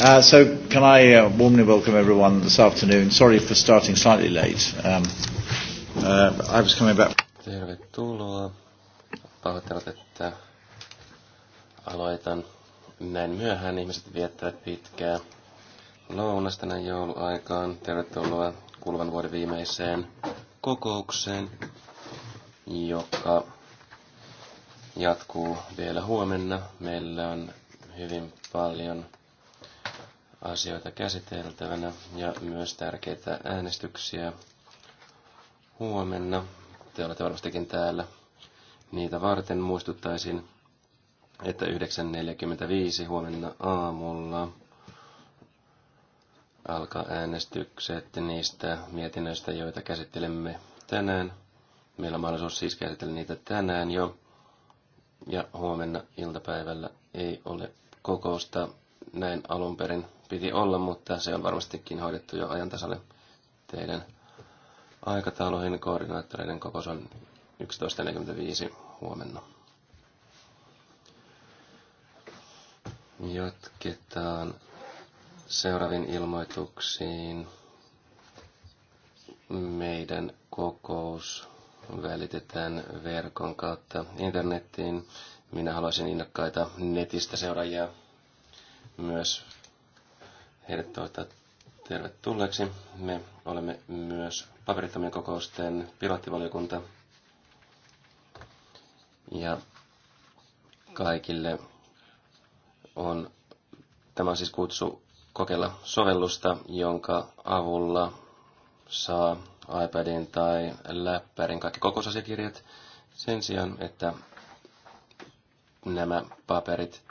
Uh, so can I uh, warmly welcome everyone this afternoon. Sorry for starting slightly late. Um, uh, I was coming back. Tervetuloa. Pahoittelut, että aloitan näin myöhään. Ihmiset viettävät pitkää lounasta näin jouluaikaan. Tervetuloa kuluvan vuoden viimeiseen kokoukseen, joka jatkuu vielä huomenna. Meillä on hyvin paljon asioita käsiteltävänä ja myös tärkeitä äänestyksiä huomenna. Te olette varmastikin täällä. Niitä varten muistuttaisin, että 9.45 huomenna aamulla alkaa äänestykset niistä mietinnöistä, joita käsittelemme tänään. Meillä on mahdollisuus siis käsitellä niitä tänään jo. Ja huomenna iltapäivällä ei ole kokousta näin alun perin piti olla, mutta se on varmastikin hoidettu jo ajan tasalle teidän aikatauluihin. Koordinaattoreiden kokous on 11.45 huomenna. Jatketaan seuraaviin ilmoituksiin. Meidän kokous välitetään verkon kautta internettiin. Minä haluaisin innokkaita netistä seuraajia myös heidät toivottaa tervetulleeksi. Me olemme myös paperittomien kokousten pilottivaliokunta. Ja kaikille on, tämä on siis kutsu kokeilla sovellusta, jonka avulla saa iPadin tai läppärin kaikki kokousasiakirjat sen sijaan, että nämä paperit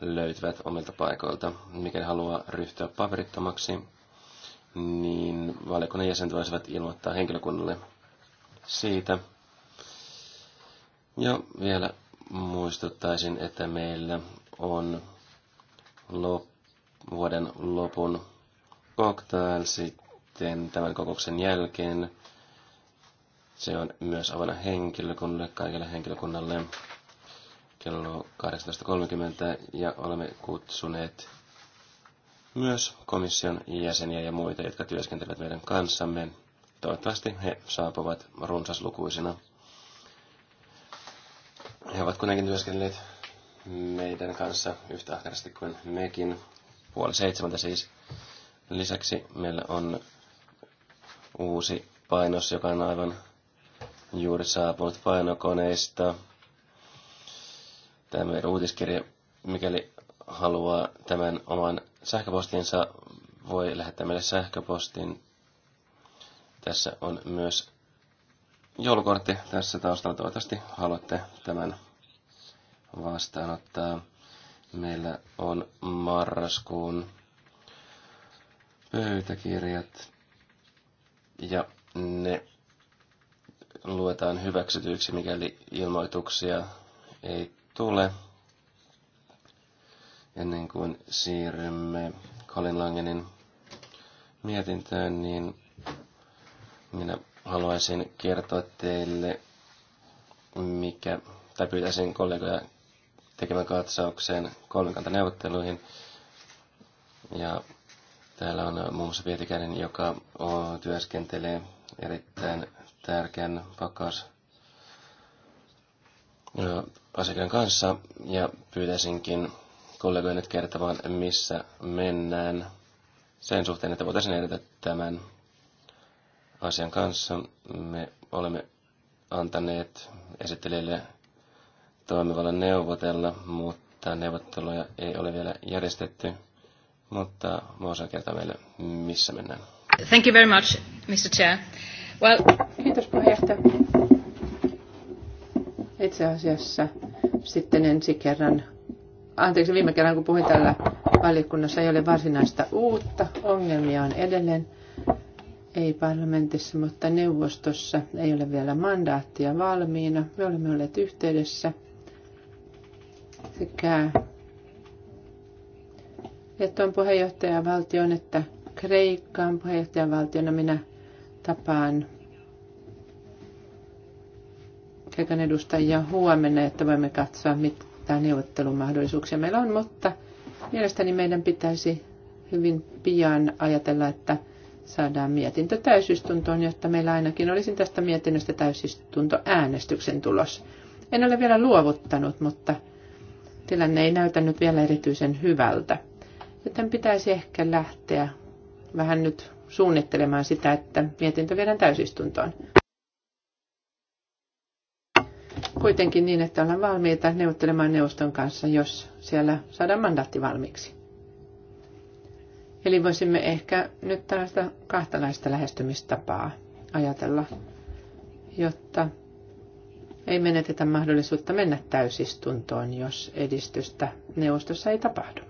löytyvät omilta paikoilta. Mikäli haluaa ryhtyä paperittomaksi, niin valiokunnan jäsenet voisivat ilmoittaa henkilökunnalle siitä. Ja vielä muistuttaisin, että meillä on lop- vuoden lopun cocktail sitten tämän kokouksen jälkeen. Se on myös avana henkilökunnalle, kaikille henkilökunnalle kello 18.30 ja olemme kutsuneet myös komission jäseniä ja muita, jotka työskentelevät meidän kanssamme. Toivottavasti he saapuvat runsaslukuisina. He ovat kuitenkin työskennelleet meidän kanssa yhtä ahkerasti kuin mekin. Puoli seitsemältä siis. Lisäksi meillä on uusi painos, joka on aivan juuri saapunut painokoneista tämä meidän uutiskirja. Mikäli haluaa tämän oman sähköpostinsa, voi lähettää meille sähköpostin. Tässä on myös joulukortti tässä taustalla. Toivottavasti haluatte tämän vastaanottaa. Meillä on marraskuun pöytäkirjat ja ne luetaan hyväksytyiksi, mikäli ilmoituksia ei tule. Ennen kuin siirrymme Colin Langenin mietintöön, niin minä haluaisin kertoa teille, mikä, tai pyytäisin kollegoja tekemään katsaukseen kolmikantaneuvotteluihin. Ja täällä on muun muassa Pietikäinen, joka työskentelee erittäin tärkeän pakas asiakkaan kanssa ja pyytäisinkin kollegoja nyt kertomaan, missä mennään sen suhteen, että voitaisiin edetä tämän asian kanssa. Me olemme antaneet esittelijälle toimivalle neuvotella, mutta neuvotteluja ei ole vielä järjestetty. Mutta Moosa kertoa meille, missä mennään. Thank you very much, Mr. Chair. Well... Kiitos puheenjohtaja itse asiassa sitten ensi kerran, anteeksi viime kerran kun puhuin tällä valiokunnassa, ei ole varsinaista uutta. Ongelmia on edelleen. Ei parlamentissa, mutta neuvostossa ei ole vielä mandaattia valmiina. Me olemme olleet yhteydessä sekä Liettuan puheenjohtajavaltion että Kreikkaan puheenjohtajavaltiona minä tapaan Krekan edustajia huomenna, että voimme katsoa, mitä neuvottelumahdollisuuksia meillä on, mutta mielestäni meidän pitäisi hyvin pian ajatella, että saadaan mietintö täysistuntoon, jotta meillä ainakin olisi tästä mietinnöstä täysistunto äänestyksen tulos. En ole vielä luovuttanut, mutta tilanne ei näytä nyt vielä erityisen hyvältä. Joten pitäisi ehkä lähteä vähän nyt suunnittelemaan sitä, että mietintö viedään täysistuntoon kuitenkin niin, että ollaan valmiita neuvottelemaan neuvoston kanssa, jos siellä saadaan mandaatti valmiiksi. Eli voisimme ehkä nyt tällaista kahtalaista lähestymistapaa ajatella, jotta ei menetetä mahdollisuutta mennä täysistuntoon, jos edistystä neuvostossa ei tapahdu.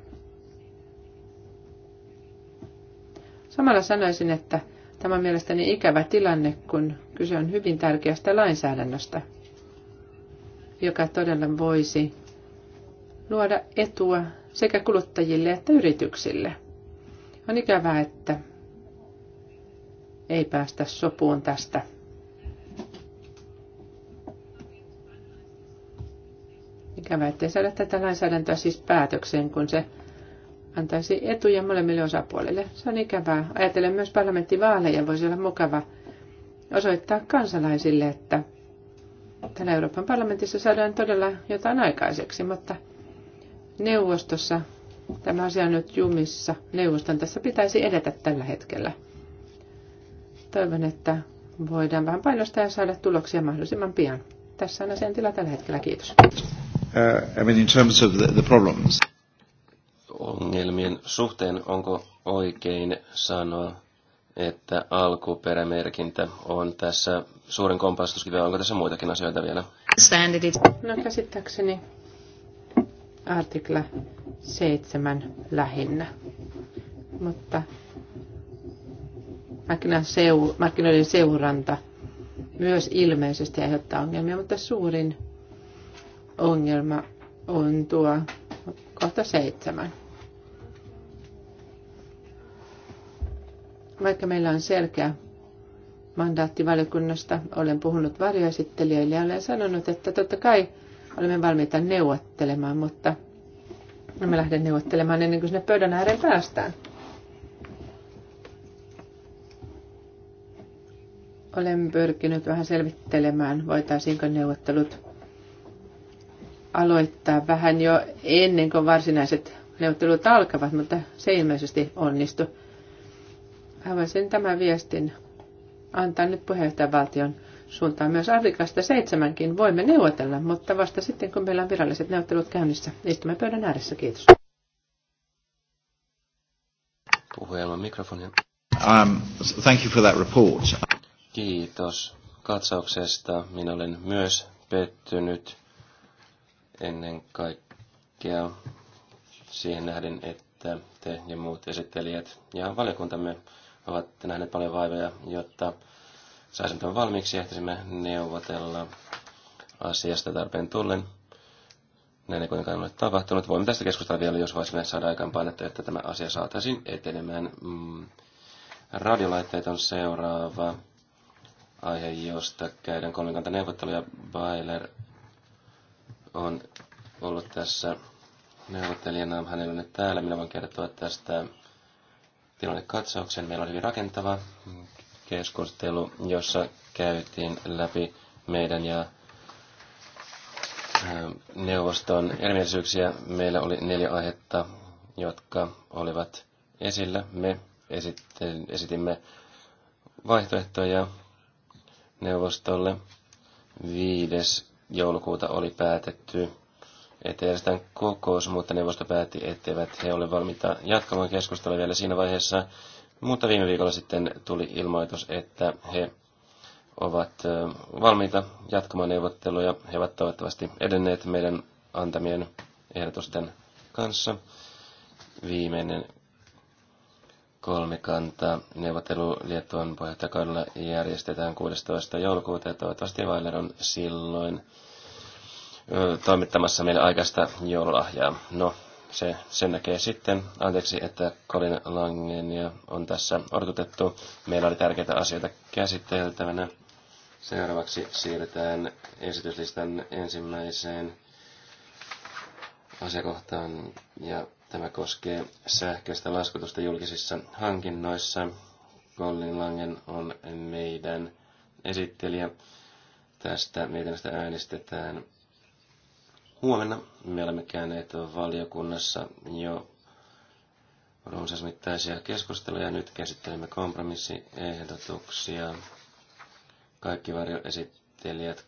Samalla sanoisin, että tämä on mielestäni ikävä tilanne, kun kyse on hyvin tärkeästä lainsäädännöstä – joka todella voisi luoda etua sekä kuluttajille että yrityksille. On ikävää, että ei päästä sopuun tästä. Ikävä, ettei saada tätä lainsäädäntöä siis päätökseen, kun se antaisi etuja molemmille osapuolille. Se on ikävää. Ajatellen myös parlamenttivaaleja voisi olla mukava osoittaa kansalaisille, että täällä Euroopan parlamentissa saadaan todella jotain aikaiseksi, mutta neuvostossa tämä asia on nyt jumissa. Neuvoston tässä pitäisi edetä tällä hetkellä. Toivon, että voidaan vähän painostaa ja saada tuloksia mahdollisimman pian. Tässä on asian tila tällä hetkellä. Kiitos. Uh, I mean in terms of the, the problems. Ongelmien suhteen onko oikein sanoa, että alkuperämerkintä on tässä suurin kompastuskivi. Onko tässä muitakin asioita vielä? Standardit. No käsittääkseni artikla 7 lähinnä. Mutta markkinoiden seuranta myös ilmeisesti aiheuttaa ongelmia, mutta suurin ongelma on tuo kohta seitsemän. Vaikka meillä on selkeä valiokunnasta, olen puhunut varjoesittelijöille ja olen sanonut, että totta kai olemme valmiita neuvottelemaan, mutta me lähden neuvottelemaan ennen kuin sinne pöydän ääreen päästään. Olen pyrkinyt vähän selvittelemään, voitaisiinko neuvottelut aloittaa vähän jo ennen kuin varsinaiset neuvottelut alkavat, mutta se ilmeisesti onnistu. Haluaisin tämän viestin antaa nyt puheenjohtajavaltion suuntaan myös Afrikasta seitsemänkin. Voimme neuvotella, mutta vasta sitten, kun meillä on viralliset neuvottelut käynnissä. Istumme pöydän ääressä. Kiitos. Puhujelman mikrofonia. Um, thank you for that report. Kiitos katsauksesta. Minä olen myös pettynyt ennen kaikkea siihen nähden, että te ja muut esittelijät ja valiokuntamme ovat nähneet paljon vaivoja, jotta saisimme tämän valmiiksi ja ehtisimme neuvotella asiasta tarpeen tullen. Näin ei kuitenkaan ole tapahtunut. Voimme tästä keskustella vielä, jos voisimme saada aikaan painetta, että tämä asia saataisiin etenemään. Mm. Radiolaitteet on seuraava aihe, josta käydään neuvotteluja. Bailer on ollut tässä neuvottelijana. Hänellä on nyt täällä. Minä voin kertoa tästä katsauksen. Meillä oli hyvin rakentava keskustelu, jossa käytiin läpi meidän ja neuvoston erimielisyyksiä. Meillä oli neljä aihetta, jotka olivat esillä. Me esitimme vaihtoehtoja neuvostolle. 5. joulukuuta oli päätetty että järjestetään kokous, mutta neuvosto päätti, etteivät he ole valmiita jatkamaan keskustelua vielä siinä vaiheessa. Mutta viime viikolla sitten tuli ilmoitus, että he ovat valmiita jatkamaan neuvotteluja. He ovat toivottavasti edenneet meidän antamien ehdotusten kanssa. Viimeinen kolmikanta neuvottelu Liettuan puheenjohtajakaudella järjestetään 16. joulukuuta ja toivottavasti Vailer on silloin toimittamassa meille aikaista joululahjaa. No, se, sen näkee sitten. Anteeksi, että Colin Langenia on tässä odotettu. Meillä oli tärkeitä asioita käsiteltävänä. Seuraavaksi siirrytään esityslistan ensimmäiseen asiakohtaan, ja tämä koskee sähköistä laskutusta julkisissa hankinnoissa. Colin Langen on meidän esittelijä. Tästä mietinnöstä äänestetään huomenna. Me olemme käyneet valiokunnassa jo runsasmittaisia keskusteluja. Nyt käsittelemme kompromissiehdotuksia. Kaikki varjoesittelijät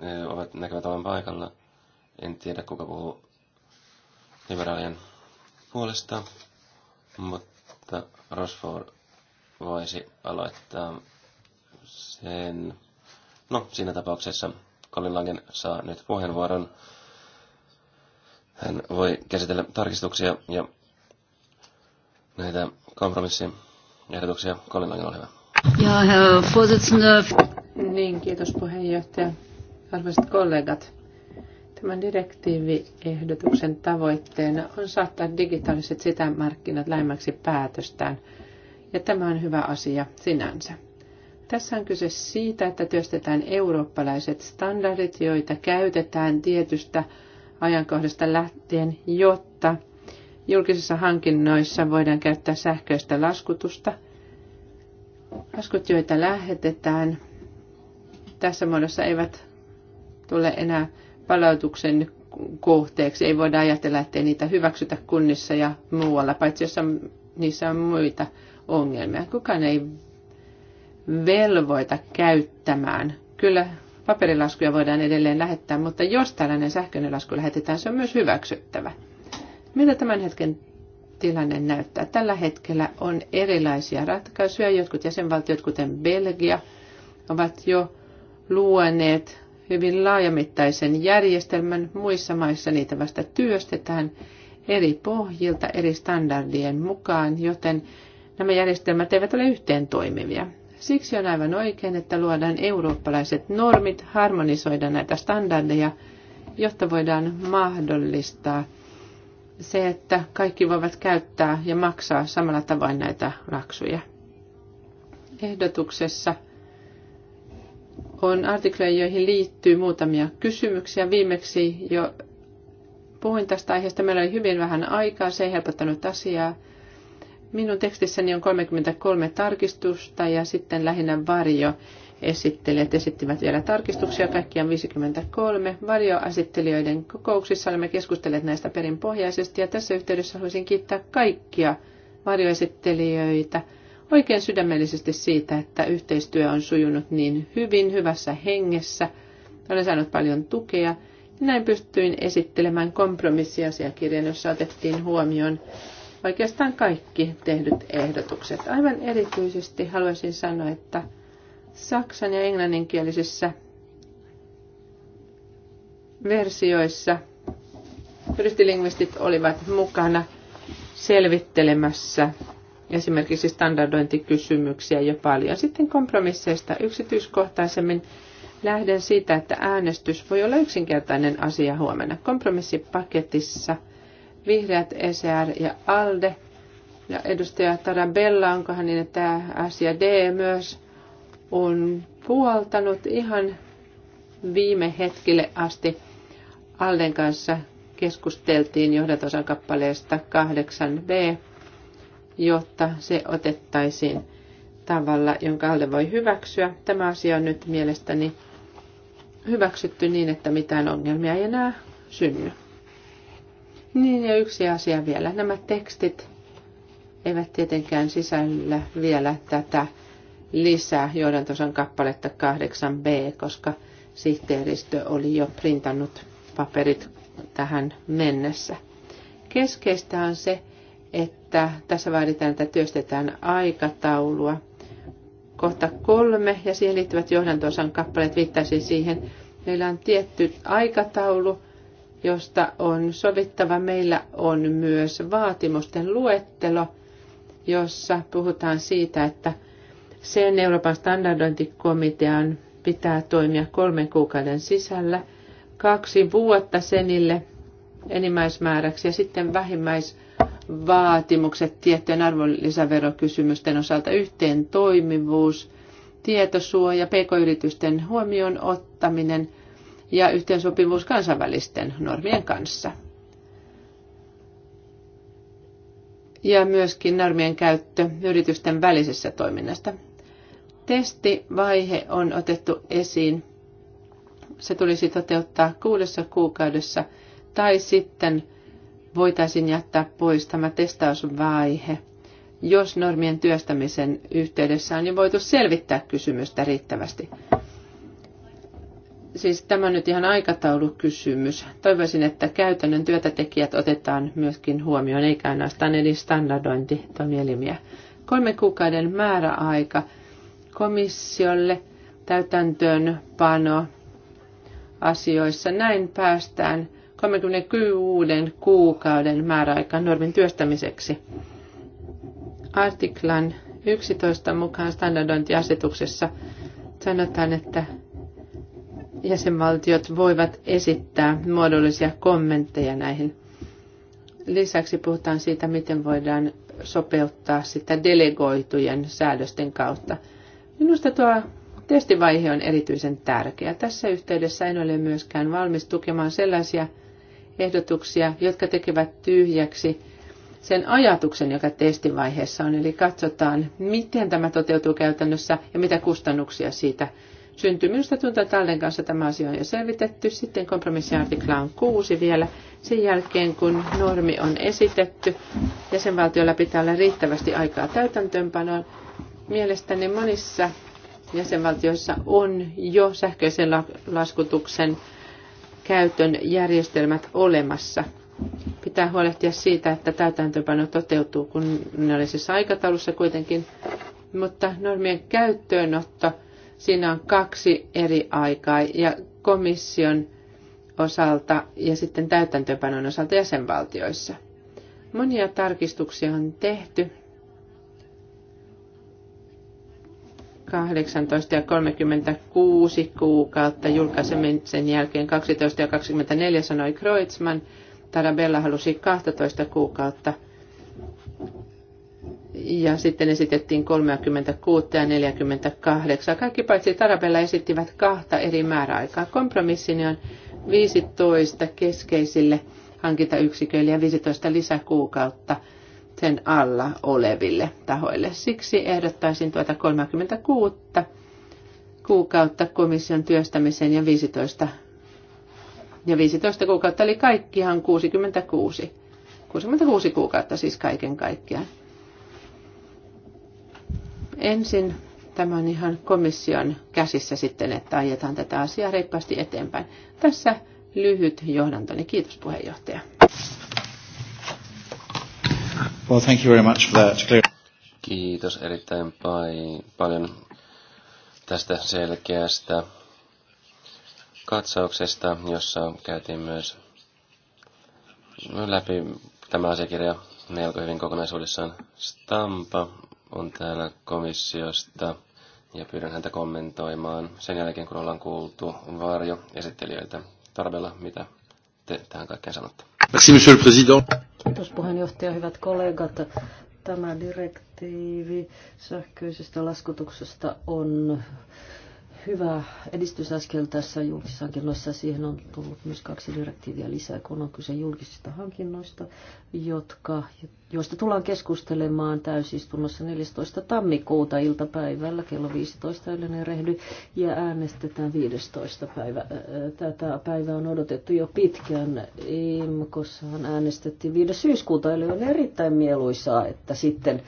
eh, ovat näkevät olevan paikalla. En tiedä, kuka puhuu liberaalien puolesta, mutta Rosford voisi aloittaa sen. No, siinä tapauksessa Colin Langen saa nyt puheenvuoron. Hän voi käsitellä tarkistuksia ja näitä kompromissia ehdotuksia. Colin Langen, ole hyvä. Ja, äh, niin, kiitos puheenjohtaja. Arvoisat kollegat, tämän direktiiviehdotuksen tavoitteena on saattaa digitaaliset sitä markkinat lähemmäksi päätöstään, ja tämä on hyvä asia sinänsä. Tässä on kyse siitä, että työstetään eurooppalaiset standardit, joita käytetään tietystä ajankohdasta lähtien, jotta julkisissa hankinnoissa voidaan käyttää sähköistä laskutusta. Laskut, joita lähetetään tässä muodossa, eivät tule enää palautuksen kohteeksi. Ei voida ajatella, ettei niitä hyväksytä kunnissa ja muualla, paitsi jos on, niissä on muita ongelmia. Kukaan ei velvoita käyttämään. Kyllä paperilaskuja voidaan edelleen lähettää, mutta jos tällainen sähköinen lasku lähetetään, se on myös hyväksyttävä. Miltä tämän hetken tilanne näyttää? Tällä hetkellä on erilaisia ratkaisuja. Jotkut jäsenvaltiot, kuten Belgia, ovat jo luoneet hyvin laajamittaisen järjestelmän. Muissa maissa niitä vasta työstetään eri pohjilta, eri standardien mukaan, joten nämä järjestelmät eivät ole yhteen toimivia. Siksi on aivan oikein, että luodaan eurooppalaiset normit, harmonisoidaan näitä standardeja, jotta voidaan mahdollistaa se, että kaikki voivat käyttää ja maksaa samalla tavoin näitä laksuja. Ehdotuksessa on artikloja, joihin liittyy muutamia kysymyksiä. Viimeksi jo puhuin tästä aiheesta. Meillä oli hyvin vähän aikaa, se ei helpottanut asiaa. Minun tekstissäni on 33 tarkistusta ja sitten lähinnä varjo esittelijät esittivät vielä tarkistuksia, kaikkiaan 53. Varjoasittelijoiden kokouksissa olemme keskustelleet näistä perinpohjaisesti ja tässä yhteydessä haluaisin kiittää kaikkia varjoesittelijöitä oikein sydämellisesti siitä, että yhteistyö on sujunut niin hyvin, hyvässä hengessä. Olen saanut paljon tukea ja näin pystyin esittelemään kompromissiasiakirjan, jossa otettiin huomioon oikeastaan kaikki tehdyt ehdotukset. Aivan erityisesti haluaisin sanoa, että saksan ja englanninkielisissä versioissa turistilingvistit olivat mukana selvittelemässä esimerkiksi standardointikysymyksiä jo paljon. Sitten kompromisseista yksityiskohtaisemmin lähden siitä, että äänestys voi olla yksinkertainen asia huomenna. Kompromissipaketissa – vihreät, SR e ja ALDE. Ja edustaja Tarabella, onkohan niin, että S ja D myös on puoltanut ihan viime hetkille asti. Alden kanssa keskusteltiin johdatosan kappaleesta 8b, jotta se otettaisiin tavalla, jonka Alde voi hyväksyä. Tämä asia on nyt mielestäni hyväksytty niin, että mitään ongelmia ei enää synny. Niin ja yksi asia vielä. Nämä tekstit eivät tietenkään sisällä vielä tätä lisää johdantosan kappaletta 8b, koska sihteeristö oli jo printannut paperit tähän mennessä. Keskeistä on se, että tässä vaaditaan, että työstetään aikataulua. Kohta kolme ja siihen liittyvät johdantosan kappaleet viittaisi siihen, meillä on tietty aikataulu – josta on sovittava. Meillä on myös vaatimusten luettelo, jossa puhutaan siitä, että sen Euroopan standardointikomitean pitää toimia kolmen kuukauden sisällä, kaksi vuotta senille enimmäismääräksi ja sitten vähimmäisvaatimukset tiettyjen arvonlisäverokysymysten osalta, yhteen toimivuus, tietosuoja, pk-yritysten huomioon ottaminen – ja yhteensopivuus kansainvälisten normien kanssa. Ja myöskin normien käyttö yritysten välisessä toiminnasta. Testivaihe on otettu esiin. Se tulisi toteuttaa kuudessa kuukaudessa tai sitten voitaisiin jättää pois tämä testausvaihe, jos normien työstämisen yhteydessä on jo voitu selvittää kysymystä riittävästi. Siis tämä on nyt ihan aikataulukysymys. Toivoisin, että käytännön työtätekijät otetaan myöskin huomioon, eikä ainoastaan eli toimielimiä. Kolme kuukauden määräaika komissiolle täytäntöönpano asioissa. Näin päästään 36 kuukauden määräaika normin työstämiseksi. Artiklan 11 mukaan standardointiasetuksessa sanotaan, että jäsenvaltiot voivat esittää muodollisia kommentteja näihin. Lisäksi puhutaan siitä, miten voidaan sopeuttaa sitä delegoitujen säädösten kautta. Minusta tuo testivaihe on erityisen tärkeä. Tässä yhteydessä en ole myöskään valmis tukemaan sellaisia ehdotuksia, jotka tekevät tyhjäksi sen ajatuksen, joka testivaiheessa on. Eli katsotaan, miten tämä toteutuu käytännössä ja mitä kustannuksia siitä syntyy. Minusta tuntuu, että Allen kanssa tämä asia on jo selvitetty. Sitten kompromissiartikla on kuusi vielä. Sen jälkeen, kun normi on esitetty, jäsenvaltiolla pitää olla riittävästi aikaa täytäntöönpanoon. Mielestäni monissa jäsenvaltioissa on jo sähköisen laskutuksen käytön järjestelmät olemassa. Pitää huolehtia siitä, että täytäntöpano toteutuu kunnallisessa aikataulussa kuitenkin, mutta normien käyttöönotto – Siinä on kaksi eri aikaa ja komission osalta ja sitten täytäntöönpanon osalta jäsenvaltioissa. Monia tarkistuksia on tehty. 18 ja 36 kuukautta julkaisemisen jälkeen 12 ja 24 sanoi Kreutzmann. Tarabella halusi 12 kuukautta – ja sitten esitettiin 36 ja 48. Kaikki paitsi Tarabella esittivät kahta eri määräaikaa. Kompromissini on 15 keskeisille hankintayksiköille ja 15 lisäkuukautta sen alla oleville tahoille. Siksi ehdottaisin tuota 36 kuukautta komission työstämiseen ja 15, ja 15 kuukautta, eli kaikkihan 66. 66 kuukautta siis kaiken kaikkiaan. Ensin tämä on ihan komission käsissä sitten, että ajetaan tätä asiaa reippaasti eteenpäin. Tässä lyhyt johdantoni. Kiitos puheenjohtaja. Well, thank you very much for that. Kiitos erittäin paljon tästä selkeästä katsauksesta, jossa käytiin myös läpi tämä asiakirja melko hyvin kokonaisuudessaan. Stampa on täällä komissiosta ja pyydän häntä kommentoimaan sen jälkeen, kun ollaan kuultu varjo esittelijöitä. Tarvella, mitä te tähän kaikkeen sanotte? Merci, monsieur le président. Kiitos puheenjohtaja, hyvät kollegat. Tämä direktiivi sähköisestä laskutuksesta on hyvä edistysaskel tässä hankinnoissa. Siihen on tullut myös kaksi direktiiviä lisää, kun on kyse julkisista hankinnoista, jotka, joista tullaan keskustelemaan täysistunnossa 14. tammikuuta iltapäivällä kello 15 yleinen rehdy ja äänestetään 15. päivä. Tätä päivää on odotettu jo pitkään. IMKossahan äänestettiin 5. syyskuuta, eli on erittäin mieluisaa, että sitten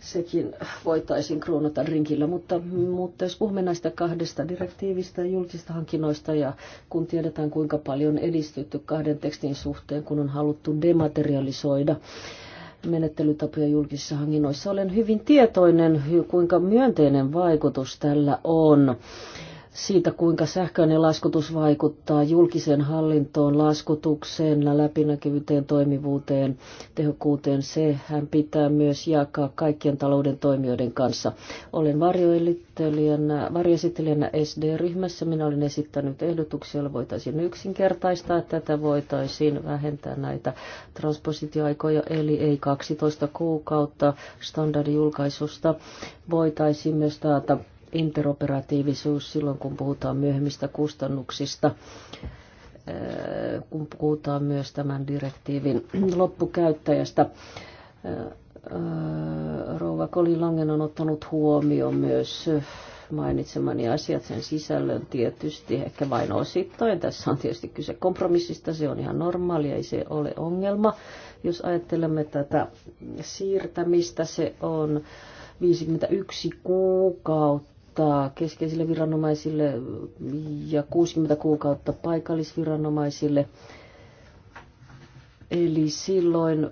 sekin voitaisiin kruunata rinkillä. Mutta, mutta jos puhumme näistä kahdesta direktiivistä ja julkisista hankinnoista ja kun tiedetään kuinka paljon edistytty kahden tekstin suhteen, kun on haluttu dematerialisoida menettelytapoja julkisissa hankinnoissa, olen hyvin tietoinen, kuinka myönteinen vaikutus tällä on siitä, kuinka sähköinen laskutus vaikuttaa julkiseen hallintoon, laskutukseen, läpinäkyvyyteen, toimivuuteen, tehokkuuteen. Sehän pitää myös jakaa kaikkien talouden toimijoiden kanssa. Olen varjoesittelijänä, varjoesittelijänä SD-ryhmässä. Minä olen esittänyt ehdotuksia, joilla voitaisiin yksinkertaistaa tätä, voitaisiin vähentää näitä transpositioaikoja, eli ei 12 kuukautta standardijulkaisusta. Voitaisiin myös taata interoperatiivisuus silloin, kun puhutaan myöhemmistä kustannuksista, äh, kun puhutaan myös tämän direktiivin loppukäyttäjästä. Äh, äh, rouva Kolilangen on ottanut huomioon myös mainitsemani asiat sen sisällön tietysti, ehkä vain osittain. Tässä on tietysti kyse kompromissista, se on ihan normaali, ei se ole ongelma. Jos ajattelemme tätä siirtämistä, se on 51 kuukautta antaa keskeisille viranomaisille ja 60 kuukautta paikallisviranomaisille. Eli silloin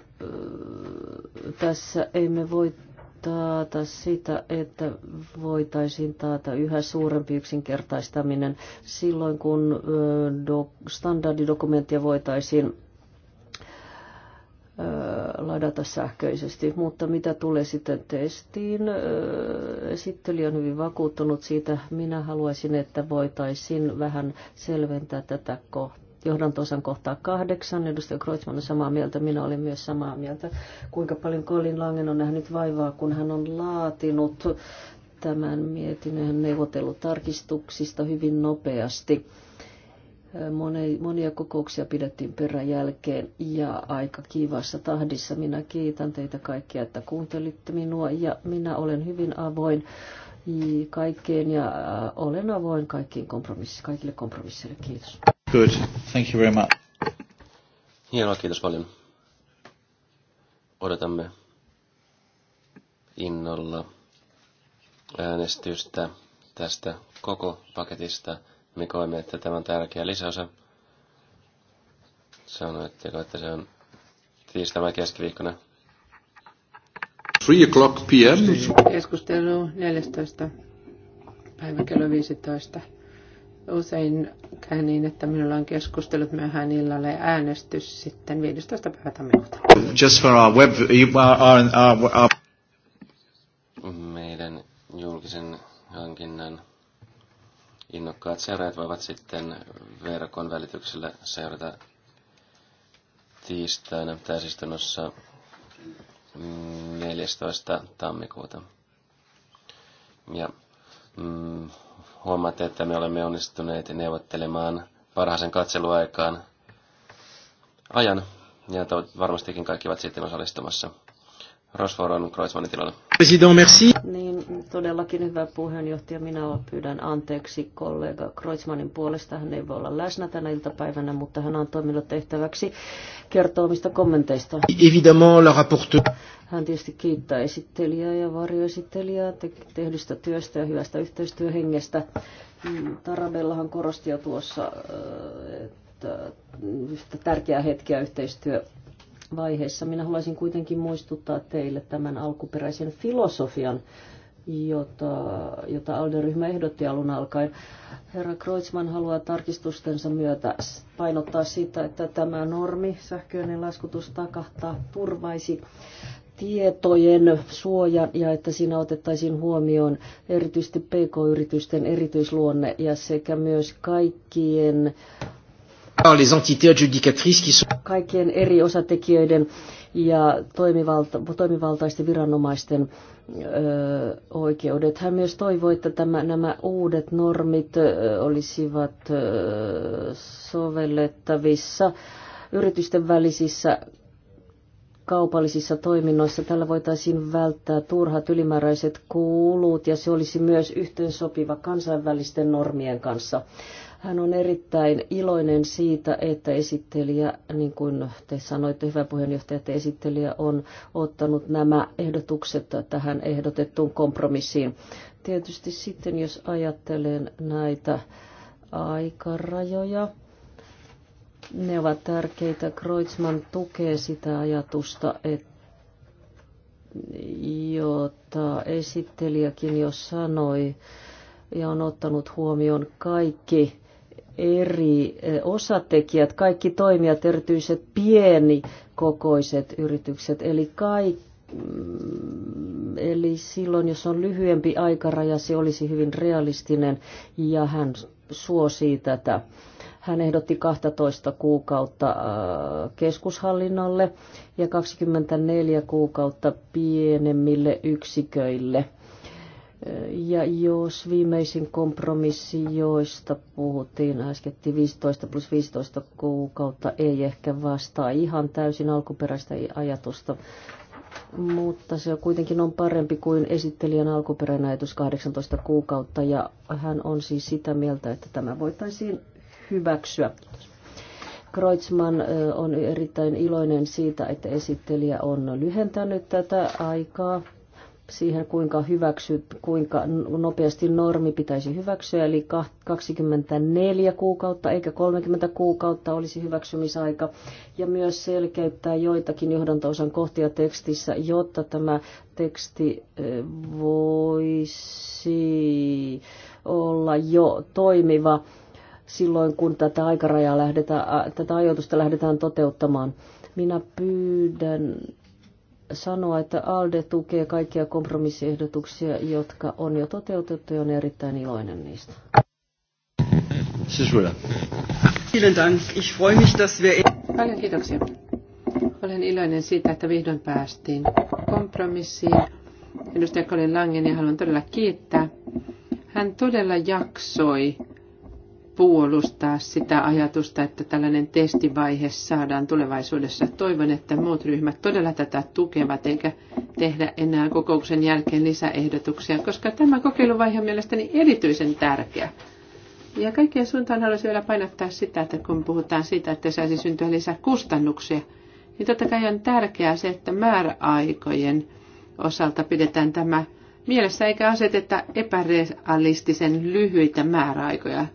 tässä emme voi taata sitä, että voitaisiin taata yhä suurempi yksinkertaistaminen silloin, kun standardidokumenttia voitaisiin ladata sähköisesti. Mutta mitä tulee sitten testiin, esittelijä on hyvin vakuuttunut siitä. Minä haluaisin, että voitaisiin vähän selventää tätä kohtaa johdantosan kohtaa kahdeksan. Edustaja Kreutzmann on samaa mieltä, minä olin myös samaa mieltä. Kuinka paljon Colin Langen on nähnyt vaivaa, kun hän on laatinut tämän mietinnön neuvotellut tarkistuksista hyvin nopeasti. Monia kokouksia pidettiin perän jälkeen ja aika kivassa tahdissa. Minä kiitän teitä kaikkia, että kuuntelitte minua ja minä olen hyvin avoin kaikkeen ja äh, olen avoin kaikkiin kompromissi, kaikille kompromisseille. Kiitos. Good. Thank you very much. Hienoa, kiitos paljon. Odotamme innolla äänestystä tästä koko paketista – me koemme, että tämä on tärkeä lisäosa. Sanoitteko, että se on tiistaina keskiviikkona? 3 o'clock p.m. Keskustelu 14. päivä kello 15. Usein käy niin, että minulla on keskustelut myöhään illalla ja äänestys sitten 15. päivä tammikuuta. Just for our web, our, our, our, our. Meidän julkisen hankinnan innokkaat seuraajat voivat sitten verkon välityksellä seurata tiistaina täysistunnossa 14. tammikuuta. Ja mm, huomaatte, että me olemme onnistuneet neuvottelemaan parhaisen katseluaikaan ajan, ja varmastikin kaikki ovat sitten osallistumassa. Rosforon on Kreuzmannin tilalla président, merci. Niin, todellakin hyvä puheenjohtaja. Minä pyydän anteeksi kollega Kreutzmannin puolesta. Hän ei voi olla läsnä tänä iltapäivänä, mutta hän on toiminut tehtäväksi kertoa omista kommenteista. Évidemment, la rapporteur. Hän tietysti kiittää esittelijää ja varjoesittelijää te- tehdystä työstä ja hyvästä yhteistyöhengestä. Mm, Tarabellahan korosti jo tuossa, että yhtä tärkeää hetkeä yhteistyö vaiheessa. Minä haluaisin kuitenkin muistuttaa teille tämän alkuperäisen filosofian, jota, jota Alderyhmä ehdotti alun alkaen. Herra Kreutzmann haluaa tarkistustensa myötä painottaa sitä, että tämä normi, sähköinen laskutus takahtaa, turvaisi tietojen suojan ja että siinä otettaisiin huomioon erityisesti PK-yritysten erityisluonne ja sekä myös kaikkien Kaikkien eri osatekijöiden ja toimivalta, toimivaltaisten viranomaisten ö, oikeudet. Hän myös toivoi, että tämä, nämä uudet normit ö, olisivat ö, sovellettavissa yritysten välisissä kaupallisissa toiminnoissa. Tällä voitaisiin välttää turhat ylimääräiset kulut ja se olisi myös yhteensopiva kansainvälisten normien kanssa. Hän on erittäin iloinen siitä, että esittelijä, niin kuin te sanoitte, hyvä puheenjohtaja, että esittelijä on ottanut nämä ehdotukset tähän ehdotettuun kompromissiin. Tietysti sitten, jos ajattelen näitä aikarajoja, ne ovat tärkeitä. Kreutzmann tukee sitä ajatusta, että jota esittelijäkin jo sanoi, ja on ottanut huomioon kaikki eri e, osatekijät, kaikki toimijat, erityiset pienikokoiset yritykset, eli kaikki mm, Eli silloin, jos on lyhyempi aikaraja, se olisi hyvin realistinen ja hän suosii tätä. Hän ehdotti 12 kuukautta keskushallinnolle ja 24 kuukautta pienemmille yksiköille – ja jos viimeisin kompromissi, joista puhuttiin äsken, 15 plus 15 kuukautta, ei ehkä vastaa ihan täysin alkuperäistä ajatusta, mutta se kuitenkin on parempi kuin esittelijän alkuperäinen ajatus 18 kuukautta, ja hän on siis sitä mieltä, että tämä voitaisiin hyväksyä. Kreutzmann on erittäin iloinen siitä, että esittelijä on lyhentänyt tätä aikaa siihen, kuinka, hyväksy, kuinka nopeasti normi pitäisi hyväksyä, eli 24 kuukautta eikä 30 kuukautta olisi hyväksymisaika, ja myös selkeyttää joitakin johdantoosan kohtia tekstissä, jotta tämä teksti eh, voisi olla jo toimiva silloin, kun tätä aikarajaa lähdetään, tätä ajoitusta lähdetään toteuttamaan. Minä pyydän sanoa, että ALDE tukee kaikkia kompromissiehdotuksia, jotka on jo toteutettu ja on erittäin iloinen niistä. Paljon kiitoksia. Olen iloinen siitä, että vihdoin päästiin kompromissiin. Edustaja Colin Langen ja haluan todella kiittää. Hän todella jaksoi puolustaa sitä ajatusta, että tällainen testivaihe saadaan tulevaisuudessa. Toivon, että muut ryhmät todella tätä tukevat eikä tehdä enää kokouksen jälkeen lisäehdotuksia, koska tämä kokeiluvaihe on mielestäni erityisen tärkeä. Ja kaikkien suuntaan haluaisin vielä painottaa sitä, että kun puhutaan siitä, että saisi syntyä lisää kustannuksia, niin totta kai on tärkeää se, että määräaikojen osalta pidetään tämä mielessä eikä aseteta epärealistisen lyhyitä määräaikoja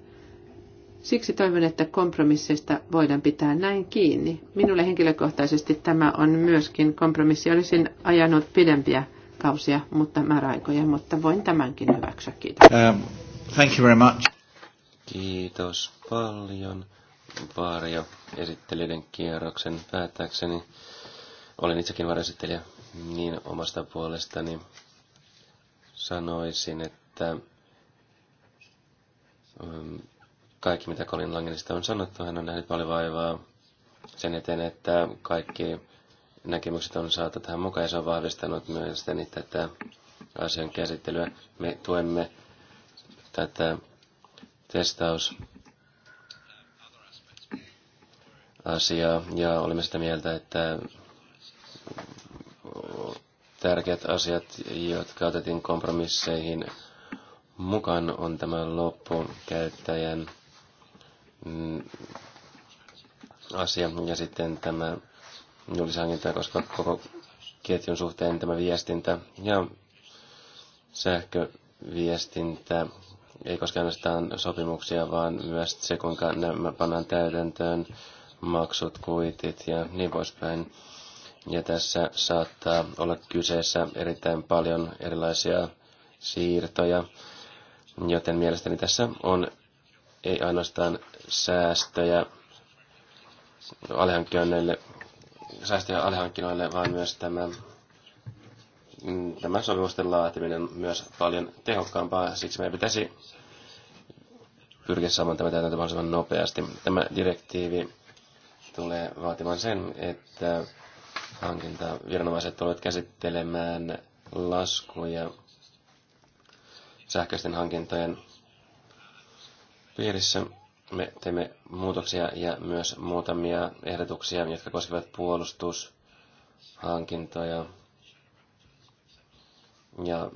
Siksi toivon, että kompromisseista voidaan pitää näin kiinni. Minulle henkilökohtaisesti tämä on myöskin kompromissi. Olisin ajanut pidempiä kausia, mutta määräaikoja, mutta voin tämänkin hyväksyä. Kiitos. Um, thank you very much. Kiitos paljon. Vaario esittelyiden kierroksen päätäkseni. Olen itsekin varjoesittelijä niin omasta puolestani sanoisin, että um, kaikki, mitä Colin Langenista on sanottu. Hän on nähnyt paljon vaivaa sen eteen, että kaikki näkemykset on saatu tähän mukaan ja se on vahvistanut myös tätä asian käsittelyä. Me tuemme tätä testaus asiaa ja olemme sitä mieltä, että tärkeät asiat, jotka otettiin kompromisseihin mukaan, on tämä loppukäyttäjän Mm, asia. Ja sitten tämä julkishankinta, koska koko ketjun suhteen tämä viestintä ja sähköviestintä ei koske ainoastaan sopimuksia, vaan myös se, kuinka nämä pannaan täytäntöön, maksut, kuitit ja niin poispäin. Ja tässä saattaa olla kyseessä erittäin paljon erilaisia siirtoja, joten mielestäni tässä on ei ainoastaan säästöjä alihankkijoille, säästöjä alihankkijoille, vaan myös tämä, mm, tämä sopimusten laatiminen on myös paljon tehokkaampaa. Siksi meidän pitäisi pyrkiä saamaan tämä täytäntö mahdollisimman nopeasti. Tämä direktiivi tulee vaatimaan sen, että hankintaviranomaiset tulevat käsittelemään laskuja sähköisten hankintojen piirissä me teemme muutoksia ja myös muutamia ehdotuksia, jotka koskevat puolustushankintoja ja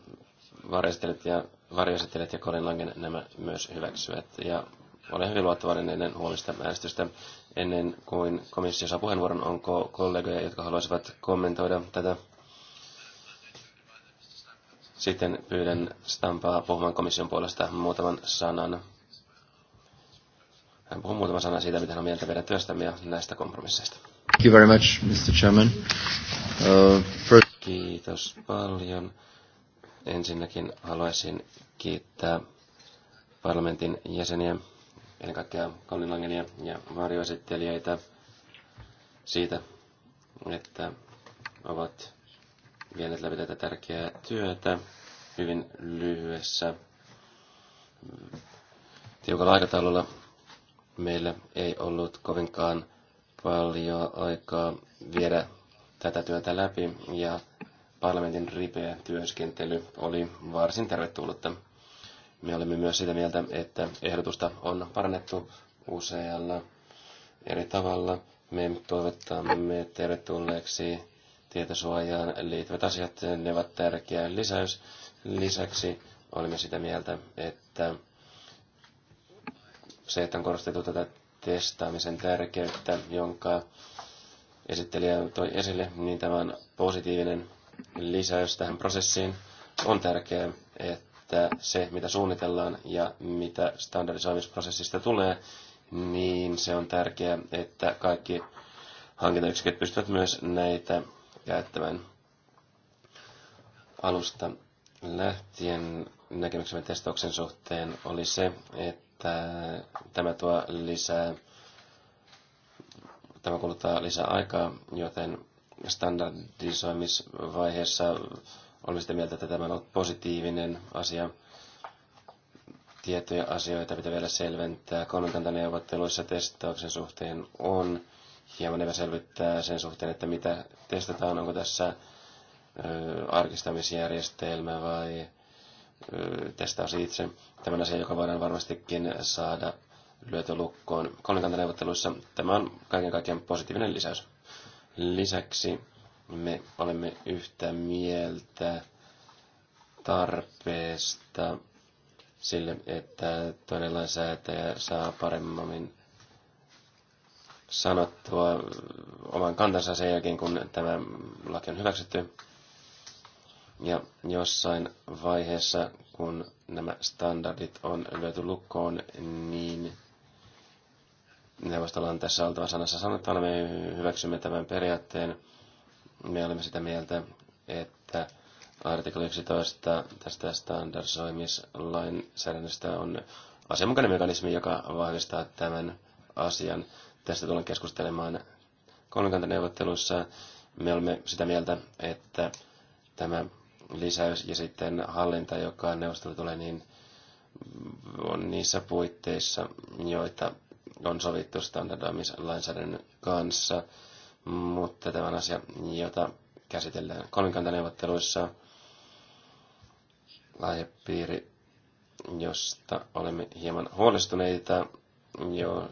varjostelijat ja, varjostelijat ja Colin Langen nämä myös hyväksyvät. Ja olen hyvin luottavainen ennen huomista äänestystä. Ennen kuin komissio saa puheenvuoron, onko kollegoja, jotka haluaisivat kommentoida tätä? Sitten pyydän Stampaa puhumaan komission puolesta muutaman sanan. Hän puhuu muutama sana siitä, mitä hän on mieltä meidän työstämme ja näistä kompromisseista. Thank you very much, Mr. Chairman. Uh, first... Kiitos paljon. Ensinnäkin haluaisin kiittää parlamentin jäseniä, ennen kaikkea Colin ja varjoesittelijöitä siitä, että ovat vieneet läpi tätä tärkeää työtä hyvin lyhyessä tiukalla aikataululla meillä ei ollut kovinkaan paljon aikaa viedä tätä työtä läpi ja parlamentin ripeä työskentely oli varsin tervetullutta. Me olemme myös sitä mieltä, että ehdotusta on parannettu usealla eri tavalla. Me toivottamme tervetulleeksi tietosuojaan liittyvät asiat. Ne ovat tärkeä lisäys. Lisäksi olemme sitä mieltä, että se, että on korostettu tätä testaamisen tärkeyttä, jonka esittelijä toi esille, niin tämän positiivinen lisäys tähän prosessiin on tärkeää, että se, mitä suunnitellaan ja mitä standardisoimisprosessista tulee, niin se on tärkeää, että kaikki hankintayksiköt pystyvät myös näitä käyttämään alusta lähtien näkemyksemme testauksen suhteen oli se, että tämä tuo lisää, tämä kuluttaa lisää aikaa, joten standardisoimisvaiheessa olen sitä mieltä, että tämä on ollut positiivinen asia. Tiettyjä asioita pitää vielä selventää. Kolmikantaneuvotteluissa testauksen suhteen on hieman epäselvyttää sen suhteen, että mitä testataan, onko tässä ö, arkistamisjärjestelmä vai testaisi itse tämän asian, joka voidaan varmastikin saada lyöty lukkoon kolmikantaneuvotteluissa. Tämä on kaiken kaikkiaan positiivinen lisäys. Lisäksi me olemme yhtä mieltä tarpeesta sille, että toinen säätäjä saa paremmin sanottua oman kantansa sen jälkeen, kun tämä laki on hyväksytty. Ja jossain vaiheessa, kun nämä standardit on löyty lukkoon, niin neuvostolla on tässä oltava sanassa sanottuna, me hyväksymme tämän periaatteen. Me olemme sitä mieltä, että artikla 11 tästä standardsoimislainsäädännöstä on asianmukainen mekanismi, joka vahvistaa tämän asian. Tästä tullaan keskustelemaan kolmikantaneuvotteluissa. Me olemme sitä mieltä, että tämä lisäys ja sitten hallinta, joka neuvostolle tulee, niin on niissä puitteissa, joita on sovittu standardoimislainsäädännön kanssa, mutta tämä on asia, jota käsitellään kolmikantaneuvotteluissa laajepiiri, josta olemme hieman huolestuneita, jo,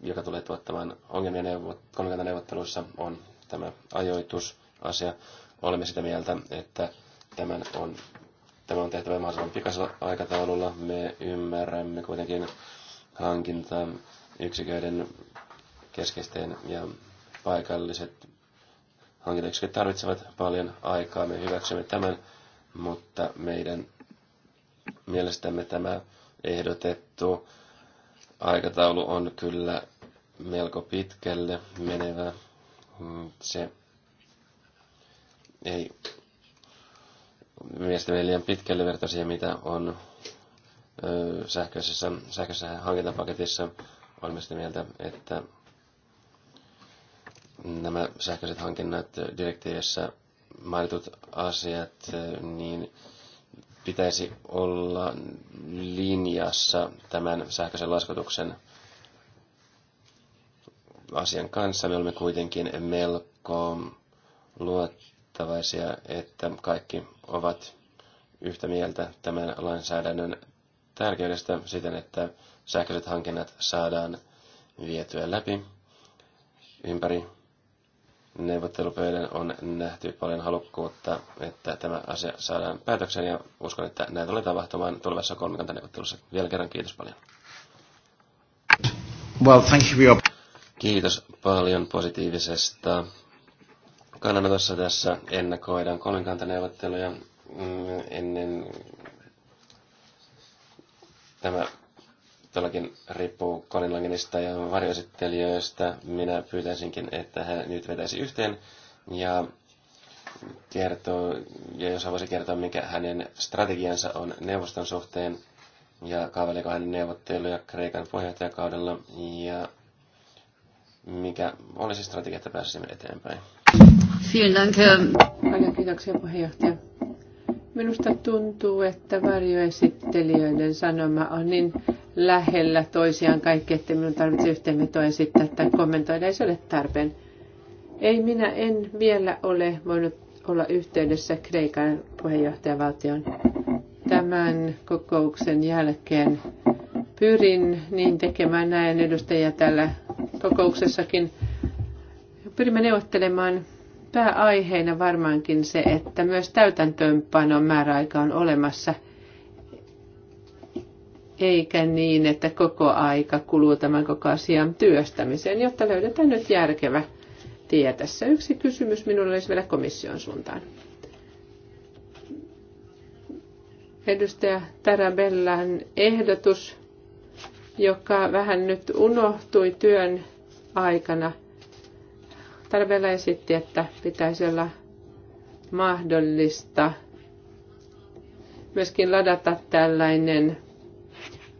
joka tulee tuottamaan ongelmia neuvot, kolmikantaneuvotteluissa, on tämä ajoitusasia. Olemme sitä mieltä, että Tämän on, tämä on tehtävä mahdollisimman pikaisella aikataululla. Me ymmärrämme kuitenkin hankinta yksiköiden keskeisten ja paikalliset hankintayksiköt tarvitsevat paljon aikaa. Me hyväksymme tämän, mutta meidän mielestämme tämä ehdotettu aikataulu on kyllä melko pitkälle menevä. Se ei mielestäni liian pitkälle verta siihen, mitä on sähköisessä, sähköisessä hankintapaketissa. Olen sitä mieltä, että nämä sähköiset hankinnat direktiivissä mainitut asiat, niin pitäisi olla linjassa tämän sähköisen laskutuksen asian kanssa. Me olemme kuitenkin melko luot luottavaisia, että kaikki ovat yhtä mieltä tämän lainsäädännön tärkeydestä siten, että sähköiset hankinnat saadaan vietyä läpi ympäri neuvottelupöydän on nähty paljon halukkuutta, että tämä asia saadaan päätökseen ja uskon, että näin tulee tapahtumaan tulevassa kolmikantaneuvottelussa. Vielä kerran kiitos paljon. Well, thank you. Kiitos paljon positiivisesta Kannanotossa tässä ennakoidaan kolmikantaneuvotteluja mm, ennen tämä todellakin riippuu Langenista ja varjoesittelijöistä. Minä pyytäisinkin, että hän nyt vetäisi yhteen ja kertoo, ja jos hän voisi kertoa, mikä hänen strategiansa on neuvoston suhteen, ja kaavaileeko hänen neuvotteluja Kreikan puheenjohtajakaudella, ja mikä olisi strategia, että pääsisimme eteenpäin. Vielen Dank. Paljon kiitoksia puheenjohtaja. Minusta tuntuu, että varjoesittelijöiden sanoma on niin lähellä toisiaan kaikki, että minun tarvitsee yhteenvetoa esittää tai kommentoida. Ei se ole tarpeen. Ei minä en vielä ole voinut olla yhteydessä Kreikan puheenjohtajavaltion. Tämän kokouksen jälkeen pyrin niin tekemään näin edustajia tällä kokouksessakin. Pyrimme neuvottelemaan pääaiheena varmaankin se, että myös täytäntöönpanon määräaika on olemassa, eikä niin, että koko aika kuluu tämän koko asian työstämiseen, jotta löydetään nyt järkevä tie tässä. Yksi kysymys minulla olisi vielä komission suuntaan. Edustaja Tarabellan ehdotus, joka vähän nyt unohtui työn aikana – Tarvella esitti, että pitäisi olla mahdollista myöskin ladata tällainen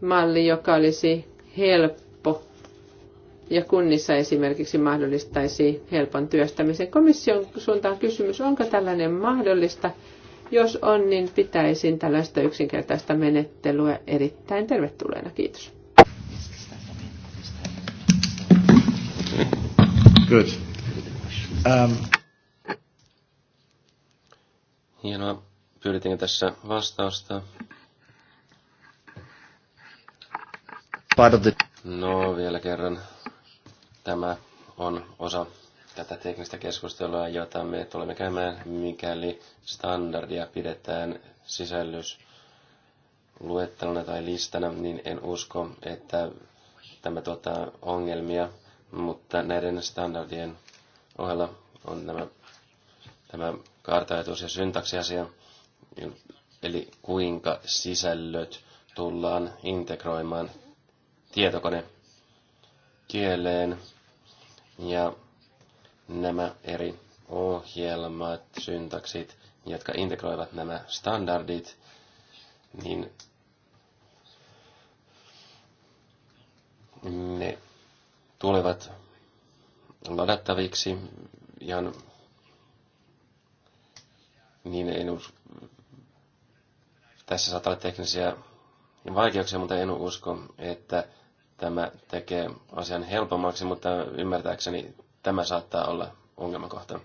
malli, joka olisi helppo ja kunnissa esimerkiksi mahdollistaisi helpon työstämisen. Komission suuntaan kysymys, onko tällainen mahdollista? Jos on, niin pitäisin tällaista yksinkertaista menettelyä erittäin tervetulleena. Kiitos. Good. Um. Hienoa. Pyydettiin tässä vastausta. No, vielä kerran. Tämä on osa tätä teknistä keskustelua, jota me tulemme käymään, mikäli standardia pidetään sisällys luettelona tai listana, niin en usko, että tämä tuottaa ongelmia, mutta näiden standardien ohella on nämä, tämä kaartajatus ja syntaksiasia, eli kuinka sisällöt tullaan integroimaan tietokone kieleen ja nämä eri ohjelmat, syntaksit, jotka integroivat nämä standardit, niin ne tulevat ladattaviksi ihan niin en us... tässä saattaa olla teknisiä vaikeuksia, mutta en usko, että tämä tekee asian helpommaksi, mutta ymmärtääkseni tämä saattaa olla ongelmakohta.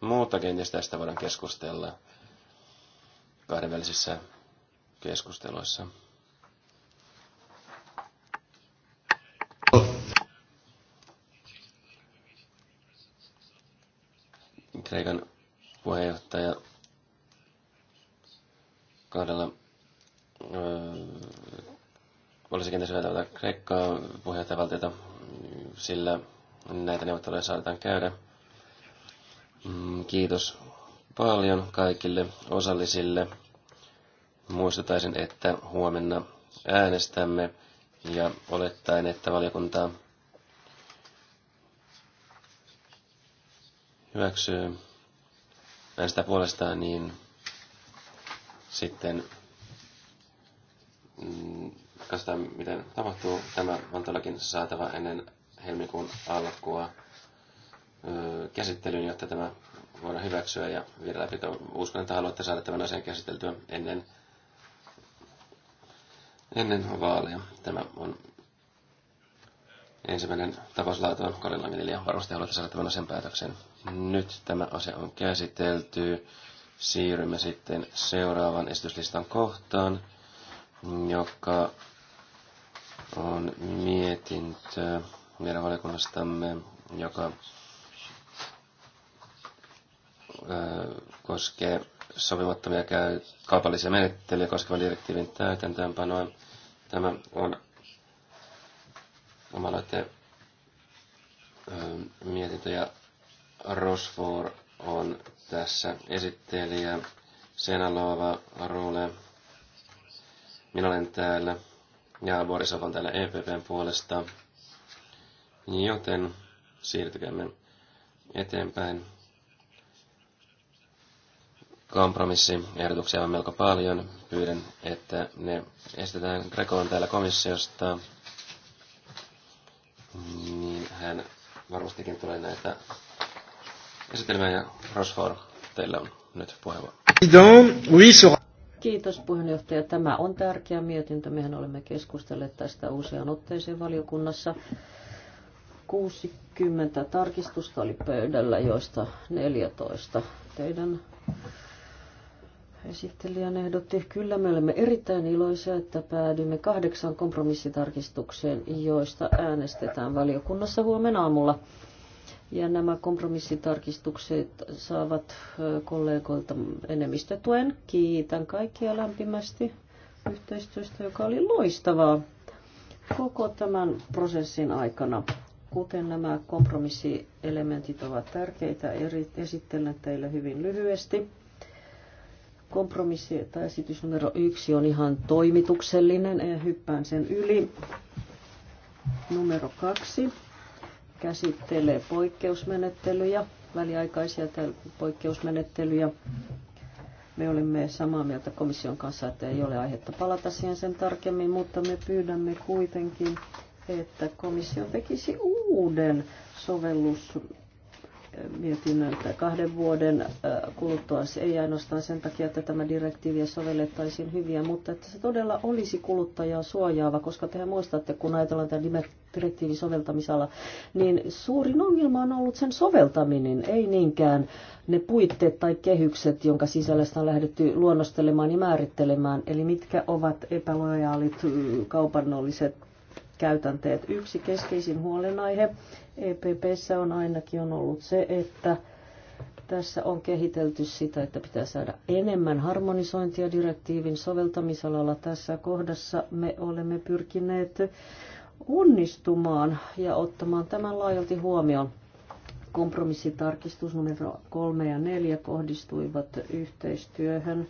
Muuta kenties tästä voidaan keskustella kahdenvälisissä keskusteluissa. Kreikan puheenjohtaja kaudella olisi kenties tätä Kreikkaa puheenjohtajavaltiota, sillä näitä neuvotteluja saatetaan käydä. Mm, kiitos paljon kaikille osallisille. Muistutaisin, että huomenna äänestämme ja olettaen, että valiokuntaa hyväksyy, näistä puolestaan, niin sitten mm, katsotaan, miten tapahtuu. Tämä on todellakin saatava ennen helmikuun alkua ö, käsittelyyn, jotta tämä voidaan hyväksyä ja viedä läpi. Uskon, että haluatte saada tämän asian käsiteltyä ennen, ennen vaaleja. Tämä on ensimmäinen tapaus laatuun. Karin varmasti haluatte saada tämän asian päätökseen. Nyt tämä asia on käsitelty. Siirrymme sitten seuraavan esityslistan kohtaan, joka on mietintö meidän valiokunnastamme, joka koskee sopimattomia kaupallisia menettelyjä koskevan direktiivin täytäntöönpanoa. Tämä on omaloite mietintö ja Rosfor on tässä esittelijä. Lova Arule, minä olen täällä ja Borisov on täällä EPPn puolesta. Joten siirtykäämme eteenpäin. ehdotuksia on melko paljon. Pyydän, että ne estetään. Grekoon täällä komissiosta. Niin hän varmastikin tulee näitä esitelmä ja teillä on nyt puheenvuoro. Kiitos puheenjohtaja. Tämä on tärkeä mietintö. Mehän olemme keskustelleet tästä usean otteeseen valiokunnassa. 60 tarkistusta oli pöydällä, joista 14 teidän esittelijän ehdotti. Kyllä me olemme erittäin iloisia, että päädymme kahdeksaan kompromissitarkistukseen, joista äänestetään valiokunnassa huomenna aamulla. Ja nämä kompromissitarkistukset saavat kollegoilta enemmistötuen. Kiitän kaikkia lämpimästi yhteistyöstä, joka oli loistavaa koko tämän prosessin aikana. Kuten nämä kompromissielementit ovat tärkeitä, esittelen teille hyvin lyhyesti. Kompromissi tai esitys numero yksi on ihan toimituksellinen, hyppään sen yli. Numero kaksi käsittelee poikkeusmenettelyjä, väliaikaisia poikkeusmenettelyjä. Me olemme samaa mieltä komission kanssa, että ei ole aihetta palata siihen sen tarkemmin, mutta me pyydämme kuitenkin, että komissio tekisi uuden sovellus että kahden vuoden kuluttua. Se ei ainoastaan sen takia, että tämä direktiiviä sovellettaisiin hyviä, mutta että se todella olisi kuluttajaa suojaava, koska tehän muistatte, kun ajatellaan tämä direktiivin soveltamisala, niin suurin ongelma on ollut sen soveltaminen, ei niinkään ne puitteet tai kehykset, jonka sisällöstä on lähdetty luonnostelemaan ja määrittelemään, eli mitkä ovat epälojaalit kaupannolliset käytänteet. Yksi keskeisin huolenaihe EPPssä on ainakin on ollut se, että tässä on kehitelty sitä, että pitää saada enemmän harmonisointia direktiivin soveltamisalalla. Tässä kohdassa me olemme pyrkineet onnistumaan ja ottamaan tämän laajalti huomioon. Kompromissitarkistus numero kolme ja neljä kohdistuivat yhteistyöhön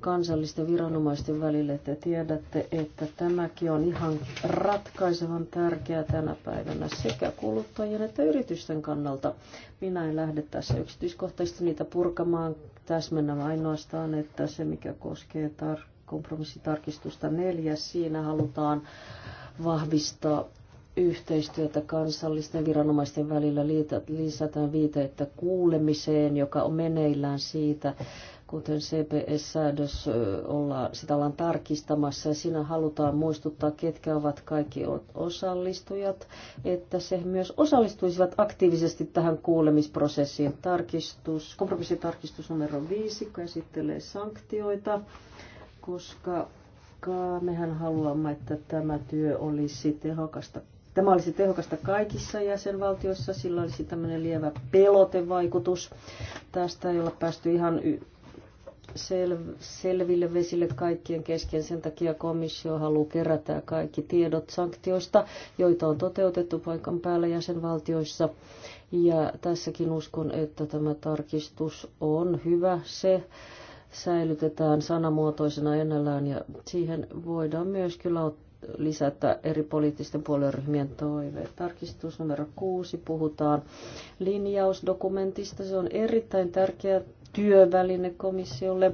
kansallisten viranomaisten välille. Te tiedätte, että tämäkin on ihan ratkaisevan tärkeää tänä päivänä sekä kuluttajien että yritysten kannalta. Minä en lähde tässä yksityiskohtaisesti niitä purkamaan täsmennän ainoastaan, että se mikä koskee tar- kompromissitarkistusta neljä, siinä halutaan vahvistaa yhteistyötä kansallisten viranomaisten välillä lisätään viiteettä kuulemiseen, joka on meneillään siitä, kuten CPS-säädös, olla, sitä ollaan tarkistamassa ja siinä halutaan muistuttaa, ketkä ovat kaikki osallistujat, että se myös osallistuisivat aktiivisesti tähän kuulemisprosessiin. Tarkistus, kompromissitarkistus numero 5 käsittelee sanktioita, koska mehän haluamme, että tämä työ olisi tehokasta Tämä olisi tehokasta kaikissa jäsenvaltioissa, sillä olisi tämmöinen lievä pelotevaikutus. Tästä ei olla päästy ihan sel- selville vesille kaikkien kesken. Sen takia komissio haluaa kerätä kaikki tiedot sanktioista, joita on toteutettu paikan päällä jäsenvaltioissa. Ja tässäkin uskon, että tämä tarkistus on hyvä. Se säilytetään sanamuotoisena ennällään ja siihen voidaan myös kyllä lisätä eri poliittisten puolueryhmien toiveet. Tarkistus numero kuusi, puhutaan linjausdokumentista. Se on erittäin tärkeä työväline komissiolle.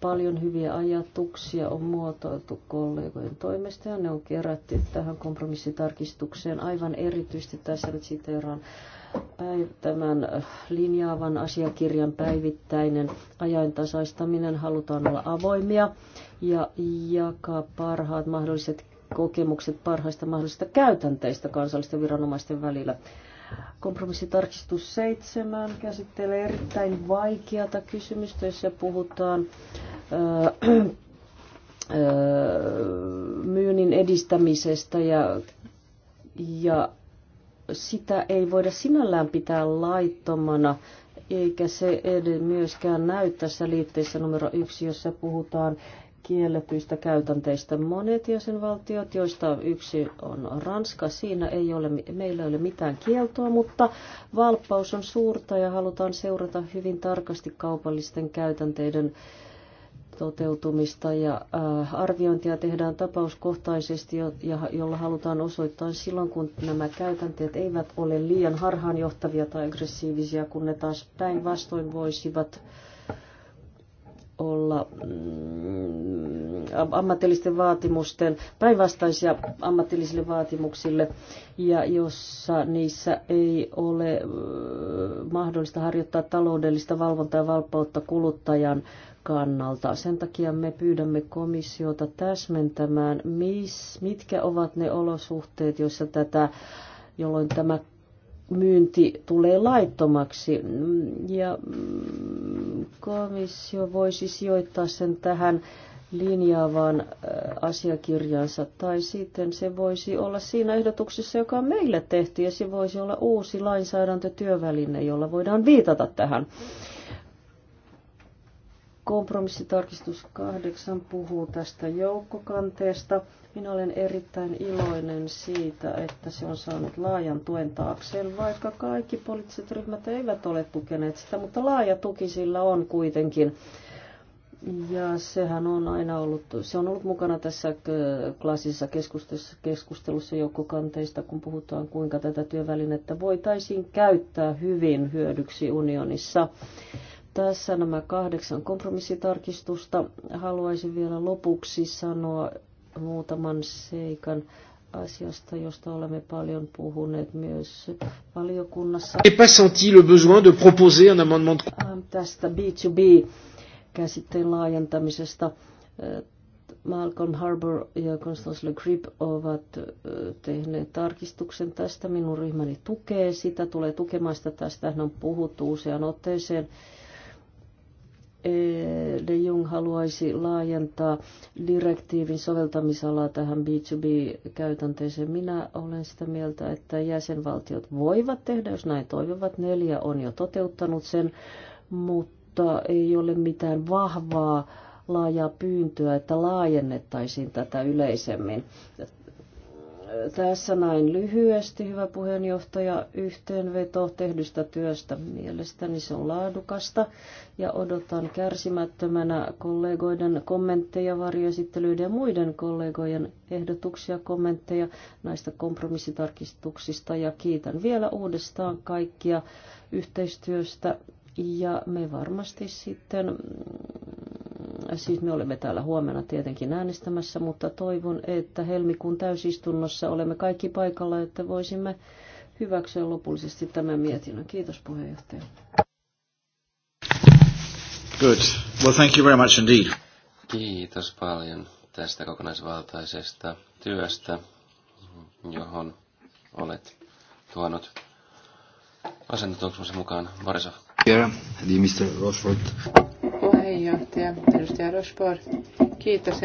Paljon hyviä ajatuksia on muotoiltu kollegojen toimesta ja ne on kerätty tähän kompromissitarkistukseen. Aivan erityisesti tässä nyt siteeraan tämän äh, linjaavan asiakirjan päivittäinen ajantasaistaminen. Halutaan olla avoimia ja jakaa parhaat mahdolliset kokemukset parhaista mahdollisista käytänteistä kansallisten viranomaisten välillä. Kompromissitarkistus 7 käsittelee erittäin vaikeata kysymystä, jossa puhutaan äh, äh, myynnin edistämisestä ja, ja sitä ei voida sinällään pitää laittomana, eikä se myöskään näy tässä liitteessä numero yksi, jossa puhutaan kielletyistä käytänteistä monet jäsenvaltiot, joista yksi on Ranska. Siinä ei ole, meillä ei ole mitään kieltoa, mutta valppaus on suurta ja halutaan seurata hyvin tarkasti kaupallisten käytänteiden toteutumista ja äh, arviointia tehdään tapauskohtaisesti, jolla halutaan osoittaa silloin, kun nämä käytänteet eivät ole liian harhaanjohtavia tai aggressiivisia, kun ne taas päinvastoin voisivat äh, olla mm, ammatillisten vaatimusten päinvastaisia ammatillisille vaatimuksille ja jossa niissä ei ole mm, mahdollista harjoittaa taloudellista valvontaa ja valppautta kuluttajan kannalta. Sen takia me pyydämme komissiota täsmentämään, mis, mitkä ovat ne olosuhteet, joissa tätä, jolloin tämä myynti tulee laittomaksi. Ja mm, komissio voisi sijoittaa sen tähän linjaavaan asiakirjansa, tai sitten se voisi olla siinä ehdotuksessa, joka on meille tehty, ja se voisi olla uusi lainsäädäntötyöväline, jolla voidaan viitata tähän. Mm Kompromissitarkistus kahdeksan puhuu tästä joukkokanteesta. Minä olen erittäin iloinen siitä, että se on saanut laajan tuen taakseen, vaikka kaikki poliittiset ryhmät eivät ole tukeneet sitä, mutta laaja tuki sillä on kuitenkin. Ja sehän on aina ollut, se on ollut mukana tässä äh, klassisessa keskustelussa, keskustelussa joukkokanteista, kun puhutaan kuinka tätä työvälinettä voitaisiin käyttää hyvin hyödyksi unionissa. Tässä nämä kahdeksan kompromissitarkistusta. Haluaisin vielä lopuksi sanoa muutaman seikan asiasta, josta olemme paljon puhuneet myös valiokunnassa. Ei pas senti le besoin de proposer un amendement de... Ähm, tästä B2B-käsitteen laajentamisesta. Äh, Malcolm Harbour ja Constance Le Grip ovat äh, tehneet tarkistuksen tästä. Minun ryhmäni tukee sitä, tulee tukemaan sitä. Tästä on puhuttu useaan otteeseen E, de Jung haluaisi laajentaa direktiivin soveltamisalaa tähän B2B-käytänteeseen. Minä olen sitä mieltä, että jäsenvaltiot voivat tehdä, jos näin toivovat. Neljä on jo toteuttanut sen, mutta ei ole mitään vahvaa laajaa pyyntöä, että laajennettaisiin tätä yleisemmin. Tässä näin lyhyesti, hyvä puheenjohtaja, yhteenveto tehdystä työstä. Mielestäni se on laadukasta ja odotan kärsimättömänä kollegoiden kommentteja, varjoesittelyiden ja muiden kollegojen ehdotuksia, kommentteja näistä kompromissitarkistuksista ja kiitän vielä uudestaan kaikkia yhteistyöstä ja me varmasti sitten Siis me olemme täällä huomenna tietenkin äänestämässä, mutta toivon, että helmikuun täysistunnossa olemme kaikki paikalla, että voisimme hyväksyä lopullisesti tämän mietinnön. Kiitos puheenjohtaja. Good. Well, thank you very much indeed. Kiitos paljon tästä kokonaisvaltaisesta työstä, johon olet tuonut asentotuksensa mukaan Varisa. Yeah, Mr. Rosford puheenjohtaja, edustaja Rospor. Kiitos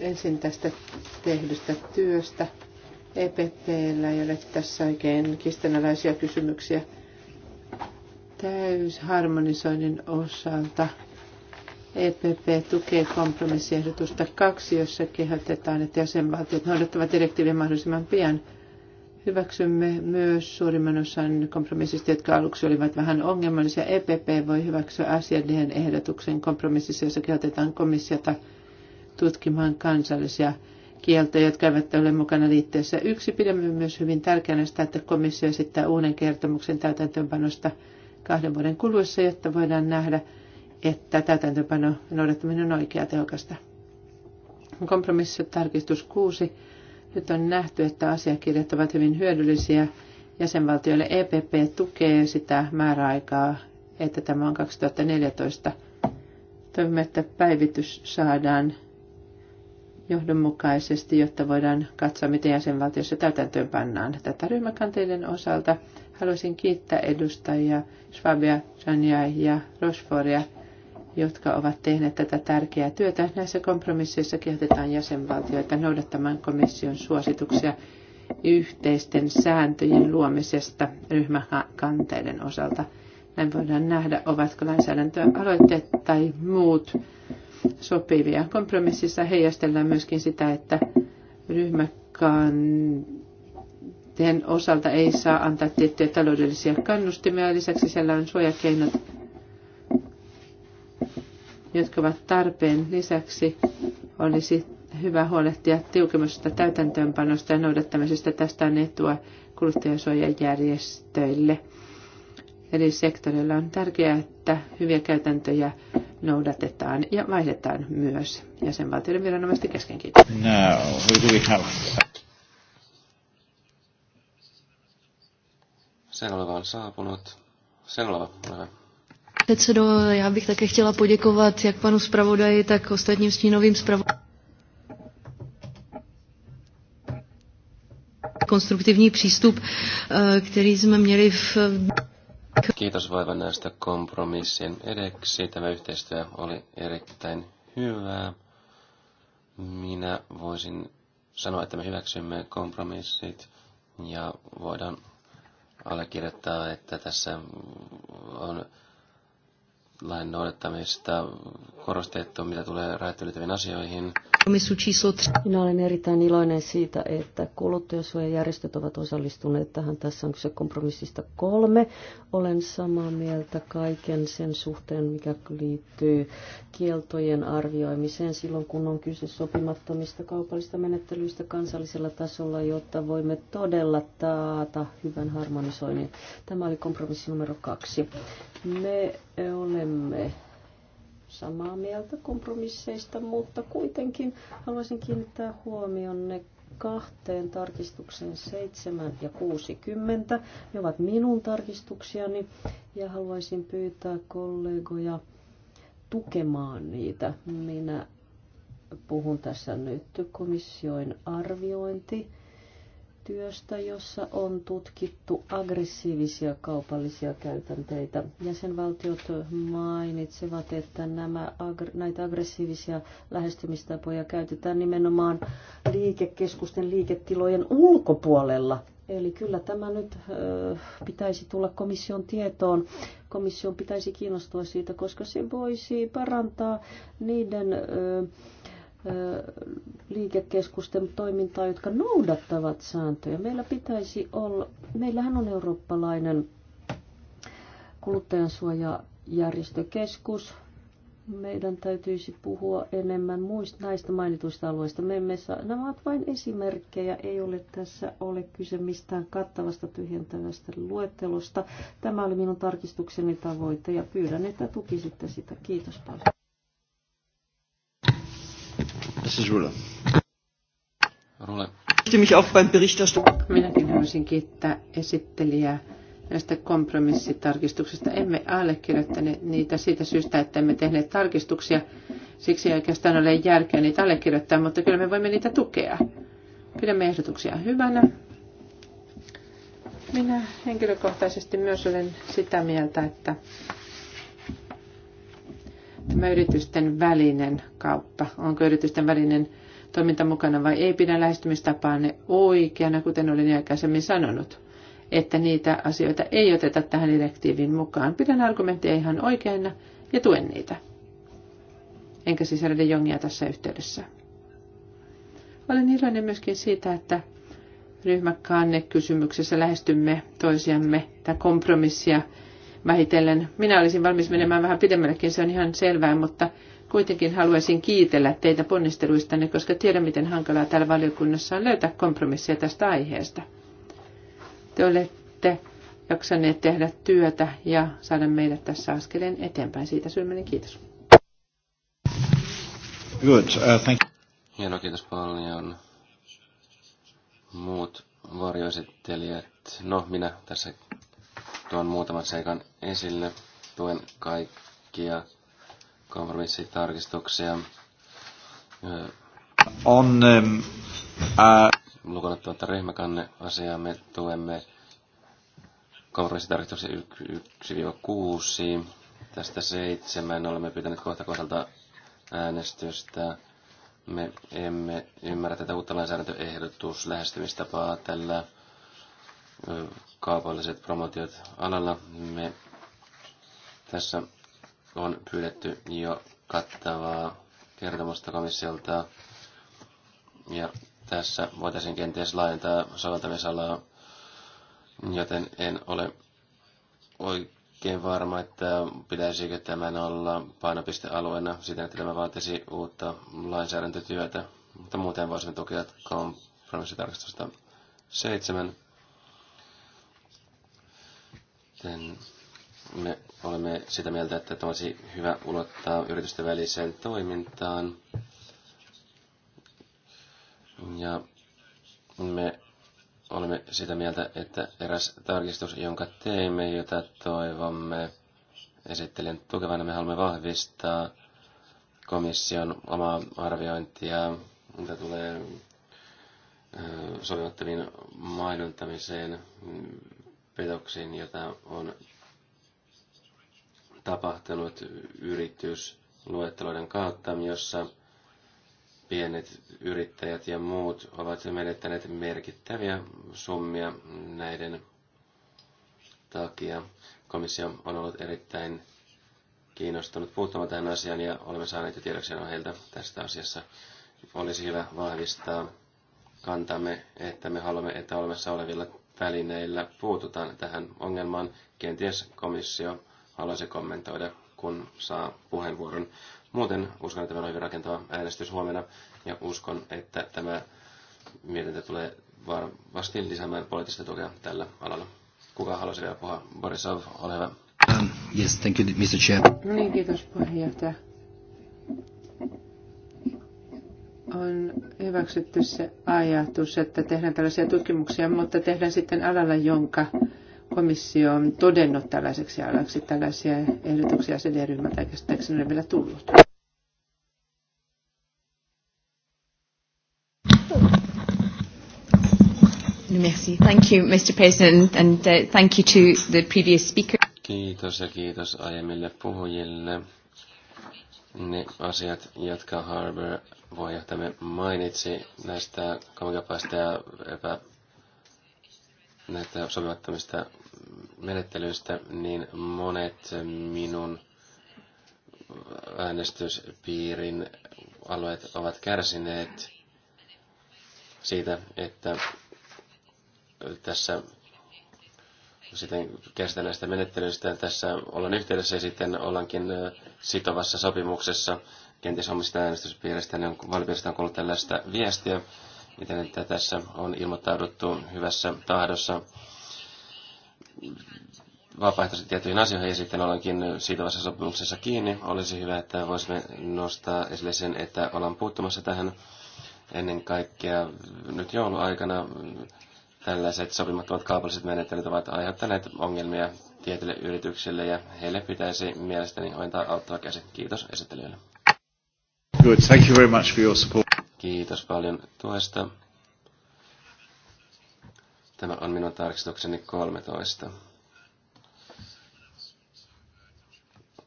ensin tästä tehdystä työstä. EPTllä ei ole tässä oikein kistanalaisia kysymyksiä täysharmonisoinnin osalta. EPP tukee kompromissiehdotusta kaksi, jossa kehotetaan, että jäsenvaltiot noudattavat direktiiviä mahdollisimman pian – Hyväksymme myös suurimman osan kompromissista, jotka aluksi olivat vähän ongelmallisia. EPP voi hyväksyä asiallinen ehdotuksen kompromississa, jossa kehotetaan komissiota tutkimaan kansallisia kieltoja, jotka eivät ole mukana liitteessä. Yksi pidämme myös hyvin tärkeänä sitä, että komissio esittää uuden kertomuksen täytäntöönpanosta kahden vuoden kuluessa, jotta voidaan nähdä, että täytäntöönpano noudattaminen on oikea tehokasta. Kompromissi tarkistus 6 nyt on nähty, että asiakirjat ovat hyvin hyödyllisiä jäsenvaltioille. EPP tukee sitä määräaikaa, että tämä on 2014. Toivomme, että päivitys saadaan johdonmukaisesti, jotta voidaan katsoa, miten jäsenvaltiossa täytäntöön pannaan tätä ryhmäkanteiden osalta. Haluaisin kiittää edustajia Schwabia, Jania ja Rosforia – jotka ovat tehneet tätä tärkeää työtä. Näissä kompromisseissa kehotetaan jäsenvaltioita noudattamaan komission suosituksia yhteisten sääntöjen luomisesta ryhmäkanteiden osalta. Näin voidaan nähdä, ovatko lainsäädäntöaloitteet tai muut sopivia. Kompromississa heijastellaan myöskin sitä, että ryhmäkanteen osalta ei saa antaa tiettyjä taloudellisia kannustimia. Lisäksi siellä on suojakeinot jotka ovat tarpeen. Lisäksi olisi hyvä huolehtia tiukemmasta täytäntöönpanosta ja noudattamisesta. Tästä on etua kuluttajasuojajärjestöille. Eli sektorilla on tärkeää, että hyviä käytäntöjä noudatetaan ja vaihdetaan myös jäsenvaltioiden viranomaisten kesken. Kiitos. No, who do on saapunut. Sen ole Předsedo, já bych také chtěla poděkovat jak panu zpravodaji, tak ostatním stínovým zpravodajům. konstruktivní přístup, eh, který jsme měli v... Kiitos vaivan näistä kompromissien edeksi. Tämä yhteistyö oli erittäin hyvää. Minä voisin sanoa, että me hyväksymme kompromissit ja voidaan allekirjoittaa, että tässä on lain noudattamista korostettu, mitä tulee rajat asioihin. Minä olen erittäin iloinen siitä, että kuluttajasuojajärjestöt ovat osallistuneet tähän. Tässä on kyse kompromissista kolme. Olen samaa mieltä kaiken sen suhteen, mikä liittyy kieltojen arvioimiseen silloin, kun on kyse sopimattomista kaupallista menettelyistä kansallisella tasolla, jotta voimme todella taata hyvän harmonisoinnin. Tämä oli kompromissi numero kaksi. Me olemme olemme samaa mieltä kompromisseista, mutta kuitenkin haluaisin kiinnittää huomionne kahteen tarkistuksen 7 ja 60. Ne ovat minun tarkistuksiani ja haluaisin pyytää kollegoja tukemaan niitä. Minä puhun tässä nyt komission arviointi työstä, jossa on tutkittu aggressiivisia kaupallisia käytänteitä. Jäsenvaltiot mainitsevat, että nämä, näitä aggressiivisia lähestymistapoja käytetään nimenomaan liikekeskusten liiketilojen ulkopuolella. Eli kyllä tämä nyt ö, pitäisi tulla komission tietoon. Komission pitäisi kiinnostua siitä, koska se voisi parantaa niiden... Ö, liikekeskusten toimintaa, jotka noudattavat sääntöjä. Meillä pitäisi olla, meillähän on eurooppalainen kuluttajansuojajärjestökeskus. Meidän täytyisi puhua enemmän muista näistä mainituista alueista. Me emme saa, nämä ovat vain esimerkkejä, ei ole tässä ole kyse mistään kattavasta tyhjentävästä luettelosta. Tämä oli minun tarkistukseni tavoite ja pyydän, että tukisitte sitä. Kiitos paljon. Mrs. Minäkin haluaisin kiittää esittelijää näistä kompromissitarkistuksista. Emme allekirjoittaneet niitä siitä syystä, että emme tehneet tarkistuksia. Siksi ei oikeastaan ole järkeä niitä allekirjoittaa, mutta kyllä me voimme niitä tukea. Pidämme ehdotuksia hyvänä. Minä henkilökohtaisesti myös olen sitä mieltä, että tämä yritysten välinen kauppa, onko yritysten välinen toiminta mukana vai ei pidä lähestymistapaanne oikeana, kuten olin aikaisemmin sanonut, että niitä asioita ei oteta tähän direktiivin mukaan. Pidän argumentteja ihan oikeina ja tuen niitä. Enkä sisällöidä jongia tässä yhteydessä. Olen iloinen myöskin siitä, että ryhmäkaanne kysymyksessä lähestymme toisiamme tai kompromissia vähitellen. Minä olisin valmis menemään vähän pidemmällekin, se on ihan selvää, mutta kuitenkin haluaisin kiitellä teitä ponnisteluistanne, koska tiedän, miten hankalaa täällä valiokunnassa on löytää kompromissia tästä aiheesta. Te olette jaksaneet tehdä työtä ja saada meidät tässä askeleen eteenpäin. Siitä syömäni kiitos. Good, uh, thank you. Hienoa, kiitos paljon. Muut varjoesittelijät. No, minä tässä tuon muutaman seikan esille. Tuen kaikkia kompromissitarkistuksia. On... Um, uh... Lukunut tuota asiaa. me tuemme kompromissitarkistuksia 1-6. Tästä seitsemän olemme pitäneet kohta kohdalta äänestystä. Me emme ymmärrä tätä uutta lainsäädäntöehdotus lähestymistapaa tällä kaupalliset promotiot alalla. Me tässä on pyydetty jo kattavaa kertomusta komissiolta ja tässä voitaisiin kenties laajentaa soveltamisalaa, joten en ole oikein varma, että pitäisikö tämän olla painopistealueena siten, että tämä vaatisi uutta lainsäädäntötyötä, mutta muuten voisimme tukea kompromissitarkastusta seitsemän sitten niin me olemme sitä mieltä, että tämä olisi hyvä ulottaa yritysten väliseen toimintaan. Ja me olemme sitä mieltä, että eräs tarkistus, jonka teimme, jota toivomme esittelijän tukevana, me haluamme vahvistaa komission omaa arviointia, mitä tulee sovittaviin mainontamiseen petoksiin, jota on tapahtunut yritysluetteloiden kautta, jossa pienet yrittäjät ja muut ovat menettäneet merkittäviä summia näiden takia. Komissio on ollut erittäin kiinnostunut puuttumaan tähän asiaan ja olemme saaneet jo tiedoksena heiltä tästä asiassa. Olisi hyvä vahvistaa kantamme, että me haluamme, että olemassa olevilla välineillä puututaan tähän ongelmaan. Kenties komissio haluaisi kommentoida, kun saa puheenvuoron. Muuten uskon, että meillä on hyvin rakentava äänestys huomenna ja uskon, että tämä mietintö tulee varmasti lisäämään poliittista tukea tällä alalla. Kuka haluaisi vielä puhua? Borisov, ole hyvä. Um, yes, thank you, Mr. Chair. No niin, kiitos puheenjohtaja. on hyväksytty se ajatus, että tehdään tällaisia tutkimuksia, mutta tehdään sitten alalla, jonka komissio on todennut tällaiseksi alaksi. Tällaisia ehdotuksia CD-ryhmältä ei käsittääkseni ole vielä tullut. Merci. Thank you, Mr. President, and uh, thank you to the previous speaker. Kiitos ja kiitos aiemmille puhujille ne asiat, jotka Harbour me mainitsi näistä kamikapaista ja epä, näitä sopimattomista menettelyistä, niin monet minun äänestyspiirin alueet ovat kärsineet siitä, että tässä sitten käsitellään sitä menettelystä. Tässä ollaan yhteydessä ja sitten ollaankin sitovassa sopimuksessa. Kenties omista äänestyspiiristä niin vaalipiiristä on kuullut tällaista viestiä, miten että tässä on ilmoittauduttu hyvässä tahdossa vapaaehtoisesti tiettyihin asioihin ja sitten ollaankin sitovassa sopimuksessa kiinni. Olisi hyvä, että voisimme nostaa esille sen, että ollaan puuttumassa tähän ennen kaikkea nyt jouluaikana Tällaiset sopimattomat kaupalliset menettelyt ovat aiheuttaneet ongelmia tietyille yrityksille ja heille pitäisi mielestäni hoitaa auttava käsi. Kiitos esittelijöille. Good. Thank you very much for your support. Kiitos paljon tuesta. Tämä on minun tarkistukseni 13.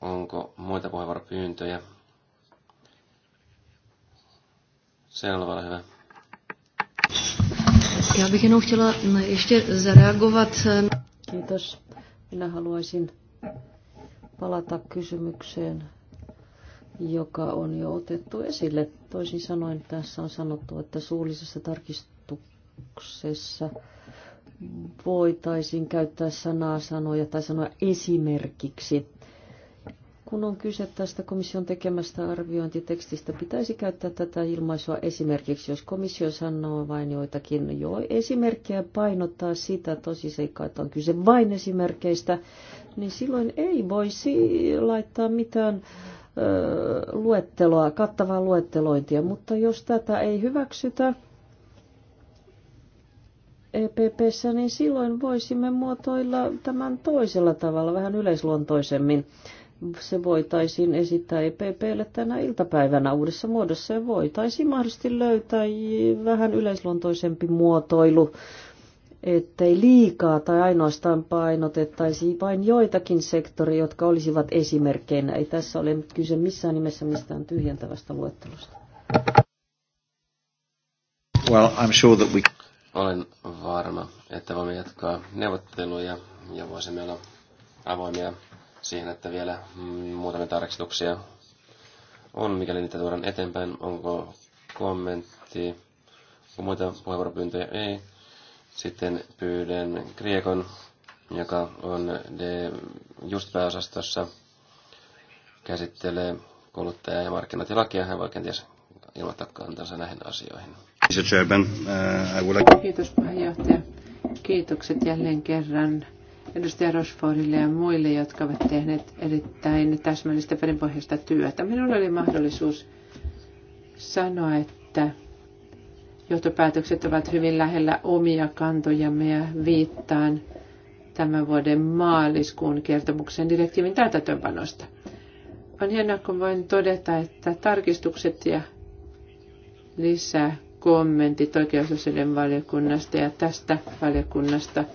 Onko muita puheenvuoropyyntöjä? Selvä, hyvä. Já bych jenom chtěla ještě zareagovat. Eh, Kiitos. Minä haluaisin palata kysymykseen, joka on jo otettu esille. Toisin sanoen tässä on sanottu, että suullisessa tarkistuksessa voitaisiin käyttää sanaa sanoja tai sanoa esimerkiksi kun on kyse tästä komission tekemästä arviointitekstistä, pitäisi käyttää tätä ilmaisua esimerkiksi, jos komissio sanoo vain joitakin jo esimerkkejä painottaa sitä tosiseikkaa, että on kyse vain esimerkkeistä, niin silloin ei voisi laittaa mitään luetteloa, kattavaa luettelointia, mutta jos tätä ei hyväksytä EPPssä, niin silloin voisimme muotoilla tämän toisella tavalla, vähän yleisluontoisemmin se voitaisiin esittää EPPlle tänä iltapäivänä uudessa muodossa ja voitaisiin mahdollisesti löytää vähän yleisluontoisempi muotoilu, ettei liikaa tai ainoastaan painotettaisiin vain joitakin sektoria, jotka olisivat esimerkkeinä. Ei tässä ole nyt kyse missään nimessä mistään tyhjentävästä luettelosta. Well, I'm sure that we... Olen varma, että voimme jatkaa neuvotteluja ja voisimme olla avoimia siihen, että vielä muutamia tarkistuksia on, mikäli niitä tuodaan eteenpäin. Onko kommentti? Onko muita puheenvuoropyyntöjä? Ei. Sitten pyydän Kriekon, joka on de just pääosastossa, käsittelee kuluttaja- ja markkinatilakia. Hän voi kenties ilmoittaa kantansa näihin asioihin. Uh, Kiitos puheenjohtaja. Kiitokset jälleen kerran edustaja Rosfordille ja muille, jotka ovat tehneet erittäin täsmällistä perinpohjaista työtä. Minulla oli mahdollisuus sanoa, että johtopäätökset ovat hyvin lähellä omia kantojamme ja viittaan tämän vuoden maaliskuun kertomuksen direktiivin täytäntöönpanosta. On hienoa, kun voin todeta, että tarkistukset ja lisää kommentit oikeusasioiden valiokunnasta ja tästä valiokunnasta –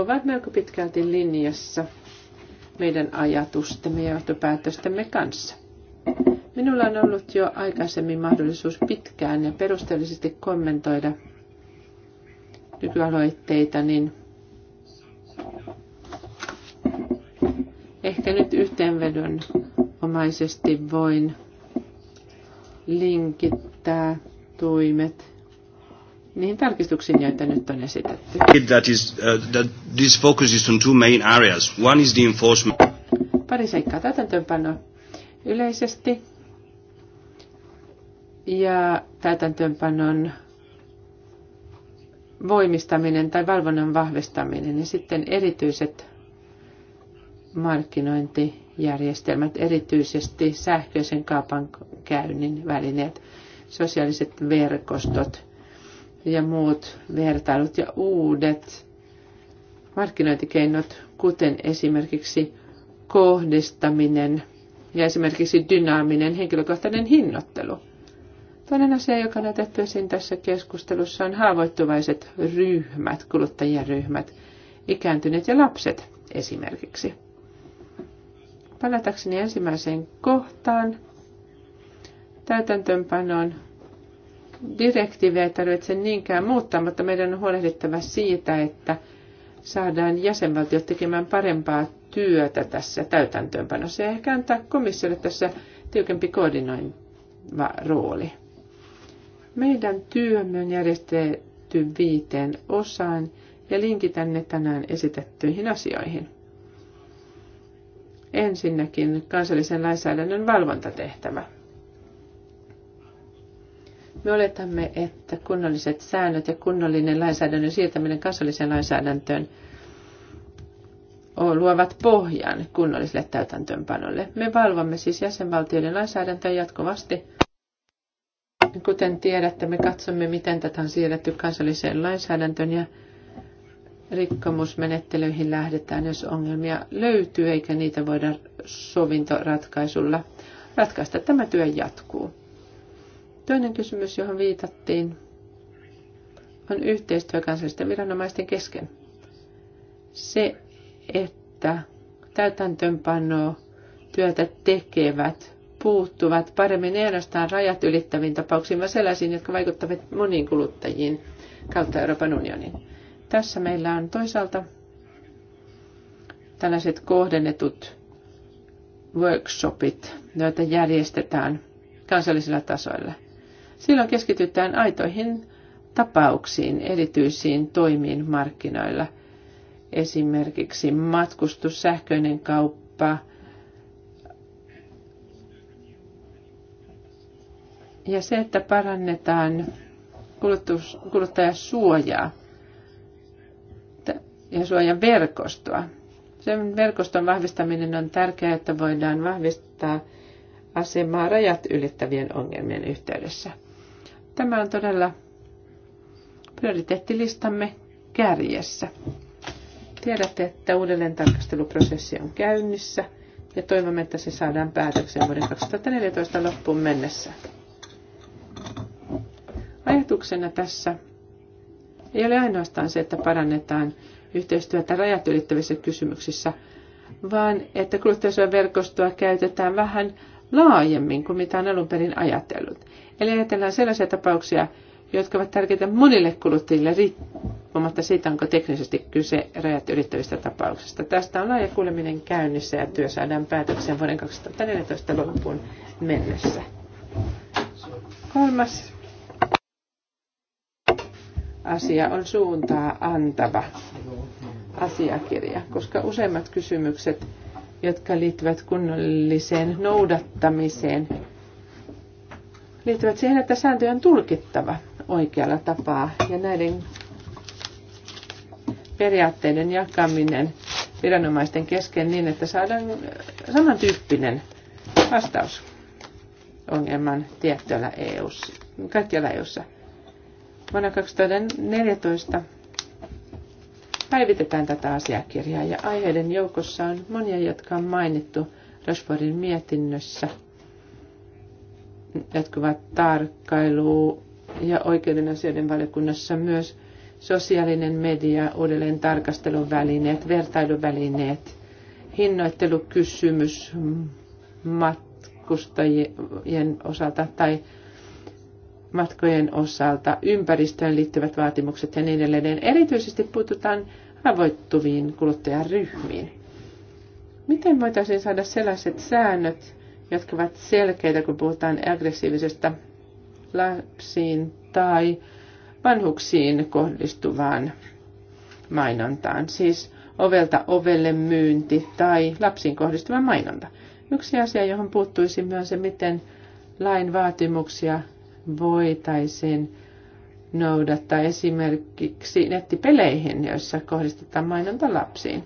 ovat melko pitkälti linjassa meidän ajatustemme ja johtopäätöstemme kanssa. Minulla on ollut jo aikaisemmin mahdollisuus pitkään ja perusteellisesti kommentoida nykyaloitteita, niin ehkä nyt yhteenvedon omaisesti voin linkittää toimet niihin tarkistuksiin, joita nyt on esitetty. That is, uh, that this focus is on two main areas. One is the enforcement. Pari seikkaa täytäntöönpano yleisesti ja täytäntöönpanon voimistaminen tai valvonnan vahvistaminen ja sitten erityiset markkinointijärjestelmät, erityisesti sähköisen kaupankäynnin välineet, sosiaaliset verkostot – ja muut vertailut ja uudet markkinointikeinot, kuten esimerkiksi kohdistaminen ja esimerkiksi dynaaminen henkilökohtainen hinnoittelu. Toinen asia, joka on otettu esiin tässä keskustelussa, on haavoittuvaiset ryhmät, kuluttajaryhmät, ikääntyneet ja lapset esimerkiksi. Palatakseni ensimmäiseen kohtaan, täytäntöönpanoon direktiivi ei tarvitse niinkään muuttaa, mutta meidän on huolehdittava siitä, että saadaan jäsenvaltiot tekemään parempaa työtä tässä täytäntöönpanossa ja ehkä antaa komissiolle tässä tiukempi koordinoiva rooli. Meidän työmme on järjestetty viiteen osaan ja linkitän ne tänään esitettyihin asioihin. Ensinnäkin kansallisen lainsäädännön valvontatehtävä. Me oletamme, että kunnolliset säännöt ja kunnollinen lainsäädännön siirtäminen kansalliseen lainsäädäntöön luovat pohjan kunnolliselle täytäntöönpanolle. Me valvomme siis jäsenvaltioiden lainsäädäntöä jatkuvasti. Kuten tiedätte, me katsomme, miten tätä on siirretty kansalliseen lainsäädäntöön ja rikkomusmenettelyihin lähdetään, jos ongelmia löytyy eikä niitä voida sovintoratkaisulla ratkaista. Tämä työ jatkuu. Toinen kysymys, johon viitattiin, on yhteistyö kansallisten viranomaisten kesken. Se, että täytäntöönpanoa työtä tekevät puuttuvat paremmin ei ainoastaan rajat ylittäviin tapauksiin, vaan sellaisiin, jotka vaikuttavat moniin kuluttajiin kautta Euroopan unionin. Tässä meillä on toisaalta tällaiset kohdennetut workshopit, joita järjestetään kansallisilla tasoilla. Silloin keskitytään aitoihin tapauksiin, erityisiin toimiin markkinoilla. Esimerkiksi matkustus, sähköinen kauppa, ja se, että parannetaan kulutus, kuluttajasuojaa ja suojan verkostoa. Sen verkoston vahvistaminen on tärkeää, että voidaan vahvistaa asemaa rajat ylittävien ongelmien yhteydessä. Tämä on todella prioriteettilistamme kärjessä. Tiedätte, että uudelleen tarkasteluprosessi on käynnissä ja toivomme, että se saadaan päätökseen vuoden 2014 loppuun mennessä. Ajatuksena tässä ei ole ainoastaan se, että parannetaan yhteistyötä rajat ylittävissä kysymyksissä, vaan että verkostoa käytetään vähän laajemmin kuin mitä on alun perin ajatellut. Eli ajatellaan sellaisia tapauksia, jotka ovat tärkeitä monille kuluttajille riippumatta siitä, onko teknisesti kyse rajat ylittävistä tapauksista. Tästä on laaja kuuleminen käynnissä ja työ saadaan päätökseen vuoden 2014 loppuun mennessä. Kolmas asia on suuntaa antava asiakirja, koska useimmat kysymykset, jotka liittyvät kunnolliseen noudattamiseen, liittyvät siihen, että sääntöjä on tulkittava oikealla tapaa ja näiden periaatteiden jakaminen viranomaisten kesken niin, että saadaan samantyyppinen vastaus ongelman tiettyllä eu kaikkialla EU-ssa. Vuonna 2014 päivitetään tätä asiakirjaa ja aiheiden joukossa on monia, jotka on mainittu Rashfordin mietinnössä – jatkuva tarkkailu ja oikeuden asioiden valiokunnassa myös sosiaalinen media, uudelleen tarkastelun välineet, vertailuvälineet, hinnoittelukysymys matkustajien osalta tai matkojen osalta, ympäristöön liittyvät vaatimukset ja niin edelleen. Erityisesti puututaan haavoittuviin kuluttajaryhmiin. Miten voitaisiin saada sellaiset säännöt, jotka ovat selkeitä, kun puhutaan aggressiivisesta lapsiin tai vanhuksiin kohdistuvaan mainontaan. Siis ovelta ovelle myynti tai lapsiin kohdistuva mainonta. Yksi asia, johon puuttuisi myös se, miten lain vaatimuksia voitaisiin noudattaa esimerkiksi nettipeleihin, joissa kohdistetaan mainonta lapsiin.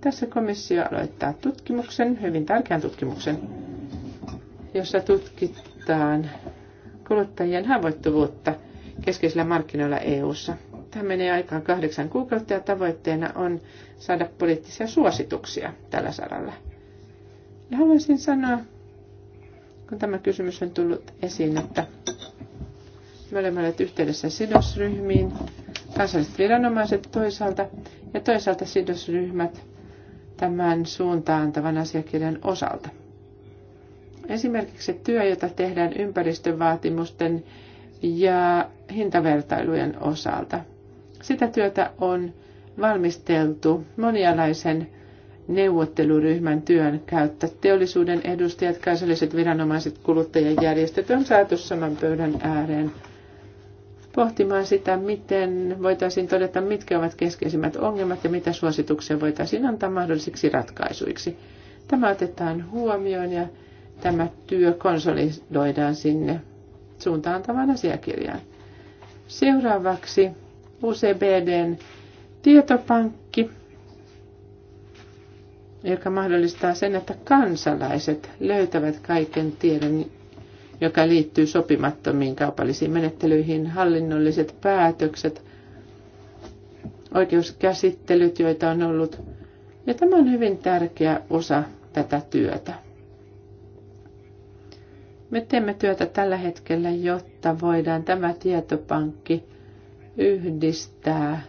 Tässä komissio aloittaa tutkimuksen, hyvin tärkeän tutkimuksen, jossa tutkitaan kuluttajien haavoittuvuutta keskeisillä markkinoilla EU:ssa. Tämä menee aikaan kahdeksan kuukautta ja tavoitteena on saada poliittisia suosituksia tällä saralla. Ja haluaisin sanoa, kun tämä kysymys on tullut esiin, että me olemme olleet yhteydessä sidosryhmiin, kansalliset viranomaiset toisaalta ja toisaalta sidosryhmät tämän suuntaan antavan asiakirjan osalta – Esimerkiksi työ, jota tehdään ympäristövaatimusten ja hintavertailujen osalta. Sitä työtä on valmisteltu monialaisen neuvotteluryhmän työn käyttä. Teollisuuden edustajat, kansalliset viranomaiset, kuluttajajärjestöt on saatu saman pöydän ääreen pohtimaan sitä, miten voitaisiin todeta, mitkä ovat keskeisimmät ongelmat ja mitä suosituksia voitaisiin antaa mahdollisiksi ratkaisuiksi. Tämä otetaan huomioon ja tämä työ konsolidoidaan sinne suuntaantavan asiakirjaan. Seuraavaksi UCBDn tietopankki, joka mahdollistaa sen, että kansalaiset löytävät kaiken tiedon, joka liittyy sopimattomiin kaupallisiin menettelyihin, hallinnolliset päätökset, oikeuskäsittelyt, joita on ollut. Ja tämä on hyvin tärkeä osa tätä työtä. Me teemme työtä tällä hetkellä, jotta voidaan tämä tietopankki yhdistää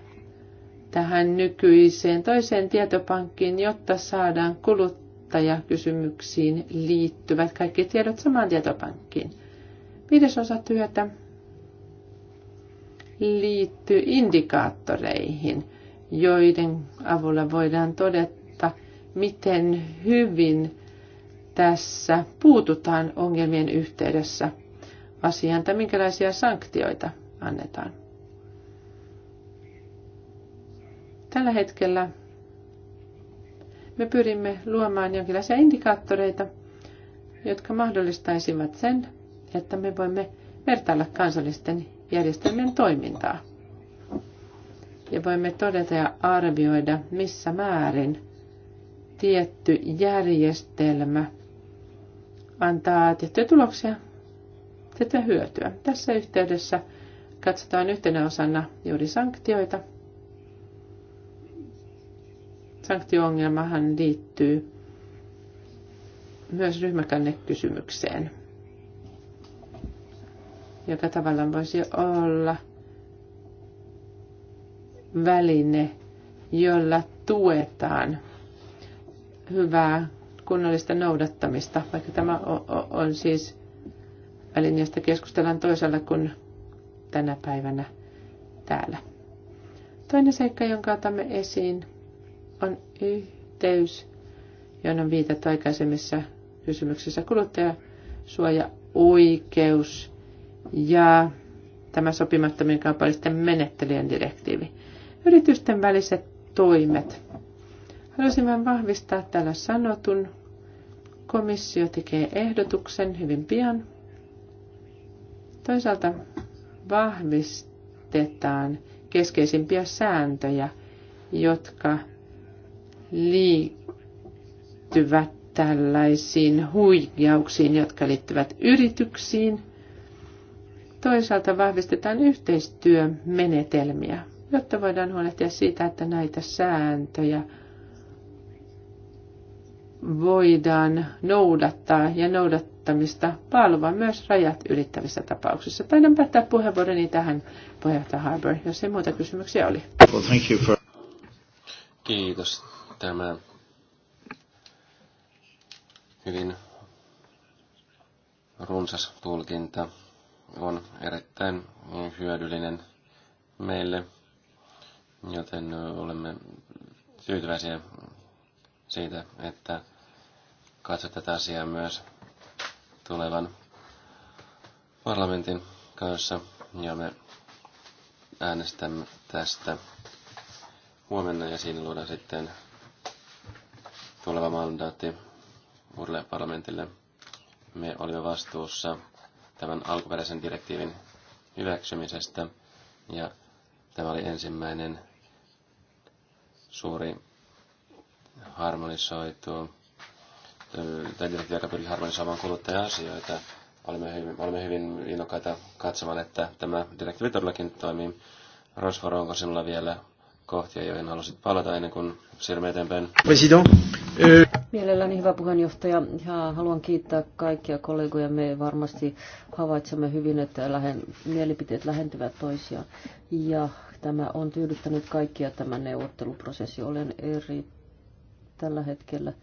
tähän nykyiseen toiseen tietopankkiin, jotta saadaan kuluttajakysymyksiin liittyvät kaikki tiedot samaan tietopankkiin. Viides osa työtä liittyy indikaattoreihin, joiden avulla voidaan todeta, miten hyvin tässä puututaan ongelmien yhteydessä asiaan, tai minkälaisia sanktioita annetaan. Tällä hetkellä me pyrimme luomaan jonkinlaisia indikaattoreita, jotka mahdollistaisivat sen, että me voimme vertailla kansallisten järjestelmien toimintaa. Ja voimme todeta ja arvioida, missä määrin tietty järjestelmä – antaa tiettyjä tuloksia, tiettyä hyötyä. Tässä yhteydessä katsotaan yhtenä osana juuri sanktioita. Sanktioongelmahan liittyy myös ryhmäkannekysymykseen, joka tavallaan voisi olla väline, jolla tuetaan hyvää kunnollista noudattamista, vaikka tämä on siis väline, keskustellaan toisella kuin tänä päivänä täällä. Toinen seikka, jonka otamme esiin, on yhteys, johon on viitattu aikaisemmissa kysymyksissä kuluttajasuoja, oikeus ja tämä sopimattomien kaupallisten menettelyjen direktiivi. Yritysten väliset toimet Haluaisin vain vahvistaa täällä sanotun. Komissio tekee ehdotuksen hyvin pian. Toisaalta vahvistetaan keskeisimpiä sääntöjä, jotka liittyvät tällaisiin huijauksiin, jotka liittyvät yrityksiin. Toisaalta vahvistetaan yhteistyömenetelmiä, jotta voidaan huolehtia siitä, että näitä sääntöjä – voidaan noudattaa ja noudattamista palvoa myös rajat ylittävissä tapauksissa. Taidan päättää puheenvuoroni tähän, puheenjohtaja Harbour, jos ei muuta kysymyksiä oli. Well, thank you for... Kiitos. Tämä hyvin runsas tulkinta on erittäin hyödyllinen meille, joten olemme tyytyväisiä siitä, että katso tätä asiaa myös tulevan parlamentin kanssa ja me äänestämme tästä huomenna ja siinä luodaan sitten tuleva mandaatti uudelle parlamentille. Me olimme vastuussa tämän alkuperäisen direktiivin hyväksymisestä ja tämä oli ensimmäinen suuri harmonisoitu tämän direktiivi, joka pyrkii harmonisoimaan kuluttaja-asioita. Olemme hyvin, olemme hyvin innokkaita katsomaan, että tämä direktiivi todellakin toimii. Rosvaro, onko sinulla vielä kohtia, joihin halusit palata ennen kuin siirrymme eteenpäin? President. Mielelläni hyvä puheenjohtaja. Ja haluan kiittää kaikkia kollegoja. Me varmasti havaitsemme hyvin, että lähen, mielipiteet lähentyvät toisiaan. Ja tämä on tyydyttänyt kaikkia tämä neuvotteluprosessi. Olen eri tällä hetkellä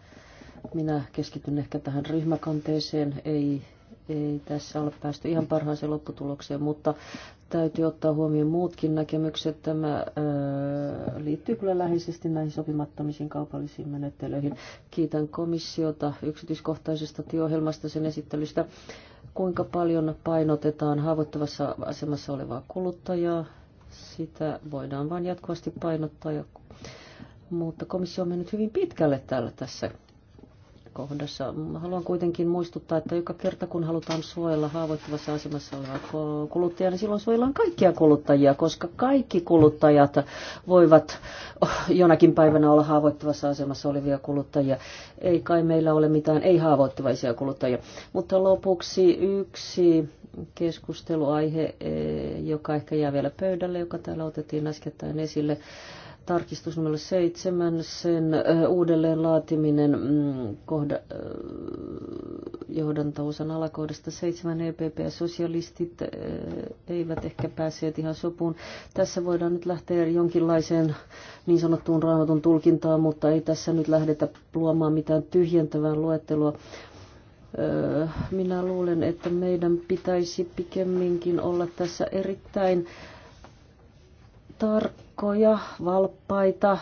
minä keskityn ehkä tähän ryhmäkanteeseen. Ei, ei tässä ole päästy ihan parhaaseen lopputulokseen, mutta täytyy ottaa huomioon muutkin näkemykset. Tämä ää, liittyy kyllä läheisesti näihin sopimattomisiin kaupallisiin menettelyihin. Kiitän komissiota yksityiskohtaisesta työohjelmasta sen esittelystä. Kuinka paljon painotetaan haavoittuvassa asemassa olevaa kuluttajaa? Sitä voidaan vain jatkuvasti painottaa, mutta komissio on mennyt hyvin pitkälle täällä tässä kohdassa. Haluan kuitenkin muistuttaa, että joka kerta kun halutaan suojella haavoittuvassa asemassa olevaa kuluttajaa, niin silloin suojellaan kaikkia kuluttajia, koska kaikki kuluttajat voivat jonakin päivänä olla haavoittuvassa asemassa olevia kuluttajia. Ei kai meillä ole mitään ei-haavoittuvaisia kuluttajia. Mutta lopuksi yksi keskusteluaihe, eh, joka ehkä jää vielä pöydälle, joka täällä otettiin äskettäin esille, tarkistus numero seitsemän, sen uudelleen laatiminen mm, kohda, johdantousan alakohdasta seitsemän EPP ja sosialistit eivät ehkä päässeet ihan sopuun. Tässä voidaan nyt lähteä jonkinlaiseen niin sanottuun raamatun tulkintaan, mutta ei tässä nyt lähdetä luomaan mitään tyhjentävää luettelua. Minä luulen, että meidän pitäisi pikemminkin olla tässä erittäin äh, tarkkoja, valppaita,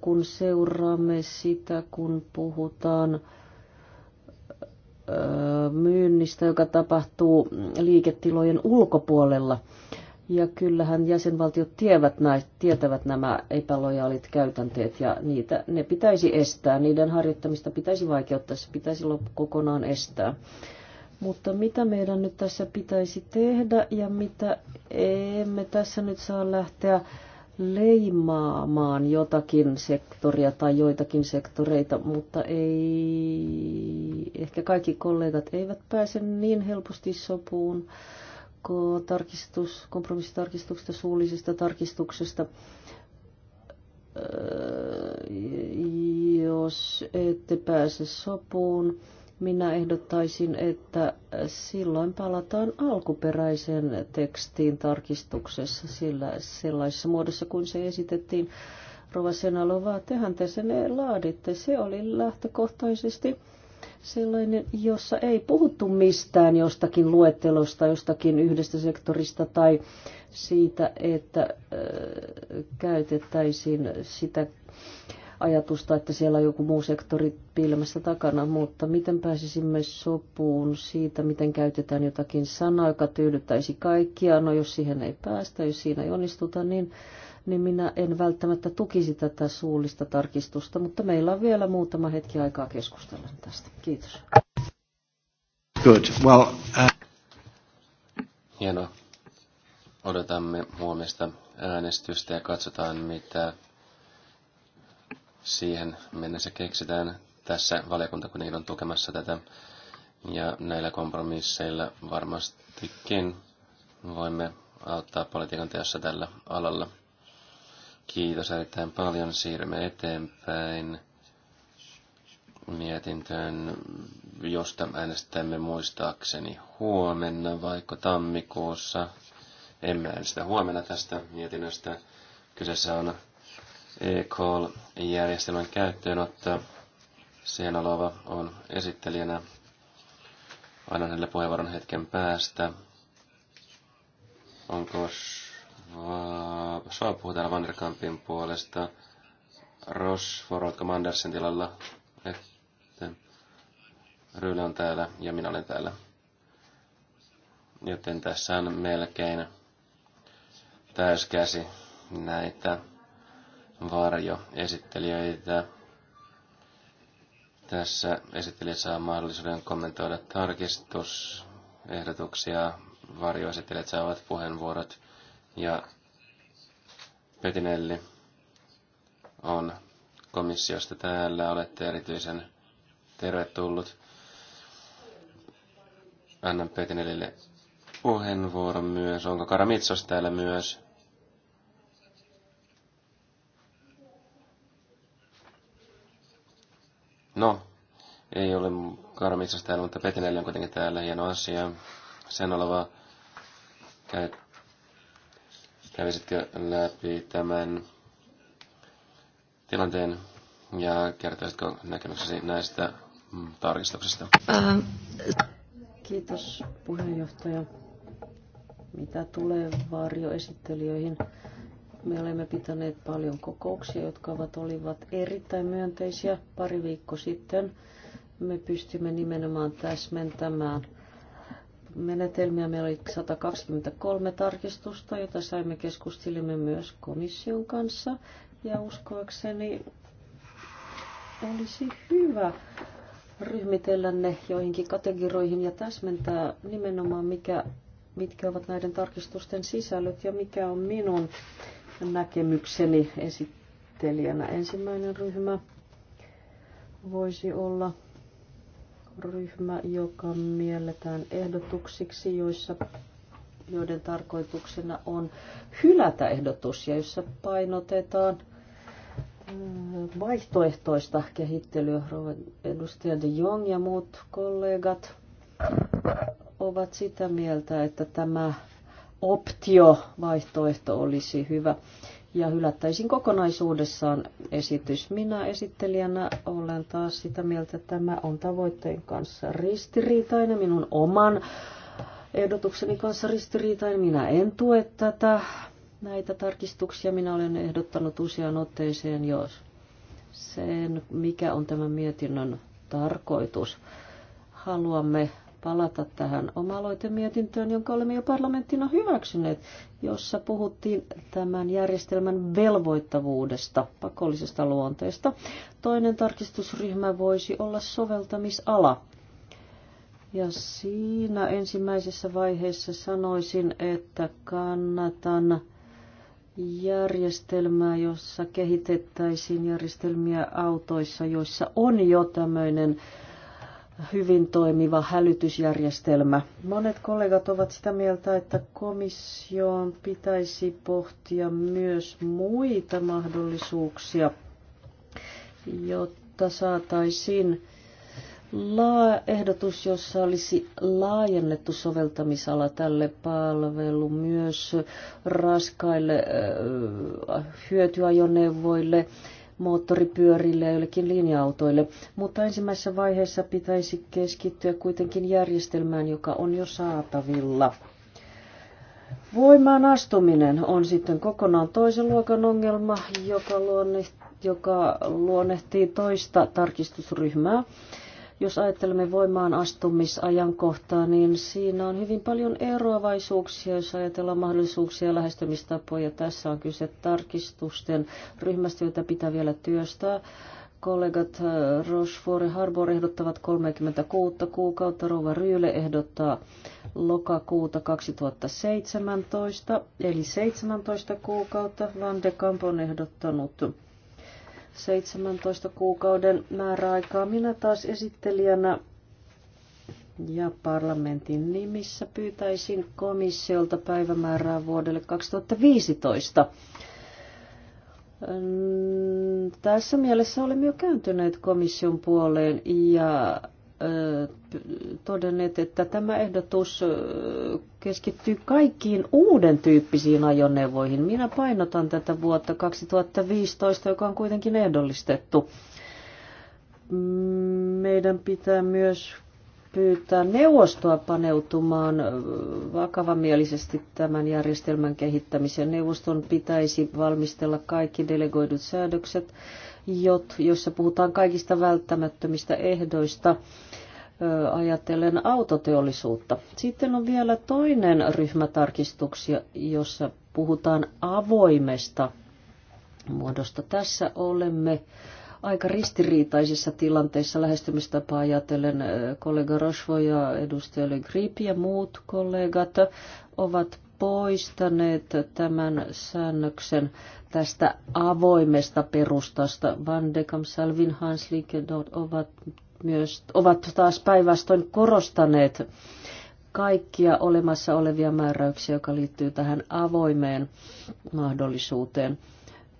kun seuraamme sitä, kun puhutaan myynnistä, joka tapahtuu liiketilojen ulkopuolella. Ja kyllähän jäsenvaltiot tievät näistä, tietävät nämä epälojaalit käytänteet ja niitä, ne pitäisi estää, niiden harjoittamista pitäisi vaikeuttaa, se pitäisi kokonaan estää. Mutta mitä meidän nyt tässä pitäisi tehdä ja mitä emme tässä nyt saa lähteä leimaamaan jotakin sektoria tai joitakin sektoreita, mutta ei, ehkä kaikki kollegat eivät pääse niin helposti sopuun tarkistus, kompromissitarkistuksesta, suullisesta tarkistuksesta. Öö, jos ette pääse sopuun, minä ehdottaisin, että silloin palataan alkuperäiseen tekstiin tarkistuksessa sillä, sellaisessa muodossa, kun se esitettiin. Rova Senalova, tehän te sen laaditte. Se oli lähtökohtaisesti sellainen, jossa ei puhuttu mistään jostakin luettelosta, jostakin yhdestä sektorista tai siitä, että äh, käytettäisiin sitä ajatusta, että siellä on joku muu sektori piilemässä takana, mutta miten pääsisimme sopuun siitä, miten käytetään jotakin sanaa, joka tyydyttäisi kaikkia. No jos siihen ei päästä, jos siinä ei onnistuta, niin, niin minä en välttämättä tukisi tätä suullista tarkistusta, mutta meillä on vielä muutama hetki aikaa keskustella tästä. Kiitos. Good. Well, uh... Hienoa. Odotamme huomista äänestystä ja katsotaan, mitä siihen mennessä keksitään. Tässä valiokunta kuitenkin on tukemassa tätä. Ja näillä kompromisseilla varmastikin voimme auttaa politiikan teossa tällä alalla. Kiitos erittäin paljon. Siirrymme eteenpäin mietintöön, josta äänestämme muistaakseni huomenna, vaikka tammikuussa. Emme äänestä huomenna tästä mietinnöstä. Kyseessä on e-call-järjestelmän käyttöönotto. alava on esittelijänä. aina hänelle puheenvuoron hetken päästä. Onko Schwab puhuu täällä Vanderkampin puolesta? Ross oletko Mandersen tilalla? Että Ryyle on täällä ja minä olen täällä. Joten tässä on melkein täyskäsi näitä Varjo varjoesittelijöitä. Tässä esittelijä saa mahdollisuuden kommentoida tarkistusehdotuksia. Varjoesittelijät saavat puheenvuorot. Ja Petinelli on komissiosta täällä. Olette erityisen tervetullut. Annan Petinellille puheenvuoron myös. Onko Karamitsos täällä myös? No, ei ole Kaara täällä, mutta Petinelli on kuitenkin täällä hieno asia. Sen oleva käy, kävisitkö läpi tämän tilanteen ja kertoisitko näkemyksesi näistä mm, tarkistuksista? Ähm, kiitos puheenjohtaja. Mitä tulee varjoesittelijöihin? Me olemme pitäneet paljon kokouksia, jotka ovat olivat erittäin myönteisiä. Pari viikko sitten me pystymme nimenomaan täsmentämään menetelmiä. Meillä oli 123 tarkistusta, jota saimme keskustelimme myös komission kanssa. Ja uskoakseni olisi hyvä ryhmitellä ne joihinkin kategorioihin ja täsmentää nimenomaan, mikä, mitkä ovat näiden tarkistusten sisällöt ja mikä on minun näkemykseni esittelijänä. Ensimmäinen ryhmä voisi olla ryhmä, joka mielletään ehdotuksiksi, joissa, joiden tarkoituksena on hylätä ehdotus ja jossa painotetaan äh, vaihtoehtoista kehittelyä. Edustaja de Jong ja muut kollegat ovat sitä mieltä, että tämä Optio vaihtoehto olisi hyvä ja hylättäisin kokonaisuudessaan esitys. Minä esittelijänä olen taas sitä mieltä, että tämä on tavoitteen kanssa ristiriitainen, minun oman ehdotukseni kanssa ristiriitainen. Minä en tue tätä, näitä tarkistuksia. Minä olen ehdottanut useaan otteeseen jo sen, mikä on tämän mietinnön tarkoitus. Haluamme palata tähän omaloitemietintöön, jonka olemme jo parlamenttina hyväksyneet, jossa puhuttiin tämän järjestelmän velvoittavuudesta, pakollisesta luonteesta. Toinen tarkistusryhmä voisi olla soveltamisala. Ja siinä ensimmäisessä vaiheessa sanoisin, että kannatan järjestelmää, jossa kehitettäisiin järjestelmiä autoissa, joissa on jo tämmöinen äh, hyvin toimiva hälytysjärjestelmä. Monet kollegat ovat sitä mieltä, että komissioon pitäisi pohtia myös muita mahdollisuuksia, jotta saataisiin laa- ehdotus, jossa olisi laajennettu soveltamisala tälle palvelu myös raskaille hyötyajoneuvoille, moottoripyörille ja joillekin linja-autoille. Mutta ensimmäisessä vaiheessa pitäisi keskittyä kuitenkin järjestelmään, joka on jo saatavilla. Voimaan astuminen on sitten kokonaan toisen luokan ongelma, joka luonnehtii, joka luonnehtii toista tarkistusryhmää. Jos ajattelemme voimaan astumisajankohtaa, niin siinä on hyvin paljon eroavaisuuksia, jos ajatellaan mahdollisuuksia ja lähestymistapoja. Tässä on kyse tarkistusten ryhmästä, jota pitää vielä työstää kollegat äh, Rochefort ja Harbour ehdottavat 36 kuukautta, Rova Ryyle ehdottaa lokakuuta 2017, eli 17 kuukautta. Van de Kamp on ehdottanut 17 kuukauden määräaikaa. Minä taas esittelijänä ja parlamentin nimissä pyytäisin komissiolta päivämäärää vuodelle 2015. Tässä mielessä olemme jo kääntyneet komission puoleen ja todenneet, että tämä ehdotus keskittyy kaikkiin uuden tyyppisiin ajoneuvoihin. Minä painotan tätä vuotta 2015, joka on kuitenkin ehdollistettu. Meidän pitää myös pyytää neuvostoa paneutumaan vakavamielisesti tämän järjestelmän kehittämiseen. Neuvoston pitäisi valmistella kaikki delegoidut säädökset, joissa puhutaan kaikista välttämättömistä ehdoista ajatellen autoteollisuutta. Sitten on vielä toinen ryhmä tarkistuksia, jossa puhutaan avoimesta muodosta. Tässä olemme aika ristiriitaisissa tilanteissa lähestymistapaa ajatellen. Kollega Rosvo ja edustaja Le Grip ja muut kollegat ovat poistaneet tämän säännöksen tästä avoimesta perustasta. Van de Kamp, Salvin, Lieke, ovat myös ovat taas päinvastoin korostaneet kaikkia olemassa olevia määräyksiä, joka liittyy tähän avoimeen mahdollisuuteen.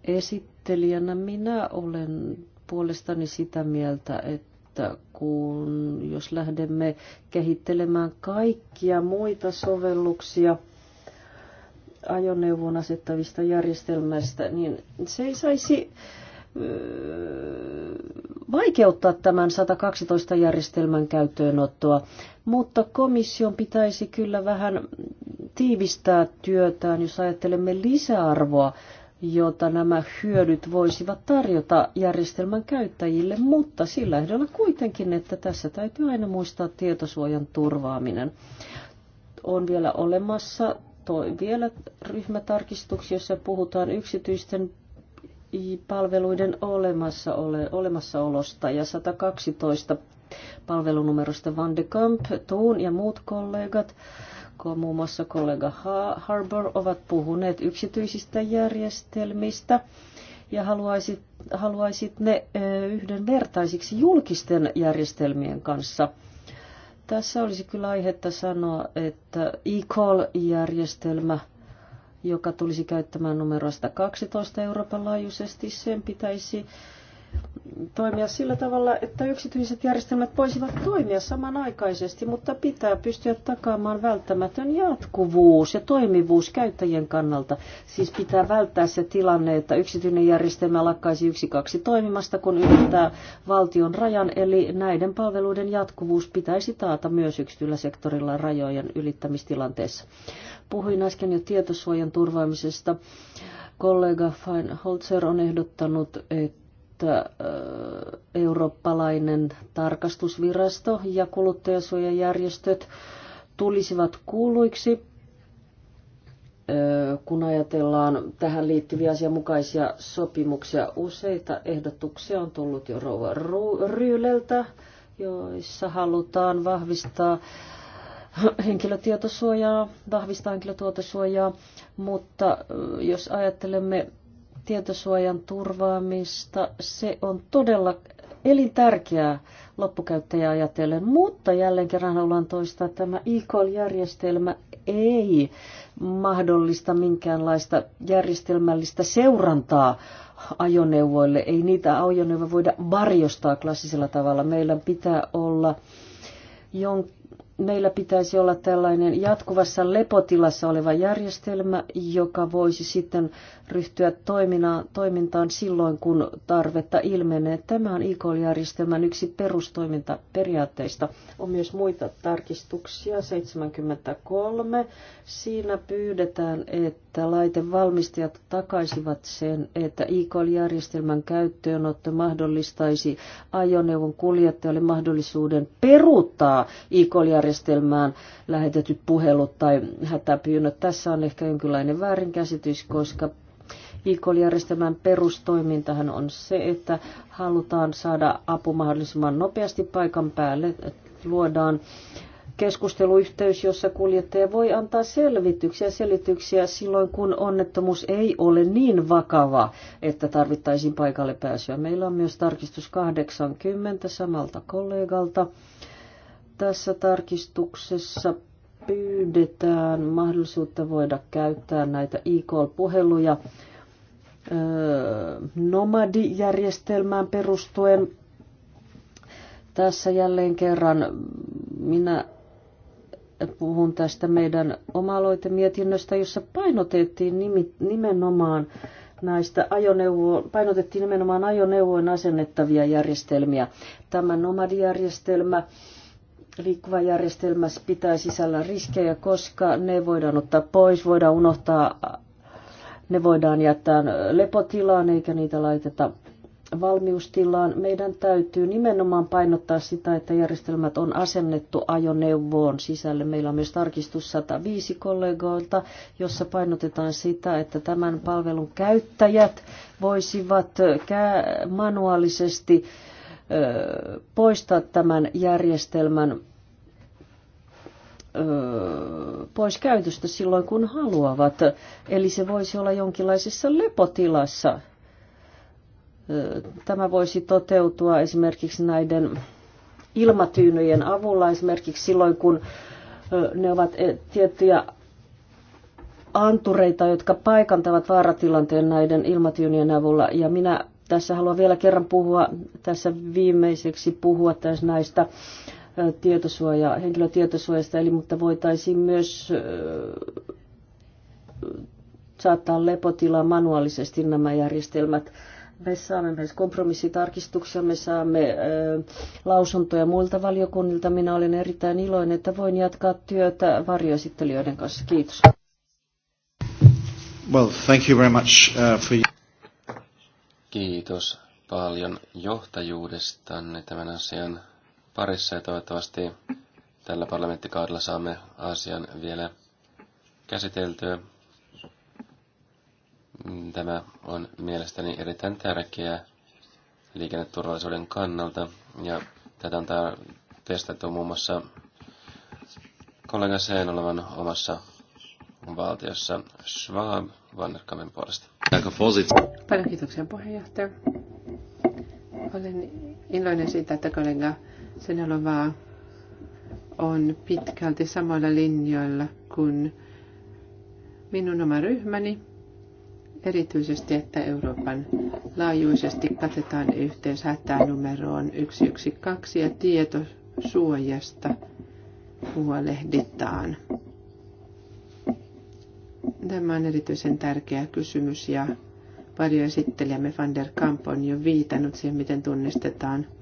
Esittelijänä minä olen puolestani sitä mieltä, että kun jos lähdemme kehittelemään kaikkia muita sovelluksia ajoneuvon asettavista järjestelmästä, niin se ei saisi vaikeuttaa tämän 112 järjestelmän käyttöönottoa, mutta komission pitäisi kyllä vähän tiivistää työtään, jos ajattelemme lisäarvoa, jota nämä hyödyt voisivat tarjota järjestelmän käyttäjille, mutta sillä ehdolla kuitenkin, että tässä täytyy aina muistaa tietosuojan turvaaminen. On vielä olemassa toi vielä ryhmätarkistuksia, jossa puhutaan yksityisten palveluiden olemassaolosta ja 112 palvelunumerosta Van de Kamp, Tuun ja muut kollegat, muun muassa kollega Harbour, ovat puhuneet yksityisistä järjestelmistä ja haluaisit, haluaisit ne yhdenvertaisiksi julkisten järjestelmien kanssa. Tässä olisi kyllä aihetta sanoa, että e-call-järjestelmä – joka tulisi käyttämään numeroista 112 Euroopan laajuisesti. Sen pitäisi toimia sillä tavalla, että yksityiset järjestelmät voisivat toimia samanaikaisesti, mutta pitää pystyä takaamaan välttämätön jatkuvuus ja toimivuus käyttäjien kannalta. Siis pitää välttää se tilanne, että yksityinen järjestelmä lakkaisi yksi kaksi toimimasta, kun ylittää valtion rajan, eli näiden palveluiden jatkuvuus pitäisi taata myös yksityisellä sektorilla rajojen ylittämistilanteessa. Puhuin äsken jo tietosuojan turvaamisesta. Kollega Feinholzer on ehdottanut, että että eurooppalainen tarkastusvirasto ja kuluttajasuojajärjestöt tulisivat kuuluiksi, kun ajatellaan tähän liittyviä asianmukaisia sopimuksia. Useita ehdotuksia on tullut jo Rouva Ryyleltä, joissa halutaan vahvistaa henkilötietosuojaa, vahvistaa henkilötietosuojaa, mutta jos ajattelemme tietosuojan turvaamista. Se on todella elintärkeää loppukäyttäjää ajatellen, mutta jälleen kerran haluan toistaa, että tämä e-call-järjestelmä ei mahdollista minkäänlaista järjestelmällistä seurantaa ajoneuvoille. Ei niitä ajoneuvoja voida varjostaa klassisella tavalla. Meillä pitää olla jon, meillä pitäisi olla tällainen jatkuvassa lepotilassa oleva järjestelmä, joka voisi sitten ryhtyä toimintaan silloin, kun tarvetta ilmenee. Tämä on ikl järjestelmän yksi perustoimintaperiaatteista. On myös muita tarkistuksia, 73. Siinä pyydetään, että laitevalmistajat takaisivat sen, että ikl järjestelmän käyttöönotto mahdollistaisi ajoneuvon kuljettajalle mahdollisuuden peruuttaa ikl järjestelmään lähetetyt puhelut tai hätäpyynnöt. Tässä on ehkä jonkinlainen väärinkäsitys, koska ikol perustoimintahan on se, että halutaan saada apu mahdollisimman nopeasti paikan päälle, luodaan keskusteluyhteys, jossa kuljettaja voi antaa selvityksiä selityksiä silloin, kun onnettomuus ei ole niin vakava, että tarvittaisiin paikalle pääsyä. Meillä on myös tarkistus 80 samalta kollegalta. Tässä tarkistuksessa pyydetään mahdollisuutta voida käyttää näitä e-call-puheluja nomadijärjestelmään perustuen. Tässä jälleen kerran minä puhun tästä meidän oma-aloitemietinnöstä, jossa painotettiin nimenomaan näistä ajoneuvo, painotettiin nimenomaan ajoneuvojen asennettavia järjestelmiä. Tämä nomadijärjestelmä liikkuva järjestelmä pitää sisällä riskejä, koska ne voidaan ottaa pois, voidaan unohtaa ne voidaan jättää lepotilaan eikä niitä laiteta valmiustilaan. Meidän täytyy nimenomaan painottaa sitä, että järjestelmät on asennettu ajoneuvoon sisälle. Meillä on myös tarkistus 105 kollegoilta, jossa painotetaan sitä, että tämän palvelun käyttäjät voisivat manuaalisesti poistaa tämän järjestelmän pois käytöstä silloin, kun haluavat. Eli se voisi olla jonkinlaisessa lepotilassa. Tämä voisi toteutua esimerkiksi näiden ilmatyynyjen avulla, esimerkiksi silloin, kun ne ovat e, tiettyjä antureita, jotka paikantavat vaaratilanteen näiden ilmatyynyjen avulla. Ja minä tässä haluan vielä kerran puhua, tässä viimeiseksi puhua tässä näistä tietosuoja, henkilötietosuojasta, eli mutta voitaisiin myös saattaa lepotilaan manuaalisesti nämä järjestelmät. Me saamme myös kompromissitarkistuksia, me saamme ö, lausuntoja muilta valiokunnilta. Minä olen erittäin iloinen, että voin jatkaa työtä varjoesittelijöiden kanssa. Kiitos. Well, thank you very much, uh, for... Kiitos paljon johtajuudestanne tämän asian parissa ja toivottavasti tällä parlamenttikaudella saamme asian vielä käsiteltyä. Mm, tämä on mielestäni erittäin tärkeää liikenneturvallisuuden kannalta ja tätä on testattu muun muassa kollega Seen olevan omassa valtiossa Schwab Vannerkamen puolesta. Paljon kiitoksia puheenjohtaja. Olen iloinen siitä, että kollega Senelova on pitkälti samalla linjoilla kuin minun oma ryhmäni, erityisesti että Euroopan laajuisesti katetaan yhteys hätänumeroon 112 ja tietosuojasta huolehditaan. Tämä on erityisen tärkeä kysymys ja varjoesittelijämme Van der Kamp on jo viitannut siihen, miten tunnistetaan –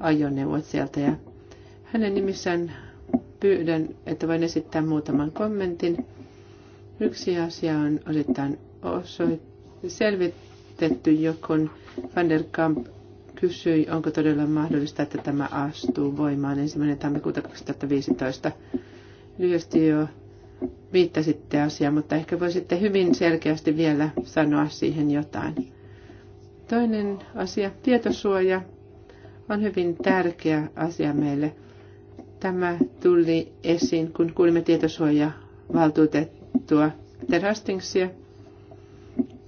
ajoneuvot sieltä. Ja hänen nimissään pyydän, että voin esittää muutaman kommentin. Yksi asia on osittain osoit- selvitetty, jokun Van der Kamp kysyi, onko todella mahdollista, että tämä astuu voimaan ensimmäinen tammikuuta 2015. Lyhyesti jo viittasitte asiaan, mutta ehkä voisitte hyvin selkeästi vielä sanoa siihen jotain. Toinen asia, tietosuoja on hyvin tärkeä asia meille. Tämä tuli esiin, kun kuulimme tietosuojavaltuutettua Hastingsia.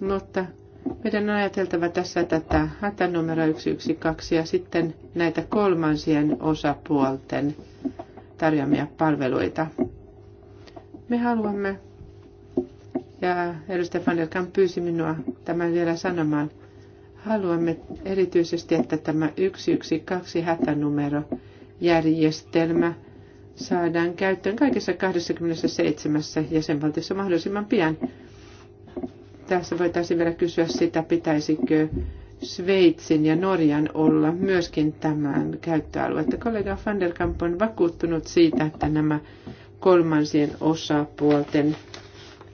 mutta meidän on ajateltava tässä tätä hätänumero 112 ja sitten näitä kolmansien osapuolten tarjoamia palveluita. Me haluamme, ja edustaja Van der pyysi minua tämän vielä sanomaan, Haluamme erityisesti, että tämä 112 hätänumero järjestelmä saadaan käyttöön kaikissa 27 jäsenvaltiossa mahdollisimman pian. Tässä voitaisiin vielä kysyä sitä, pitäisikö Sveitsin ja Norjan olla myöskin tämän käyttöaluetta. Kollega van der Kamp on vakuuttunut siitä, että nämä kolmansien osapuolten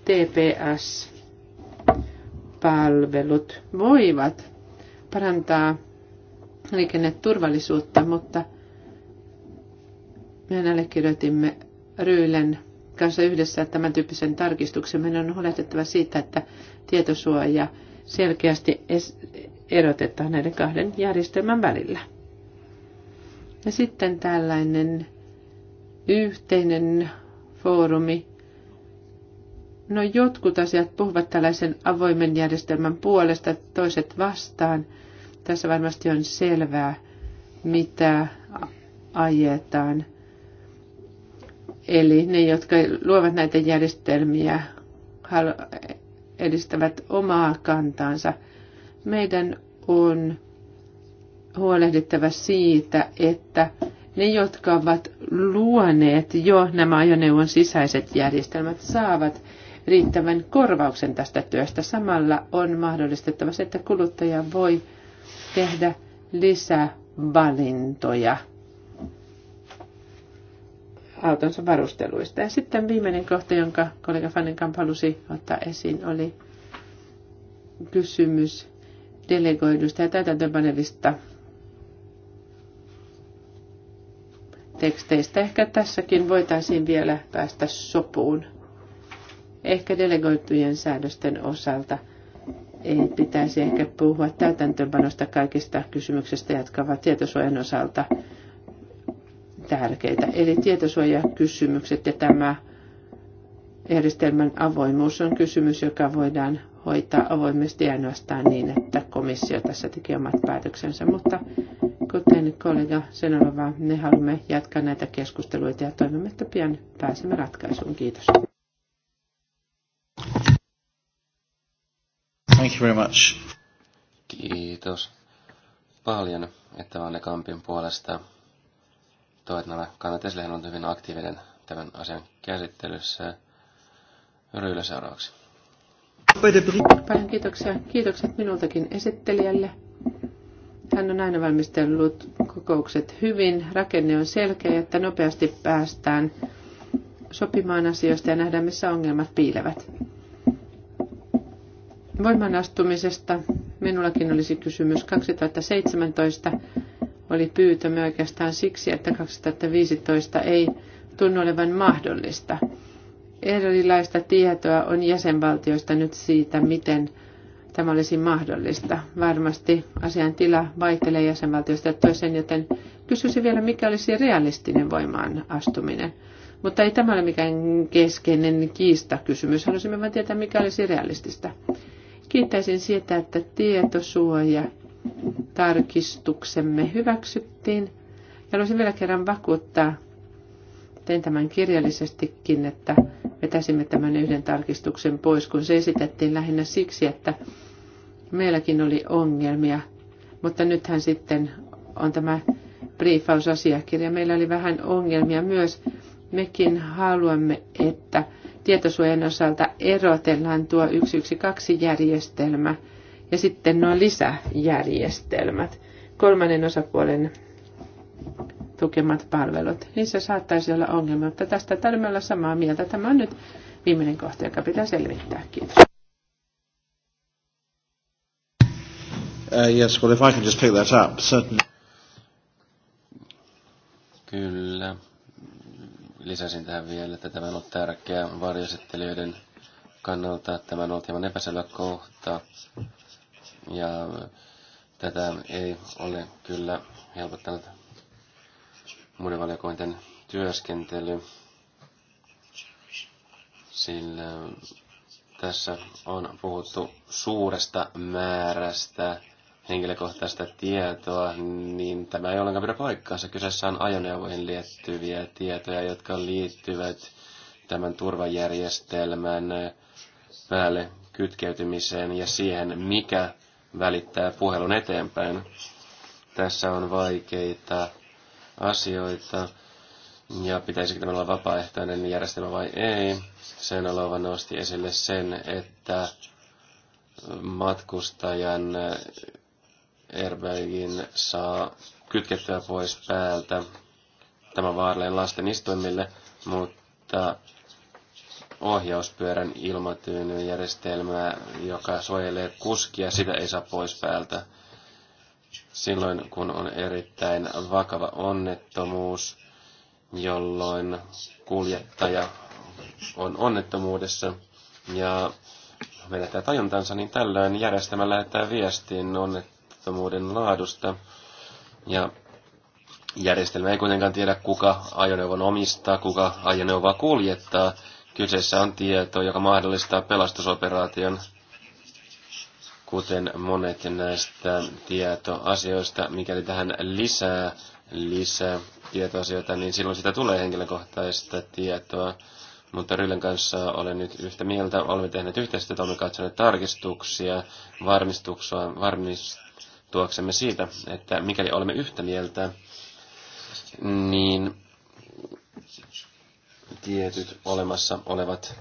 TPS-palvelut voivat parantaa liikenneturvallisuutta, mutta me allekirjoitimme Ryylen kanssa yhdessä tämän tyyppisen tarkistuksen. Meidän on huolehdittava siitä, että tietosuoja selkeästi erotetaan näiden kahden järjestelmän välillä. Ja sitten tällainen yhteinen foorumi No jotkut asiat puhuvat tällaisen avoimen järjestelmän puolesta, toiset vastaan. Tässä varmasti on selvää, mitä ajetaan. Eli ne, jotka luovat näitä järjestelmiä, edistävät omaa kantaansa. Meidän on huolehdittava siitä, että ne, jotka ovat luoneet jo nämä ajoneuvon sisäiset järjestelmät, saavat riittävän korvauksen tästä työstä. Samalla on mahdollistettava se, että kuluttaja voi tehdä lisävalintoja autonsa varusteluista. Ja sitten viimeinen kohta, jonka kollega Fannenkamp halusi ottaa esiin, oli kysymys delegoidusta ja täytäntöpanelista teksteistä. Ehkä tässäkin voitaisiin vielä päästä sopuun. Ehkä delegoitujen säädösten osalta ei pitäisi ehkä puhua täytäntöönpanosta kaikista kysymyksistä, jotka ovat tietosuojan osalta tärkeitä. Eli tietosuojakysymykset ja tämä järjestelmän avoimuus on kysymys, joka voidaan hoitaa avoimesti ainoastaan niin, että komissio tässä teki omat päätöksensä. Mutta kuten kollega Senolova, me haluamme jatkaa näitä keskusteluita ja toivomme, että pian pääsemme ratkaisuun. Kiitos. Thank you very much. Kiitos paljon, että Anne Kampin puolesta toit nämä kannat on hyvin aktiivinen tämän asian käsittelyssä. Ryylä seuraavaksi. Paljon kiitoksia. Kiitokset minultakin esittelijälle. Hän on aina valmistellut kokoukset hyvin, rakenne on selkeä, että nopeasti päästään sopimaan asioista ja nähdään, missä ongelmat piilevät voimanastumisesta minullakin olisi kysymys. 2017 oli pyytämme oikeastaan siksi, että 2015 ei tunnu olevan mahdollista. Erilaista tietoa on jäsenvaltioista nyt siitä, miten tämä olisi mahdollista. Varmasti asian tila vaihtelee jäsenvaltioista toiseen, joten kysyisin vielä, mikä olisi realistinen voimaan astuminen. Mutta ei tämä ole mikään keskeinen kiistakysymys. Haluaisimme vain tietää, mikä olisi realistista. Kiittäisin siitä, että tietosuoja tarkistuksemme hyväksyttiin. Ja haluaisin vielä kerran vakuuttaa, tein tämän kirjallisestikin, että vetäisimme tämän yhden tarkistuksen pois, kun se esitettiin lähinnä siksi, että meilläkin oli ongelmia. Mutta nythän sitten on tämä briefausasiakirja. Meillä oli vähän ongelmia myös. Mekin haluamme, että tietosuojan osalta erotellaan tuo 112-järjestelmä ja sitten nuo lisäjärjestelmät, kolmannen osapuolen tukemat palvelut. Niissä saattaisi olla ongelma, mutta tästä täytyy olla samaa mieltä. Tämä on nyt viimeinen kohta, joka pitää selvittää. Kiitos. Uh, yes, well if I can just pick that up, certainly. Kyllä lisäsin tähän vielä, että tämä on ollut tärkeä varjoesittelijöiden kannalta. Tämä on ollut hieman epäselvä kohta. Ja tätä ei ole kyllä helpottanut muiden valiokointen työskentely, sillä tässä on puhuttu suuresta määrästä henkilökohtaista tietoa, niin tämä ei ollenkaan pidä paikkaansa. Kyseessä on ajoneuvoihin liittyviä tietoja, jotka liittyvät tämän turvajärjestelmän päälle kytkeytymiseen ja siihen, mikä välittää puhelun eteenpäin. Tässä on vaikeita asioita. Ja pitäisikö tämä olla vapaaehtoinen järjestelmä vai ei? Sen alova nosti esille sen, että matkustajan airbagin saa kytkettyä pois päältä. Tämä vaarallinen lasten istuimille, mutta ohjauspyörän järjestelmää, joka suojelee kuskia, sitä ei saa pois päältä. Silloin kun on erittäin vakava onnettomuus, jolloin kuljettaja on onnettomuudessa ja menettää tajuntansa, niin tällöin järjestelmä lähettää viestin onnet onnettomuuden laadusta. Ja järjestelmä ei kuitenkaan tiedä, kuka ajoneuvon omistaa, kuka ajoneuvoa kuljettaa. Kyseessä on tieto, joka mahdollistaa pelastusoperaation, kuten monet näistä tietoasioista. Mikäli tähän lisää, lisää tietoasioita, niin silloin sitä tulee henkilökohtaista tietoa. Mutta Ryllen kanssa olen nyt yhtä mieltä. Olemme tehneet yhteistyötä, olemme katsoneet tarkistuksia, varmistuksia, varmist, tuoksemme siitä, että mikäli olemme yhtä mieltä, niin tietyt olemassa olevat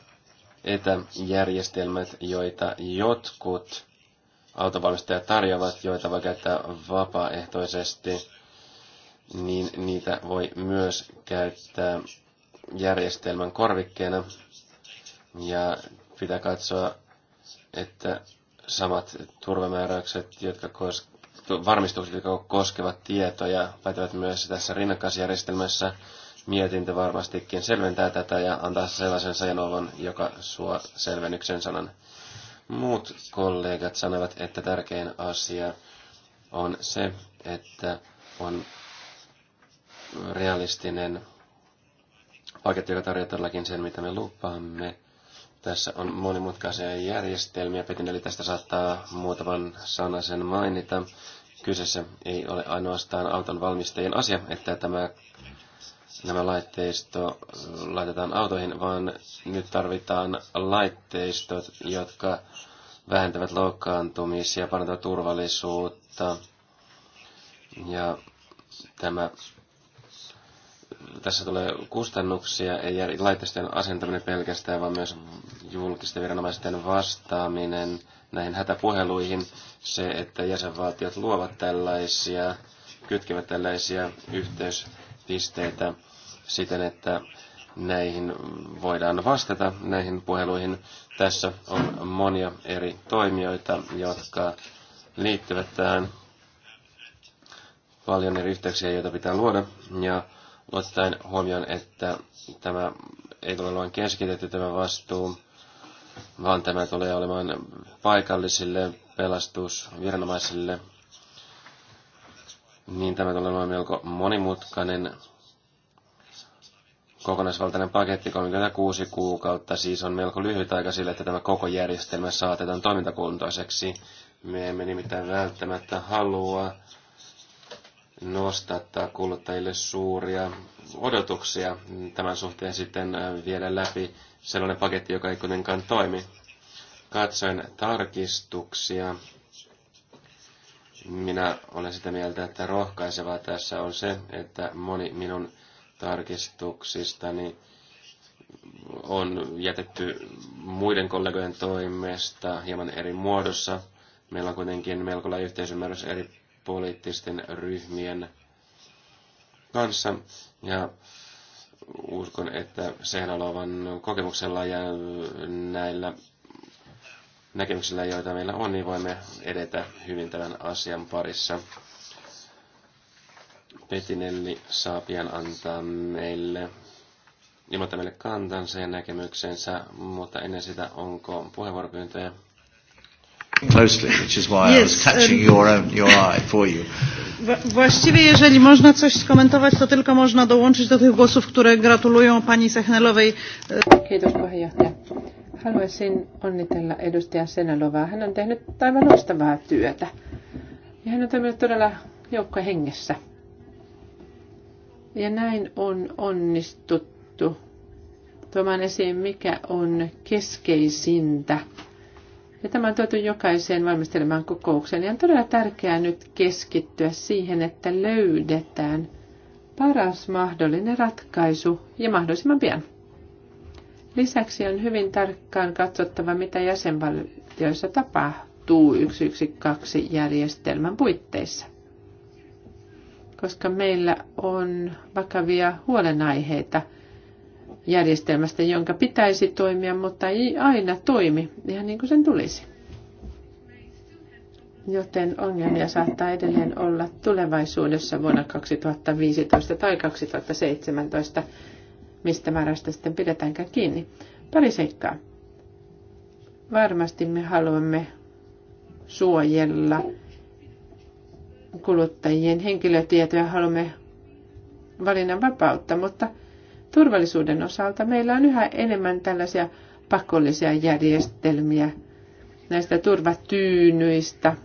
etäjärjestelmät, joita jotkut autovalmistajat tarjoavat, joita voi käyttää vapaaehtoisesti, niin niitä voi myös käyttää järjestelmän korvikkeena. Ja pitää katsoa, että samat turvamääräykset, jotka kos- varmistukset, jotka koskevat tietoja, pätevät myös tässä rinnakkaisjärjestelmässä. Mietintö varmastikin selventää tätä ja antaa sellaisen sajanovon, joka suo selvennyksen sanan. Muut kollegat sanovat, että tärkein asia on se, että on realistinen paketti, joka tarjoaa todellakin sen, mitä me lupaamme. Tässä on monimutkaisia järjestelmiä. Petin eli tästä saattaa muutaman sanasen mainita. Kyseessä ei ole ainoastaan auton valmistajien asia, että tämä, nämä laitteisto äh, laitetaan autoihin, vaan nyt tarvitaan laitteistot, jotka vähentävät loukkaantumisia, parantavat turvallisuutta. Ja tämä tässä tulee kustannuksia, ei laitteisten asentaminen pelkästään, vaan myös julkisten viranomaisten vastaaminen näihin hätäpuheluihin. Se, että jäsenvaltiot luovat tällaisia, kytkevät tällaisia yhteyspisteitä siten, että näihin voidaan vastata, näihin puheluihin. Tässä on monia eri toimijoita, jotka liittyvät tähän paljon eri yhteyksiä, joita pitää luoda. Ja ottaen huomioon, että tämä ei tule olemaan keskitetty tämä vastuu, vaan tämä tulee olemaan paikallisille pelastusviranomaisille, niin tämä tulee olemaan melko monimutkainen kokonaisvaltainen paketti, 36 kuukautta, siis on melko lyhyt aika sille, että tämä koko järjestelmä saatetaan toimintakuntoiseksi. Me emme nimittäin välttämättä halua nostattaa kuluttajille suuria odotuksia tämän suhteen sitten äh, viedä läpi sellainen paketti, joka ei kuitenkaan toimi. Katsoin tarkistuksia. Minä olen sitä mieltä, että rohkaisevaa tässä on se, että moni minun tarkistuksistani on jätetty muiden kollegojen toimesta hieman eri muodossa. Meillä on kuitenkin melko lailla yhteisymmärrys eri poliittisten ryhmien kanssa. Ja uskon, että olevan kokemuksella ja näillä näkemyksillä, joita meillä on, niin voimme edetä hyvin tämän asian parissa. Petinelli saa pian antaa meille, ilmoittaa meille kantansa ja näkemyksensä, mutta ennen sitä onko puheenvuoropyyntöjä? closely, which is why yes, I was catching um, your, own, your eye for you. Właściwie, jeżeli można coś skomentować, to tylko można dołączyć do tych głosów, które gratulują pani Sechnelowej. Kiitos puheenjohtaja. Haluaisin onnitella edustaja Senelovaa. Hän on tehnyt aivan loistavaa työtä. Ja hän on toiminut todella joukkojen hengessä. Ja näin on onnistuttu tuomaan esiin, mikä on keskeisintä ja tämä on tuotu jokaiseen valmistelemaan kokoukseen. Ja on todella tärkeää nyt keskittyä siihen, että löydetään paras mahdollinen ratkaisu ja mahdollisimman pian. Lisäksi on hyvin tarkkaan katsottava, mitä jäsenvaltioissa tapahtuu 112 järjestelmän puitteissa. Koska meillä on vakavia huolenaiheita – järjestelmästä, jonka pitäisi toimia, mutta ei aina toimi, ihan niin kuin sen tulisi. Joten ongelmia saattaa edelleen olla tulevaisuudessa vuonna 2015 tai 2017, mistä määrästä sitten pidetäänkään kiinni. Pari seikkaa. Varmasti me haluamme suojella kuluttajien henkilötietoja, haluamme valinnan vapautta, mutta – turvallisuuden osalta meillä on yhä enemmän tällaisia pakollisia järjestelmiä näistä turvatyynyistä.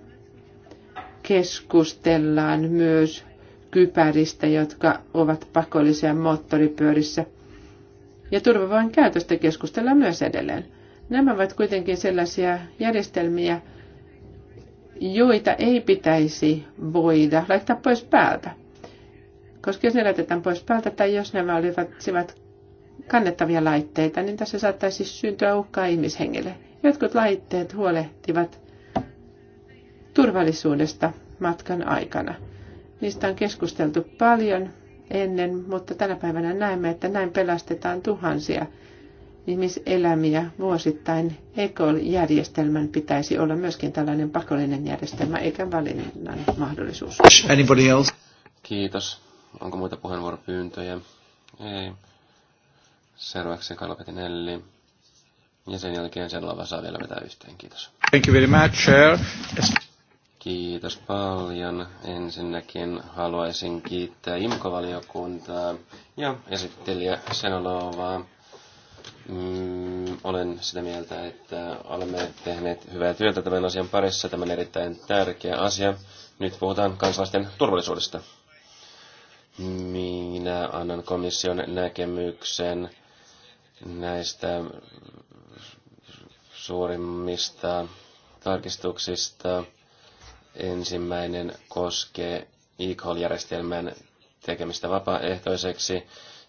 Keskustellaan myös kypäristä, jotka ovat pakollisia moottoripyörissä. Ja turvavoin käytöstä keskustellaan myös edelleen. Nämä ovat kuitenkin sellaisia järjestelmiä, joita ei pitäisi voida laittaa pois päältä koska jos ne laitetaan pois päältä tai jos nämä olisivat kannettavia laitteita, niin tässä saattaisi syntyä uhkaa ihmishengelle. Jotkut laitteet huolehtivat turvallisuudesta matkan aikana. Niistä on keskusteltu paljon ennen, mutta tänä päivänä näemme, että näin pelastetaan tuhansia ihmiselämiä vuosittain. ECOL-järjestelmän pitäisi olla myöskin tällainen pakollinen järjestelmä, eikä valinnan mahdollisuus. Anybody else? Kiitos. Onko muita puheenvuoropyyntöjä? Ei. Seuraavaksi Nelli. Ja sen jälkeen lava saa vielä vetää yhteen. Kiitos. Thank you very much, Chair. Kiitos paljon. Ensinnäkin haluaisin kiittää imkovaliokuntaa ja esittelijä Senolovaa. Mm, olen sitä mieltä, että olemme tehneet hyvää työtä tämän asian parissa. Tämä on erittäin tärkeä asia. Nyt puhutaan kansalaisten turvallisuudesta. Minä annan komission näkemyksen näistä suurimmista tarkistuksista. Ensimmäinen koskee e-call-järjestelmän tekemistä vapaaehtoiseksi.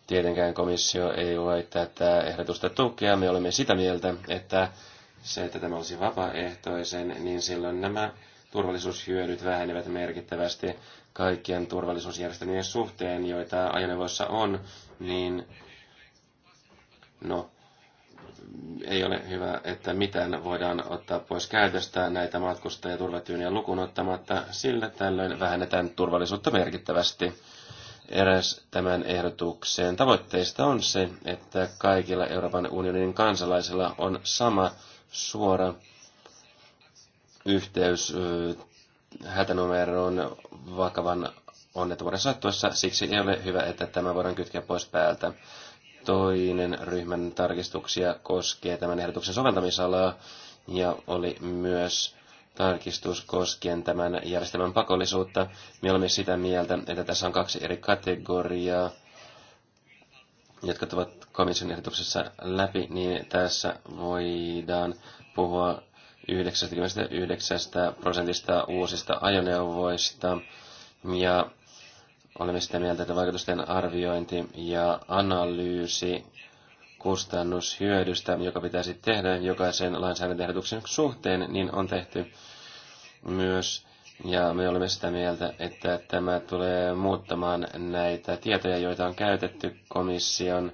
Tietenkään komissio ei voi tätä ehdotusta tukea. Me olemme sitä mieltä, että se, että tämä olisi vapaaehtoisen, niin silloin nämä turvallisuushyödyt vähenevät merkittävästi kaikkien turvallisuusjärjestelmien suhteen, joita ajoneuvoissa on, niin no, ei ole hyvä, että mitään voidaan ottaa pois käytöstä näitä matkustajaturvatyyniä lukuun ottamatta, sillä tällöin vähennetään turvallisuutta merkittävästi. Eräs tämän ehdotuksen tavoitteista on se, että kaikilla Euroopan unionin kansalaisilla on sama suora yhteys hätänumeroon vakavan onnettomuuden sattuessa. Siksi ei ole hyvä, että tämä voidaan kytkeä pois päältä. Toinen ryhmän tarkistuksia koskee tämän ehdotuksen soveltamisalaa ja oli myös tarkistus koskien tämän järjestelmän pakollisuutta. Me olemme sitä mieltä, että tässä on kaksi eri kategoriaa, jotka ovat komission ehdotuksessa läpi, niin tässä voidaan puhua 99 prosentista uusista ajoneuvoista ja olemme sitä mieltä, että vaikutusten arviointi ja analyysi kustannushyödystä, joka pitäisi tehdä jokaisen lainsäädäntöehdotuksen suhteen, niin on tehty myös. Ja me olemme sitä mieltä, että tämä tulee muuttamaan näitä tietoja, joita on käytetty komission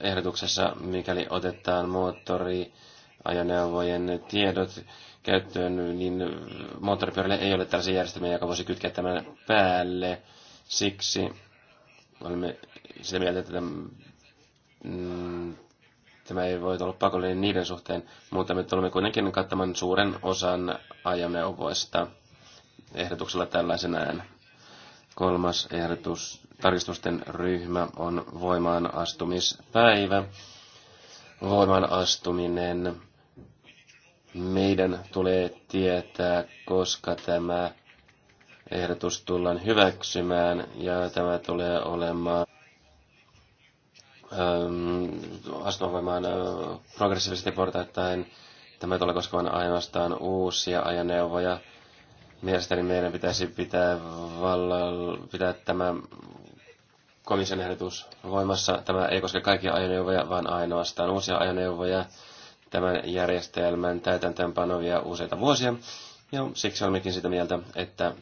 ehdotuksessa, mikäli otetaan moottori ajoneuvojen tiedot käyttöön, niin moottoripyörille ei ole tällaisia järjestelmiä, joka voisi kytkeä tämän päälle. Siksi olemme sitä mieltä, että mm, tämä ei voi olla pakollinen niiden suhteen, mutta me tulemme kuitenkin kattamaan suuren osan ajoneuvoista ehdotuksella tällaisenään. Kolmas ehdotus, tarkistusten ryhmä on voimaan astumispäivä. Voimaan astuminen meidän tulee tietää, koska tämä ehdotus tullaan hyväksymään ja tämä tulee olemaan ähm, astumaan äh, progressiivisesti portaittain. Tämä tulee koskemaan ainoastaan uusia ajoneuvoja. Mielestäni meidän pitäisi pitää, valla, pitää tämä komission ehdotus voimassa. Tämä ei koske kaikkia ajoneuvoja, vaan ainoastaan uusia ajoneuvoja tämän järjestelmän täytäntöönpanovia useita vuosia, ja siksi olemmekin sitä mieltä, että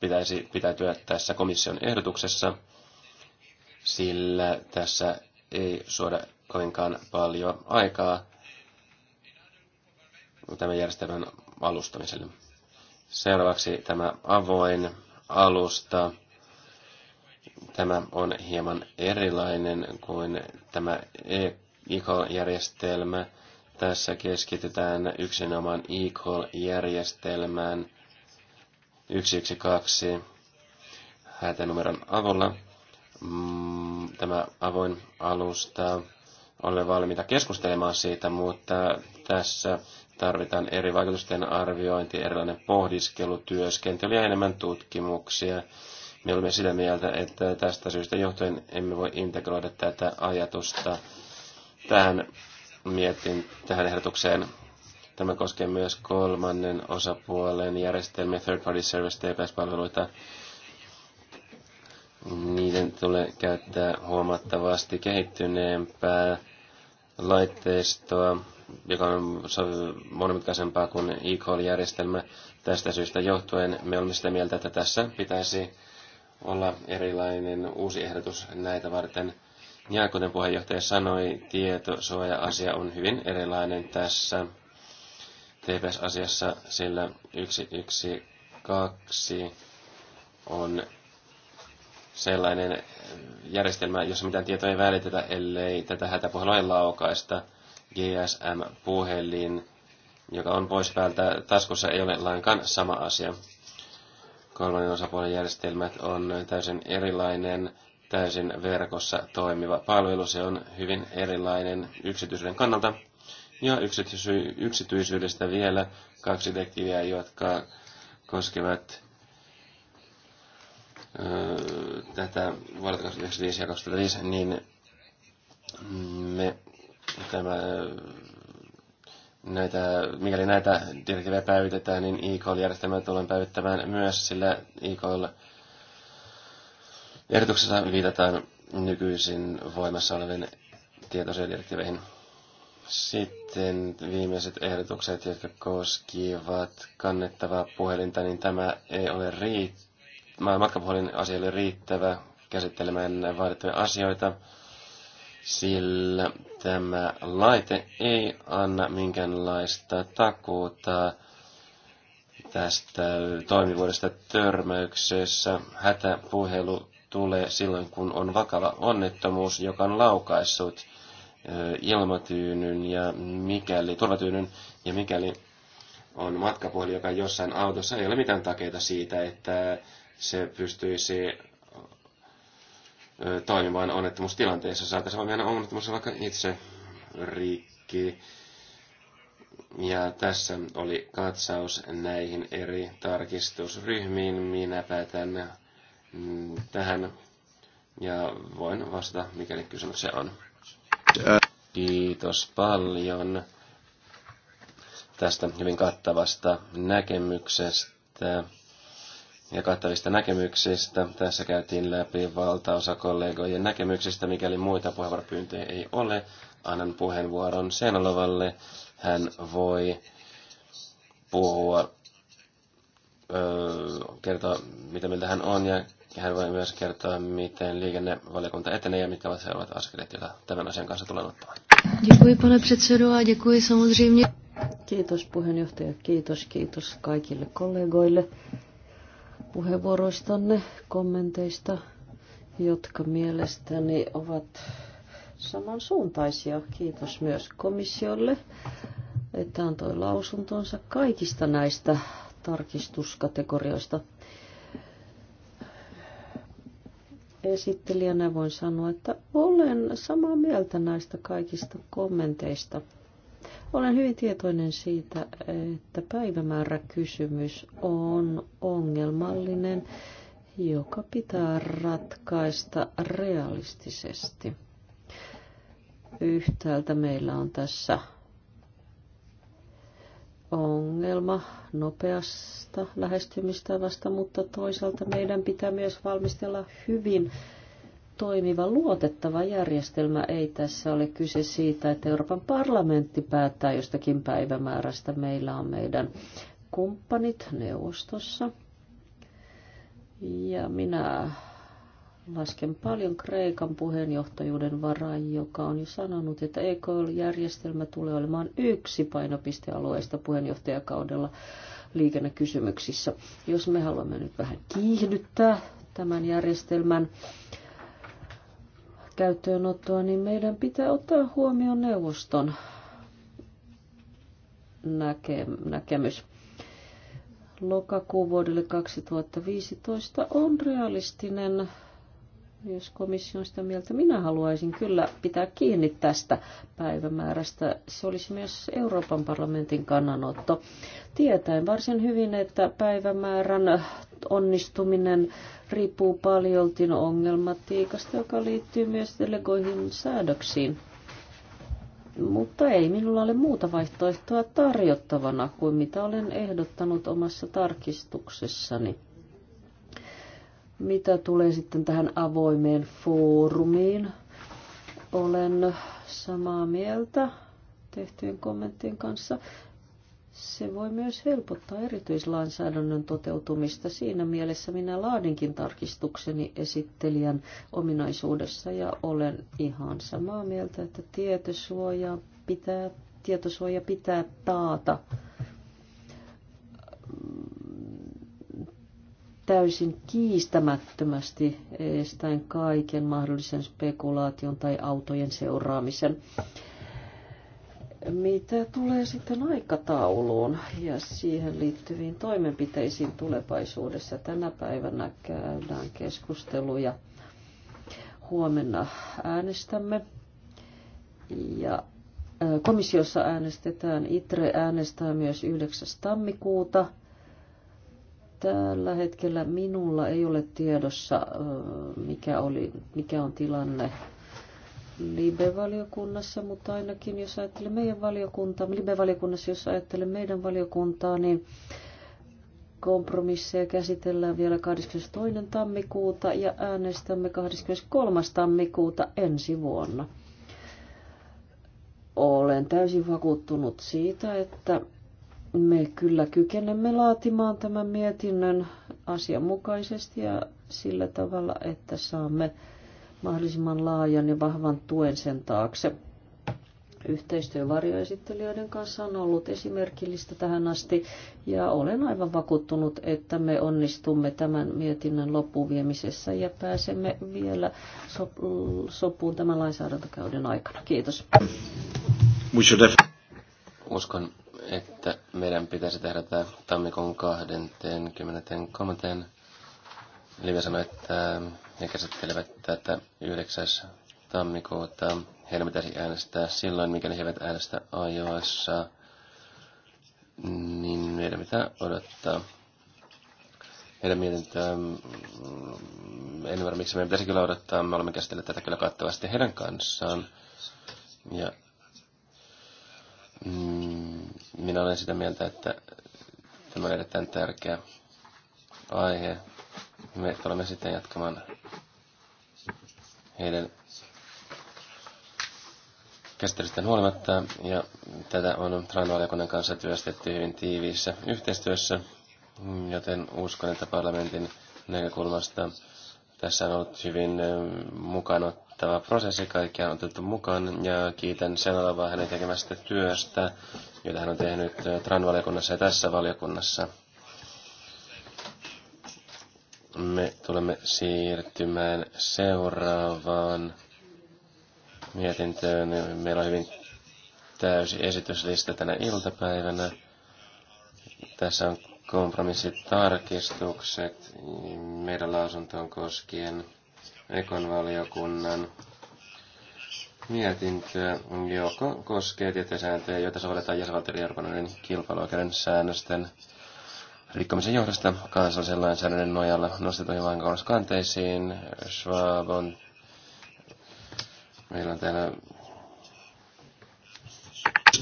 pitäisi pitäytyä tässä komission ehdotuksessa, sillä tässä ei suoda kovinkaan paljon aikaa tämän järjestelmän alustamiselle. Seuraavaksi tämä avoin alusta. Tämä on hieman erilainen kuin tämä e-järjestelmä. E tässä keskitytään yksinomaan e-call-järjestelmään 112 hätänumeron avulla. Mm, tämä avoin alusta olemme valmiita keskustelemaan siitä, mutta tässä tarvitaan eri vaikutusten arviointi, erilainen pohdiskelu, työskentely ja enemmän tutkimuksia. Me olemme sitä mieltä, että tästä syystä johtuen emme voi integroida tätä ajatusta tähän mietin tähän ehdotukseen. Tämä koskee myös kolmannen osapuolen järjestelmiä, third party service TPS-palveluita. Niiden tulee käyttää huomattavasti kehittyneempää laitteistoa, joka on monimutkaisempaa kuin e-call-järjestelmä. Tästä syystä johtuen me olemme sitä mieltä, että tässä pitäisi olla erilainen uusi ehdotus näitä varten. Ja kuten puheenjohtaja sanoi, tietosuoja-asia on hyvin erilainen tässä TPS-asiassa, sillä 112 on sellainen järjestelmä, jossa mitään tietoa ei välitetä, ellei tätä hätäpuhelua laukaista. GSM-puhelin, joka on pois päältä taskussa, ei ole lainkaan sama asia. Kolmannen osapuolen järjestelmät on täysin erilainen täysin verkossa toimiva palvelu. Se on hyvin erilainen yksityisyyden kannalta. Ja yksityisy- yksityisyydestä vielä kaksi tekijää, jotka koskevat öö, tätä vuodelta 2095 ja 2005, niin me tämä, näitä, mikäli näitä direktiivejä päivitetään, niin e järjestelmä tullaan päivittämään myös, sillä e Ehdotuksessa viitataan nykyisin voimassa oleviin tietosuojadirektiiveihin. Sitten viimeiset ehdotukset, jotka koskivat kannettavaa puhelinta, niin tämä ei ole riittävä. Matkapuhelin asia ei riittävä käsittelemään vaadittuja asioita, sillä tämä laite ei anna minkäänlaista takuuta tästä toimivuudesta törmäyksessä. Hätäpuhelu tulee silloin, kun on vakava onnettomuus, joka on laukaissut ilmatyynyn ja mikäli, turvatyynyn ja mikäli on matkapuhelin, joka jossain autossa ei ole mitään takeita siitä, että se pystyisi toimimaan onnettomuustilanteessa. Saataisiin vaan mennä onnettomuus vaikka itse rikki. Ja tässä oli katsaus näihin eri tarkistusryhmiin. Minä päätän Mm, tähän ja voin vastata, mikäli kysymyksiä on. Kiitos paljon tästä hyvin kattavasta näkemyksestä ja kattavista näkemyksistä. Tässä käytiin läpi valtaosa kollegojen näkemyksistä. Mikäli muita puheenvuoropyyntöjä ei ole, annan puheenvuoron Seinalovalle. Hän voi puhua, öö, kertoa mitä mieltä hän on ja hän voi myös kertoa, miten liikennevaliokunta etenee ja mitkä ovat seuraavat askeleet, joita tämän asian kanssa tulee ottaa. Děkuji, pane předsedo, a děkuji samozřejmě. Kiitos puheenjohtaja, kiitos, kiitos kaikille kollegoille puheenvuoroistanne, kommenteista, jotka mielestäni ovat samansuuntaisia. Kiitos myös komissiolle, että antoi lausuntonsa kaikista näistä tarkistuskategorioista esittelijänä voin sanoa, että olen samaa mieltä näistä kaikista kommenteista. Olen hyvin tietoinen siitä, että päivämääräkysymys on ongelmallinen, joka pitää ratkaista realistisesti. Yhtäältä meillä on tässä ongelma nopeasta lähestymistavasta, mutta toisaalta meidän pitää myös valmistella hyvin toimiva, luotettava järjestelmä. Ei tässä ole kyse siitä, että Euroopan parlamentti päättää jostakin päivämäärästä. Meillä on meidän kumppanit neuvostossa. Ja minä lasken paljon Kreikan puheenjohtajuuden varaan, joka on jo sanonut, että EKL-järjestelmä tulee olemaan yksi painopistealueesta puheenjohtajakaudella liikennekysymyksissä. Jos me haluamme nyt vähän kiihdyttää tämän järjestelmän käyttöönottoa, niin meidän pitää ottaa huomioon neuvoston näke- näkemys lokakuun vuodelle 2015 on realistinen jos komissio on sitä mieltä, minä haluaisin kyllä pitää kiinni tästä päivämäärästä. Se olisi myös Euroopan parlamentin kannanotto. Tietäen varsin hyvin, että päivämäärän onnistuminen riippuu paljoltin ongelmatiikasta, joka liittyy myös delegoihin säädöksiin. Mutta ei minulla ole muuta vaihtoehtoa tarjottavana kuin mitä olen ehdottanut omassa tarkistuksessani. Mitä tulee sitten tähän avoimeen foorumiin? Olen samaa mieltä tehtyjen kommenttien kanssa. Se voi myös helpottaa erityislainsäädännön toteutumista. Siinä mielessä minä laadinkin tarkistukseni esittelijän ominaisuudessa ja olen ihan samaa mieltä, että tietosuoja pitää, tietosuoja pitää taata täysin kiistämättömästi estäen kaiken mahdollisen spekulaation tai autojen seuraamisen. Mitä tulee sitten aikatauluun ja siihen liittyviin toimenpiteisiin tulevaisuudessa? Tänä päivänä käydään keskusteluja. Huomenna äänestämme ja komissiossa äänestetään. ITRE äänestää myös 9. tammikuuta – Tällä hetkellä minulla ei ole tiedossa, mikä, oli, mikä on tilanne Libe-valiokunnassa, mutta ainakin jos ajattelee meidän valiokuntaa, Libe-valiokunnassa, jos ajattelee meidän valiokuntaa, niin kompromisseja käsitellään vielä 22. tammikuuta ja äänestämme 23. tammikuuta ensi vuonna. Olen täysin vakuuttunut siitä, että me kyllä kykenemme laatimaan tämän mietinnön asianmukaisesti ja sillä tavalla, että saamme mahdollisimman laajan ja vahvan tuen sen taakse. Yhteistyö varjoesittelijöiden kanssa on ollut esimerkillistä tähän asti ja olen aivan vakuuttunut, että me onnistumme tämän mietinnön loppuviemisessä ja pääsemme vielä sopuun tämän lainsäädäntökäyden aikana. Kiitos. Uskon, että meidän pitäisi tehdä tämä tammikuun 23. Live sanoi, että he käsittelevät tätä 9. tammikuuta. Heidän pitäisi äänestää silloin, mikäli he eivät äänestä ajoissa. Niin meidän pitää odottaa heidän mietintöään. En varma, miksi meidän pitäisi kyllä odottaa. Me olemme käsitelleet tätä kyllä kattavasti heidän kanssaan. Ja Mm, minä olen sitä mieltä, että tämä on erittäin tärkeä aihe. Me tulemme sitten jatkamaan heidän käsittelystään huolimatta, ja tätä on Tran-valiokunnan kanssa työstetty hyvin tiiviissä yhteistyössä, joten uskon, että parlamentin näkökulmasta tässä on ollut hyvin mukana mittava prosessi. Kaikkia on otettu mukaan ja kiitän sen olevaa hänen tekemästä työstä, jota hän on tehnyt äh, TRAN-valiokunnassa ja tässä valiokunnassa. Me tulemme siirtymään seuraavaan mietintöön. Meillä on hyvin täysi esityslista tänä iltapäivänä. Tässä on kompromissitarkistukset meidän lausuntoon koskien ekonvaliokunnan mietintö, joka koskee sääntöjä, joita sovelletaan jäsenvaltioiden Euroopan kilpailuoikeuden säännösten rikkomisen johdosta kansallisen lainsäädännön nojalla nostetuihin vankouluskanteisiin. Schwab on... Meillä on täällä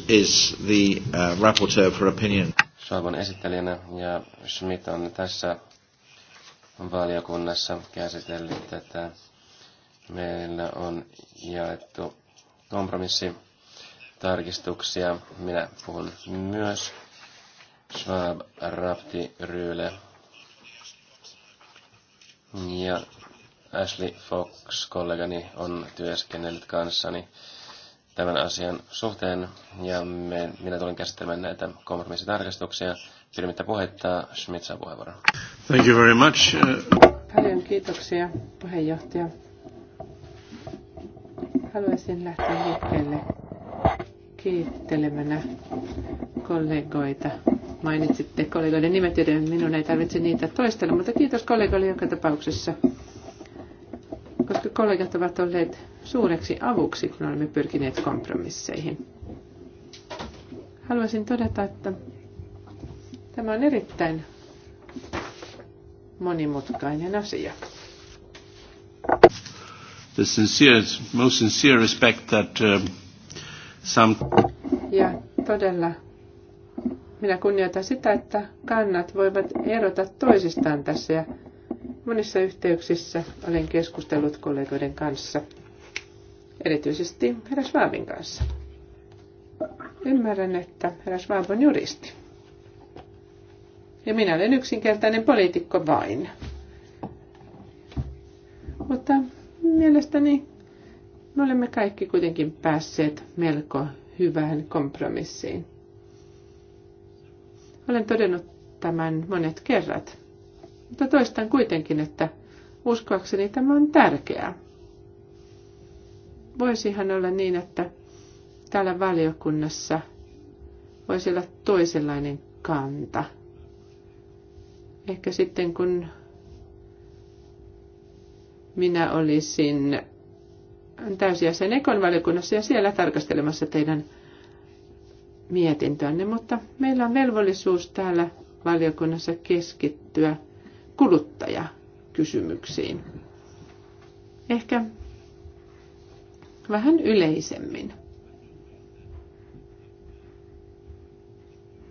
is the uh, rapporteur for opinion. Schwab on esittelijänä ja Schmidt on tässä valiokunnassa käsitellyt tätä. Meillä on jaettu kompromissitarkistuksia. Minä puhun myös Schwab, Rapti, Ryyle ja Ashley Fox, kollegani, on työskennellyt kanssani tämän asian suhteen, ja me, minä tulen käsittelemään näitä kompromissitarkastuksia Ilmittä puhetta Schmitzan Thank you very much. Paljon kiitoksia puheenjohtaja. Haluaisin lähteä liikkeelle kiittelemänä kollegoita. Mainitsitte kollegoiden nimet, joiden minun ei tarvitse niitä toistella, mutta kiitos kollegoille joka tapauksessa, koska kollegat ovat olleet suureksi avuksi, kun olemme pyrkineet kompromisseihin. Haluaisin todeta, että Tämä on erittäin monimutkainen asia. The sincere, most sincere respect that uh, some... Ja todella minä kunnioitan sitä, että kannat voivat erota toisistaan tässä ja monissa yhteyksissä olen keskustellut kollegoiden kanssa, erityisesti herra Schwabin kanssa. Ymmärrän, että herra Schwab on juristi. Ja minä olen yksinkertainen poliitikko vain. Mutta mielestäni me olemme kaikki kuitenkin päässeet melko hyvään kompromissiin. Olen todennut tämän monet kerrat, mutta toistan kuitenkin, että uskoakseni tämä on tärkeää. Voisihan olla niin, että täällä valiokunnassa voisi olla toisenlainen kanta – Ehkä sitten kun minä olisin täysjäsen Ekon valiokunnassa ja siellä tarkastelemassa teidän mietintöänne, mutta meillä on velvollisuus täällä valiokunnassa keskittyä kuluttajakysymyksiin. Ehkä vähän yleisemmin.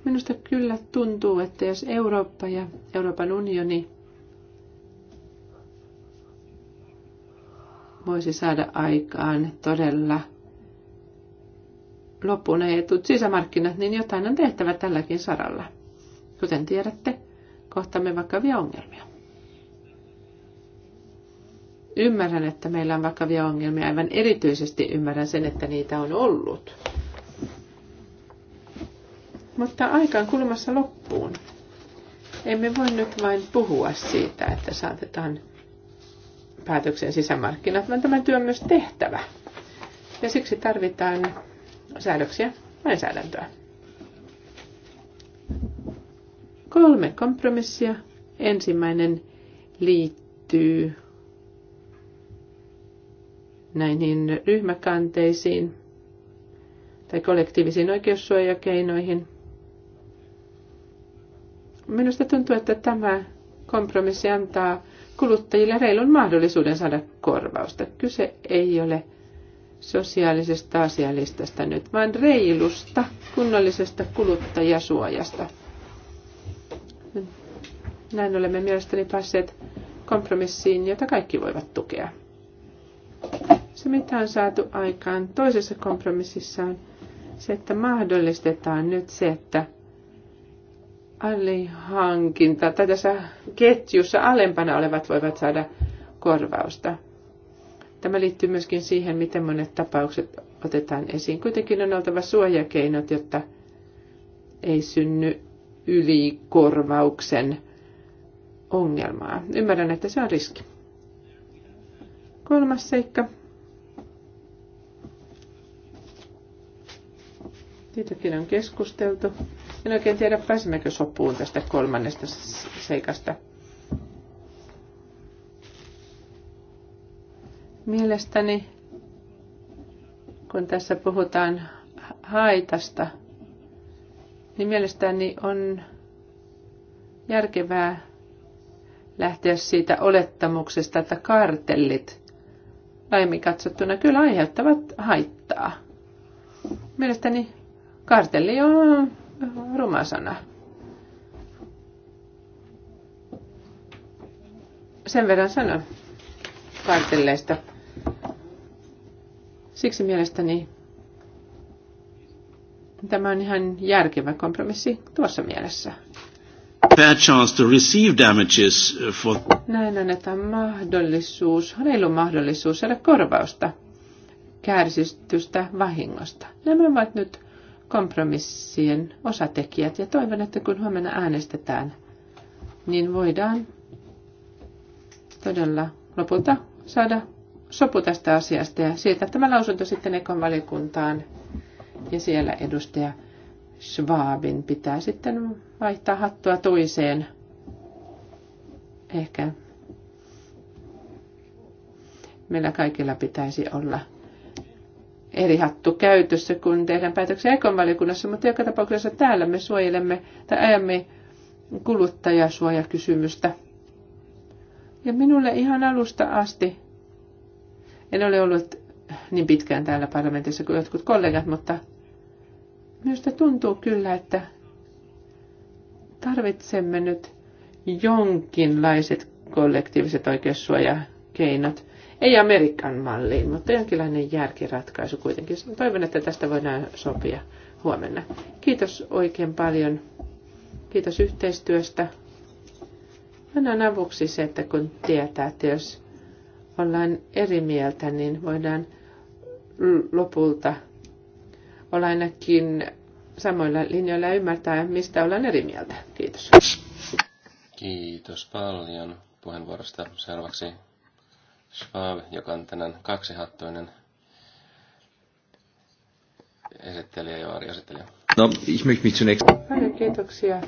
Minusta kyllä tuntuu, että jos Eurooppa ja Euroopan unioni voisi saada aikaan todella lopun ajetut sisämarkkinat, niin jotain on tehtävä tälläkin saralla. Kuten tiedätte, kohtamme vakavia ongelmia. Ymmärrän, että meillä on vakavia ongelmia. Aivan erityisesti ymmärrän sen, että niitä on ollut mutta aika on kulmassa loppuun. Emme voi nyt vain puhua siitä, että saatetaan päätöksen sisämarkkinat, vaan tämä työ on myös tehtävä. Ja siksi tarvitaan säädöksiä, lainsäädäntöä. Kolme kompromissia. Ensimmäinen liittyy näihin ryhmäkanteisiin tai kollektiivisiin oikeussuojakeinoihin – Minusta tuntuu, että tämä kompromissi antaa kuluttajille reilun mahdollisuuden saada korvausta. Kyse ei ole sosiaalisesta asialistasta nyt, vaan reilusta, kunnollisesta kuluttajasuojasta. Näin olemme mielestäni päässeet kompromissiin, jota kaikki voivat tukea. Se, mitä on saatu aikaan toisessa kompromississa, on se, että mahdollistetaan nyt se, että alihankinta tai tässä ketjussa alempana olevat voivat saada korvausta. Tämä liittyy myöskin siihen, miten monet tapaukset otetaan esiin. Kuitenkin on oltava suojakeinot, jotta ei synny ylikorvauksen ongelmaa. Ymmärrän, että se on riski. Kolmas seikka. Siitäkin on keskusteltu. En oikein tiedä, pääsemmekö sopuun tästä kolmannesta seikasta. Mielestäni, kun tässä puhutaan haitasta, niin mielestäni on järkevää lähteä siitä olettamuksesta, että kartellit laajemmin katsottuna kyllä aiheuttavat haittaa. Mielestäni kartelli on ruma sana. Sen verran sanon kartelleista. Siksi mielestäni tämä on ihan järkevä kompromissi tuossa mielessä. Fair chance to receive damages uh, for... Näin annetaan mahdollisuus, reilu mahdollisuus saada korvausta kärsistystä vahingosta. Nämä ovat nyt kompromissien osatekijät. Ja toivon, että kun huomenna äänestetään, niin voidaan todella lopulta saada sopu tästä asiasta ja siitä tämä lausunto sitten Ekon valiokuntaan ja siellä edustaja Schwabin pitää sitten vaihtaa hattua toiseen. Ehkä meillä kaikilla pitäisi olla eri hattu käytössä, kun tehdään päätöksiä ekonvaliokunnassa, mutta joka tapauksessa täällä me suojelemme tai ajamme kuluttajasuojakysymystä. Ja minulle ihan alusta asti, en ole ollut niin pitkään täällä parlamentissa kuin jotkut kollegat, mutta minusta tuntuu kyllä, että tarvitsemme nyt jonkinlaiset kollektiiviset oikeussuojakeinot ei Amerikan malliin, mutta jonkinlainen järkiratkaisu kuitenkin. Toivon, että tästä voidaan sopia huomenna. Kiitos oikein paljon. Kiitos yhteistyöstä. Aina avuksi se, että kun tietää, että jos ollaan eri mieltä, niin voidaan lopulta olla ainakin samoilla linjoilla ja ymmärtää, mistä ollaan eri mieltä. Kiitos. Kiitos paljon puheenvuorosta. Seuraavaksi Schwab, joka on tänään kaksihattoinen esittelijä ja varjoesittelijä. No, ich möchte mich zunächst... Paljon kiitoksia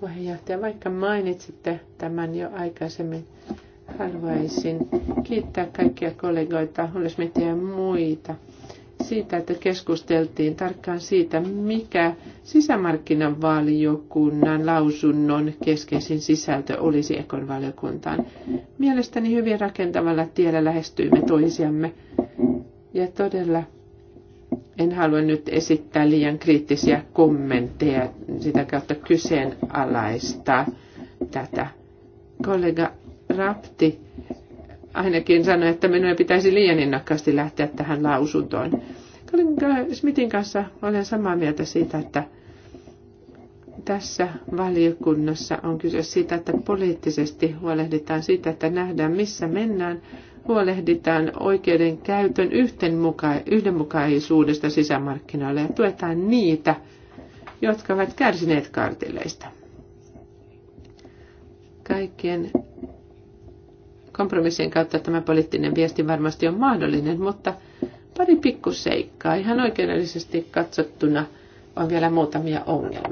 puheenjohtaja. Vaikka mainitsitte tämän jo aikaisemmin, haluaisin kiittää kaikkia kollegoita, olisi muita siitä, että keskusteltiin tarkkaan siitä, mikä sisämarkkinavaliokunnan lausunnon keskeisin sisältö olisi Ekon valiokuntaan. Mielestäni hyvin rakentavalla tiellä lähestyimme toisiamme. Ja todella en halua nyt esittää liian kriittisiä kommentteja sitä kautta kyseenalaistaa tätä. Kollega Rapti ainakin sanoi, että minun ei pitäisi liian innokkaasti lähteä tähän lausuntoon. Colin Smithin kanssa olen samaa mieltä siitä, että tässä valiokunnassa on kyse siitä, että poliittisesti huolehditaan siitä, että nähdään missä mennään, huolehditaan oikeuden käytön yhdenmukaisuudesta sisämarkkinoille, ja tuetaan niitä, jotka ovat kärsineet kartilleista. Kaikkien kompromissien kautta tämä poliittinen viesti varmasti on mahdollinen, mutta pari pikkuseikkaa ihan oikeudellisesti katsottuna on vielä muutamia ongelmia.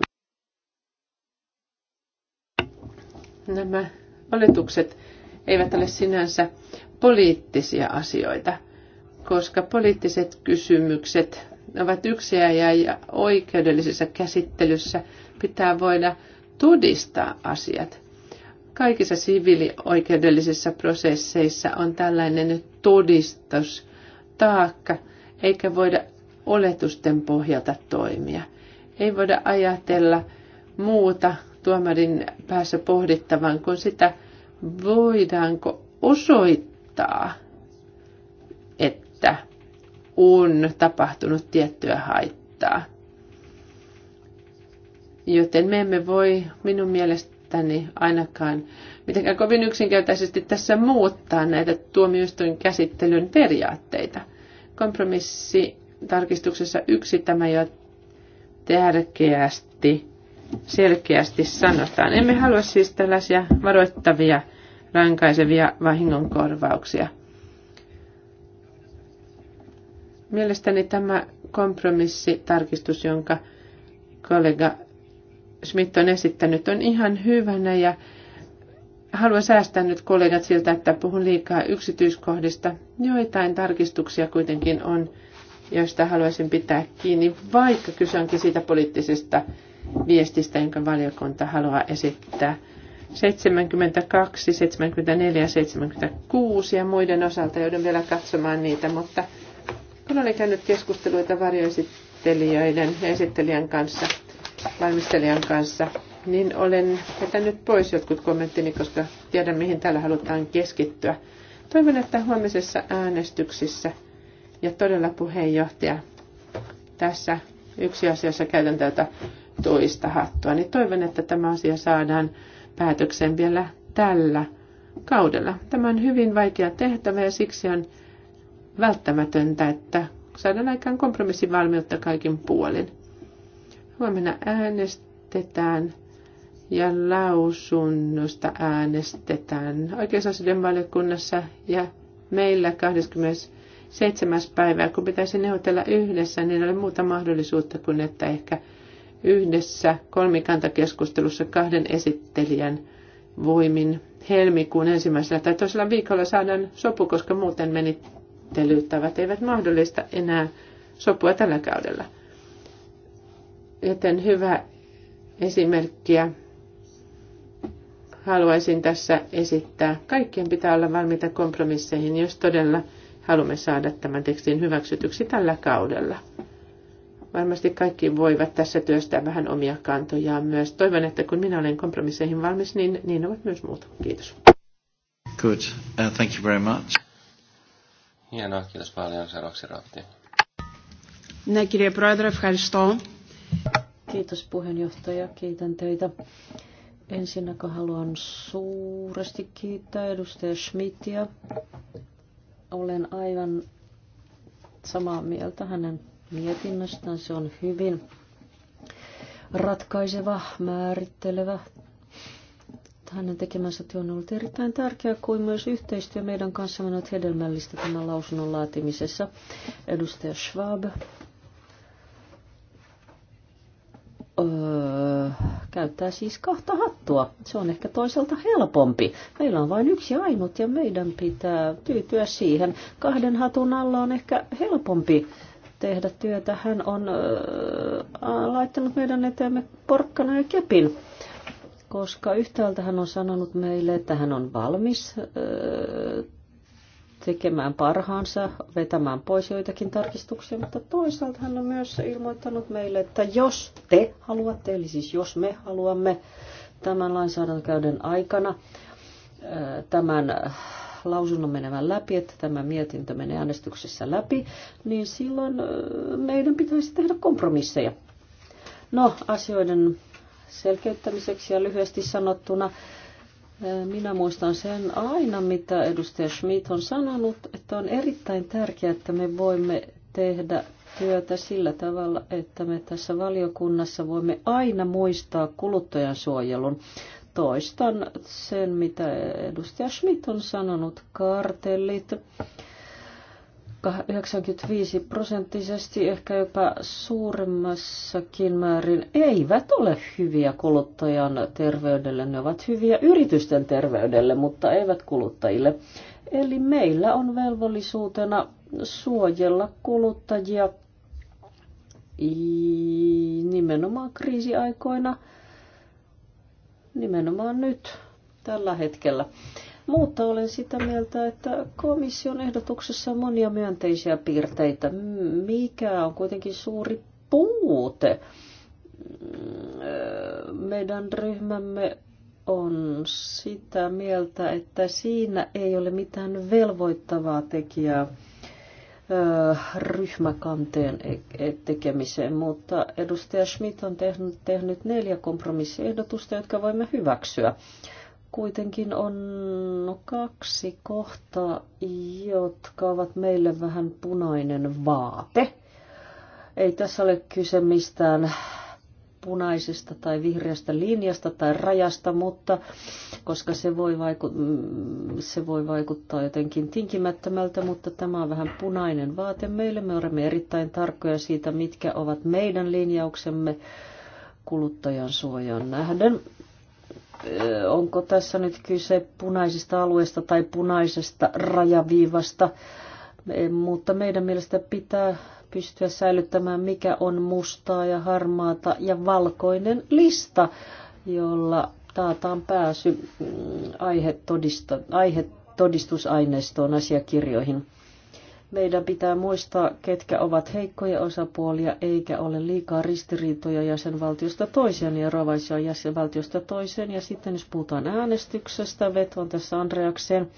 Nämä oletukset eivät ole sinänsä poliittisia asioita, koska poliittiset kysymykset ovat yksiä ja oikeudellisessa käsittelyssä pitää voida todistaa asiat. Kaikissa siviilioikeudellisissa prosesseissa on tällainen todistus, taakka, eikä voida oletusten pohjalta toimia. Ei voida ajatella muuta tuomarin päässä pohdittavan kuin sitä, voidaanko osoittaa, että on tapahtunut tiettyä haittaa. Joten me emme voi minun mielestä niin ainakaan mitenkään kovin yksinkertaisesti tässä muuttaa näitä tuomioistuin käsittelyn periaatteita. Kompromissi tarkistuksessa yksi tämä jo tärkeästi, selkeästi sanotaan. Emme halua siis tällaisia varoittavia, rankaisevia vahingonkorvauksia. Mielestäni tämä kompromissitarkistus, jonka kollega Schmidt on esittänyt, on ihan hyvänä ja haluan säästää nyt kollegat siltä, että puhun liikaa yksityiskohdista. Joitain tarkistuksia kuitenkin on, joista haluaisin pitää kiinni, vaikka kyse onkin siitä poliittisesta viestistä, jonka valiokunta haluaa esittää. 72, 74 ja 76 ja muiden osalta joudun vielä katsomaan niitä, mutta kun olen käynyt keskusteluita varjoesittelijöiden ja esittelijän kanssa – valmistelijan kanssa, niin olen vetänyt pois jotkut kommenttini, koska tiedän mihin täällä halutaan keskittyä. Toivon, että huomisessa äänestyksissä ja todella puheenjohtaja tässä yksi asiassa käytän tätä toista hattua, niin toivon, että tämä asia saadaan päätökseen vielä tällä kaudella. Tämä on hyvin vaikea tehtävä ja siksi on välttämätöntä, että saadaan aikaan kompromissivalmiutta kaikin puolin. Huomenna äänestetään ja lausunnosta äänestetään oikeusasioiden valiokunnassa ja meillä 27. päivää, kun pitäisi neuvotella yhdessä, niin ole muuta mahdollisuutta kuin että ehkä yhdessä kolmikantakeskustelussa kahden esittelijän voimin helmikuun ensimmäisellä tai toisella viikolla saadaan sopu, koska muuten menittelytavat eivät mahdollista enää sopua tällä kaudella. Joten hyvä esimerkkiä haluaisin tässä esittää. Kaikkien pitää olla valmiita kompromisseihin, jos todella haluamme saada tämän tekstin hyväksytyksi tällä kaudella. Varmasti kaikki voivat tässä työstää vähän omia kantojaan myös. Toivon, että kun minä olen kompromisseihin valmis, niin, niin ovat myös muut. Kiitos. Good. Uh, thank you very much. Hienoa. Kiitos paljon. Seuraavaksi Raapti. Ναι, κύριε Πρόεδρε, Kiitos puheenjohtaja, kiitän teitä. Ensinnäkin haluan suuresti kiittää edustaja Schmidtia. Olen aivan samaa mieltä hänen mietinnöstään. Se on hyvin ratkaiseva, määrittelevä. Hänen tekemänsä työ on ollut erittäin tärkeä, kuin myös yhteistyö meidän kanssamme on hedelmällistä tämän lausunnon laatimisessa. Edustaja Schwab öö, käyttää siis kahta hattua. Se on ehkä toiselta helpompi. Meillä on vain yksi ainut ja meidän pitää tyytyä siihen. Kahden hatun alla on ehkä helpompi tehdä työtä. Hän on öö, laittanut meidän eteemme porkkana ja kepin koska yhtäältä hän on sanonut meille, että hän on valmis öö, tekemään parhaansa, vetämään pois joitakin tarkistuksia, mutta toisaalta hän on myös ilmoittanut meille, että jos te haluatte, eli siis jos me haluamme tämän lainsäädäntökäyden aikana äh, tämän lausunnon menevän läpi, että tämä mietintö menee äänestyksessä läpi, niin silloin äh, meidän pitäisi tehdä kompromisseja. No, asioiden selkeyttämiseksi ja lyhyesti sanottuna Äh, minä muistan sen aina, mitä edustaja Schmidt on sanonut, että on erittäin tärkeää, että me voimme tehdä työtä sillä tavalla, että me tässä valiokunnassa voimme aina muistaa kuluttajansuojelun. Toistan sen, mitä edustaja Schmidt on sanonut, kartellit 95 prosenttisesti, ehkä jopa suuremmassakin määrin, eivät ole hyviä kuluttajan terveydelle. Ne ovat hyviä yritysten terveydelle, mutta eivät kuluttajille. Eli meillä on velvollisuutena suojella kuluttajia nimenomaan kriisiaikoina, nimenomaan nyt, tällä hetkellä. Mutta olen sitä mieltä, että komission ehdotuksessa on monia myönteisiä piirteitä. Mikä on kuitenkin suuri puute? Meidän ryhmämme on sitä mieltä, että siinä ei ole mitään velvoittavaa tekijää ryhmäkanteen e-, e-, tekemiseen, mutta edustaja Schmidt on tehnyt, neljä kompromissiehdotusta, jotka voimme hyväksyä kuitenkin on kaksi kohtaa, jotka ovat meille vähän punainen vaate. Ei tässä ole kyse mistään punaisesta tai vihreästä linjasta tai rajasta, mutta koska se voi, vaiku- mm, se voi vaikuttaa jotenkin tinkimättömältä, mutta tämä on vähän punainen vaate meille. Me olemme erittäin tarkkoja siitä, mitkä ovat meidän linjauksemme kuluttajan suojaan nähden onko tässä nyt kyse punaisista alueista tai punaisesta rajaviivasta, e, mutta meidän mielestä pitää pystyä säilyttämään, mikä on mustaa ja harmaata ja valkoinen lista, jolla taataan pääsy mm, aihetodistusaineistoon asiakirjoihin. Meidän pitää muistaa, ketkä ovat heikkoja osapuolia, eikä ole liikaa ristiriitoja jäsenvaltiosta toiseen ja rovaisia jäsenvaltiosta toiseen. Ja sitten jos puhutaan äänestyksestä, vetoan tässä Andreakseen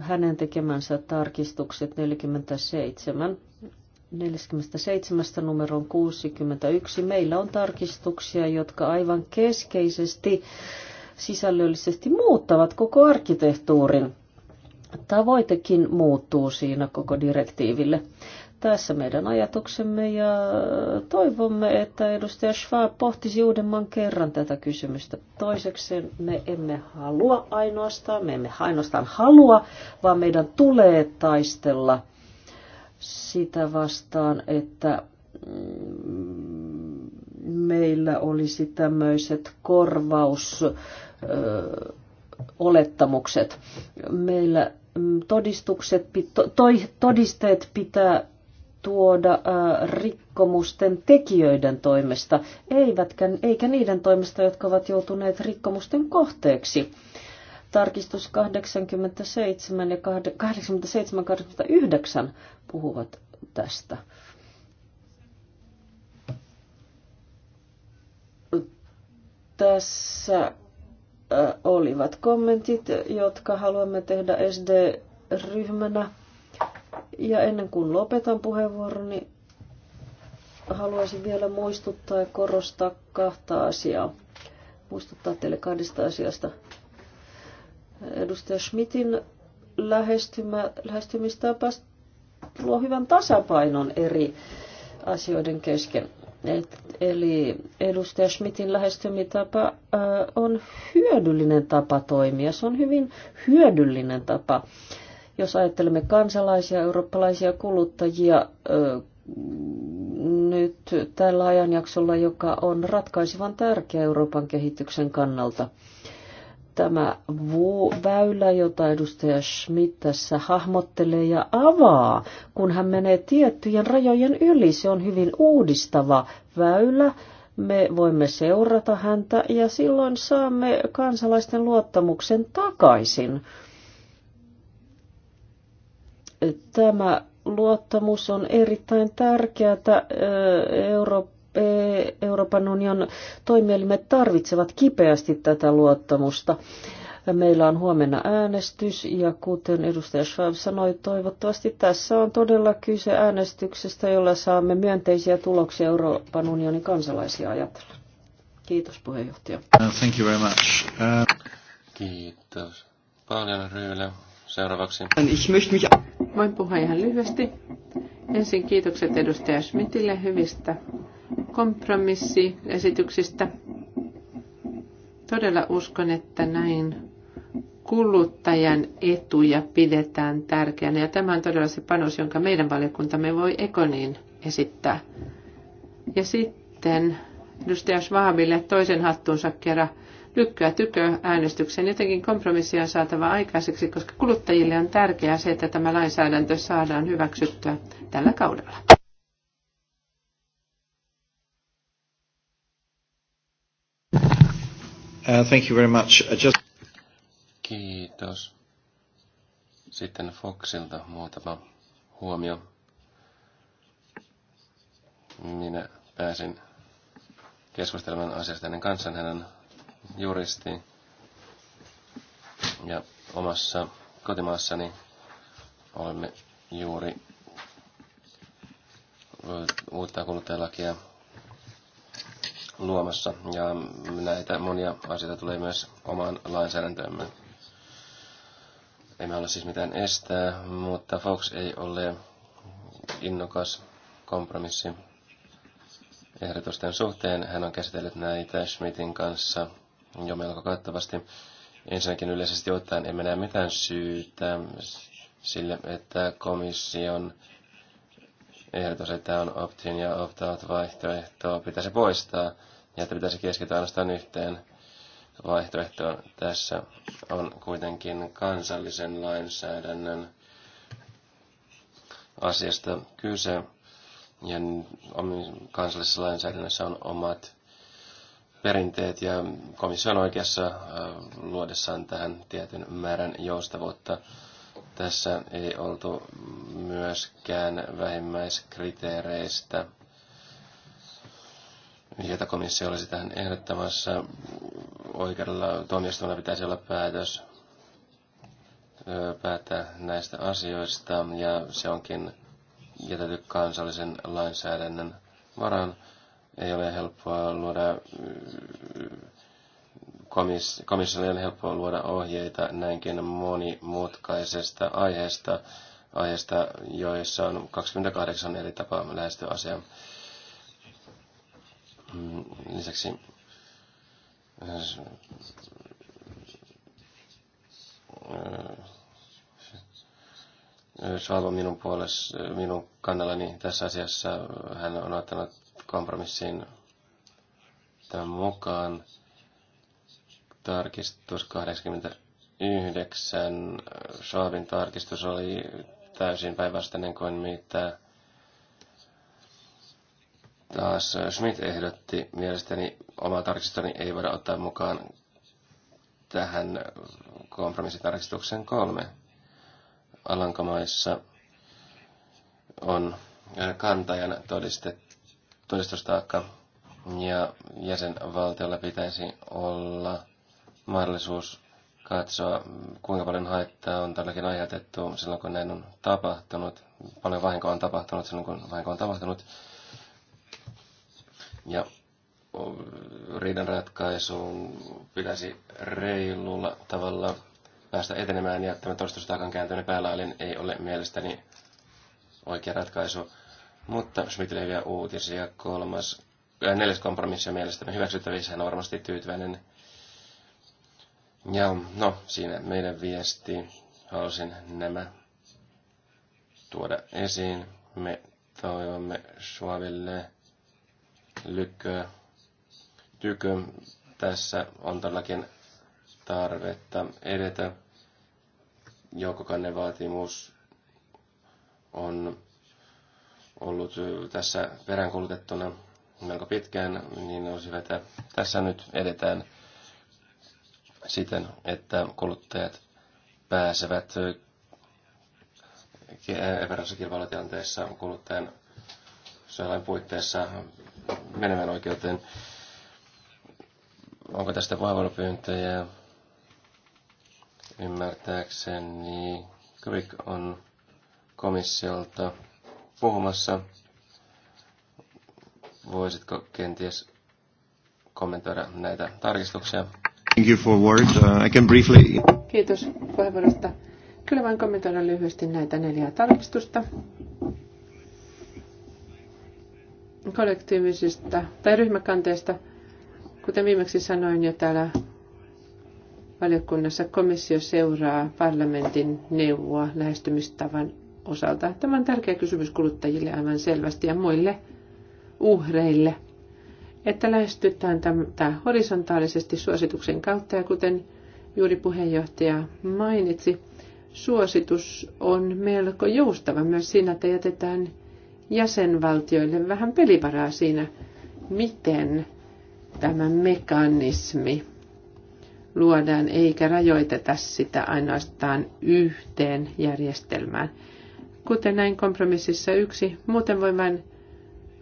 hänen tekemänsä tarkistukset 47. 47 numeron 61. Meillä on tarkistuksia, jotka aivan keskeisesti sisällöllisesti muuttavat koko arkkitehtuurin tavoitekin muuttuu siinä koko direktiiville. Tässä meidän ajatuksemme ja toivomme, että edustaja Schwab pohtisi uudemman kerran tätä kysymystä. Toiseksi me emme halua ainoastaan, me emme ainoastaan halua, vaan meidän tulee taistella sitä vastaan, että mm, meillä olisi tämmöiset korvaus, olettamukset. Meillä mm, todistukset, todisteet pitää tuoda rikkomusten tekijöiden toimesta, eivätkä, eikä niiden toimesta, jotka ovat joutuneet rikkomusten kohteeksi. Tarkistus 87 ja 87-89 puhuvat tästä. Tässä olivat kommentit, jotka haluamme tehdä SD-ryhmänä. Ja ennen kuin lopetan puheenvuoroni, haluaisin vielä muistuttaa ja korostaa kahta asiaa. Muistuttaa teille kahdesta asiasta. Edustaja Schmidtin lähestymä, lähestymistapa luo hyvän tasapainon eri asioiden kesken. Et, eli edustaja Schmidtin lähestymitapa ö, äh, on hyödyllinen tapa toimia. Se on hyvin hyödyllinen tapa. Jos ajattelemme kansalaisia, eurooppalaisia kuluttajia ö, äh, nyt tällä ajanjaksolla, joka on ratkaisevan tärkeä Euroopan kehityksen kannalta – tämä väylä, jota edustaja Schmidt tässä hahmottelee ja avaa, kun hän menee tiettyjen rajojen yli. Se on hyvin uudistava väylä. Me voimme seurata häntä ja silloin saamme kansalaisten luottamuksen takaisin. Tämä luottamus on erittäin tärkeää Euroopan Euroopan union toimielimet tarvitsevat kipeästi tätä luottamusta. Meillä on huomenna äänestys ja kuten edustaja Schwab sanoi, toivottavasti tässä on todella kyse äänestyksestä, jolla saamme myönteisiä tuloksia Euroopan unionin kansalaisia ajatellen. Kiitos puheenjohtaja. Uh, thank you very much. Uh... Kiitos. Paljon Ryylä. Seuraavaksi. Voin puhua ihan lyhyesti. Ensin kiitokset edustaja Schmidtille hyvistä kompromissiesityksistä. Todella uskon, että näin kuluttajan etuja pidetään tärkeänä. Ja tämä on todella se panos, jonka meidän valiokuntamme voi Ekoniin esittää. Ja sitten edustaja Schwabille toisen hattuunsa kerran lykkää tykö äänestykseen, Jotenkin kompromissia on saatava aikaiseksi, koska kuluttajille on tärkeää se, että tämä lainsäädäntö saadaan hyväksyttyä tällä kaudella. Uh, thank you very much. Just... Kiitos. Sitten Foxilta muutama huomio. Minä pääsin keskustelemaan asiasta hänen kanssaan. Hän on juristi ja omassa kotimaassani olemme juuri uutta kuluttajalakia luomassa ja näitä monia asioita tulee myös omaan lainsäädäntöömme. Emme halua siis mitään estää, mutta Fox ei ole innokas kompromissi ehdotusten suhteen. Hän on käsitellyt näitä Schmidtin kanssa jo melko kattavasti. Ensinnäkin yleisesti ottaen emme näe mitään syytä sille, että komission ehdotus, että on opt ja opt-out vaihtoehto, pitäisi poistaa ja että pitäisi keskittyä ainoastaan yhteen vaihtoehtoon. Tässä on kuitenkin kansallisen lainsäädännön asiasta kyse ja kansallisessa lainsäädännössä on omat perinteet ja komission oikeassa äh, luodessaan tähän tietyn määrän joustavuutta. Tässä ei oltu myöskään vähimmäiskriteereistä, joita komissio olisi tähän ehdottamassa. oikealla tuomioistuimella pitäisi olla päätös päättää näistä asioista, ja se onkin jätetty kansallisen lainsäädännön varaan. Ei ole helppoa luoda komis- komissiolle on helppo luoda ohjeita näinkin monimutkaisesta aiheesta, aiheesta, joissa on 28 eri tapaa lähestyä asiaa. Mm, lisäksi äh, Schwab minun, puolessa, minun kannallani tässä asiassa. Hän on ottanut kompromissin tämän mukaan tarkistus 89. Schwabin tarkistus oli täysin päinvastainen kuin mitä taas Schmidt ehdotti. Mielestäni omaa tarkistustani ei voida ottaa mukaan tähän kompromissitarkistukseen kolme. Alankomaissa on kantajan todistustaakka ja jäsenvaltiolla pitäisi olla mahdollisuus katsoa, kuinka paljon haittaa on tälläkin aiheutettu silloin, kun näin on tapahtunut, paljon vahinkoa on tapahtunut silloin, kun vahinko on tapahtunut. Ja riidan ratkaisuun pitäisi reilulla tavalla päästä etenemään ja tämä todistustaakan kääntyminen päälailin ei ole mielestäni oikea ratkaisu. Mutta Schmidtille hyviä uutisia. Kolmas, äh, neljäs kompromissi on mielestäni hyväksyttävissä. Hän on varmasti tyytyväinen ja no, siinä meidän viesti. Halusin nämä tuoda esiin. Me toivomme Suaville lykö, tykö. Tässä on todellakin tarvetta edetä. Joukkokannevaatimus on ollut tässä peräänkulutettuna melko pitkään, niin olisi hyvä, että tässä nyt edetään – siten, että kuluttajat pääsevät epärässä kilpailutilanteessa kuluttajan sellainen puitteissa menemään oikeuteen. Onko tästä vaivannopyyntöjä? Ymmärtääkseni Greek on komissiolta puhumassa. Voisitko kenties kommentoida näitä tarkistuksia? Thank you for Uh, I can briefly... Kiitos puheenvuorosta. Kyllä vain kommentoida lyhyesti näitä neljää tarkistusta. Kollektiivisista tai ryhmäkanteista, kuten viimeksi sanoin jo täällä valiokunnassa, komissio seuraa parlamentin neuvoa lähestymistavan osalta. Tämä on tärkeä kysymys kuluttajille aivan selvästi ja muille uhreille – että lähestytään tätä horisontaalisesti suosituksen kautta ja kuten juuri puheenjohtaja mainitsi, suositus on melko joustava myös siinä, että jätetään jäsenvaltioille vähän pelivaraa siinä, miten tämä mekanismi luodaan eikä rajoiteta sitä ainoastaan yhteen järjestelmään. Kuten näin kompromississa yksi, muuten voi vain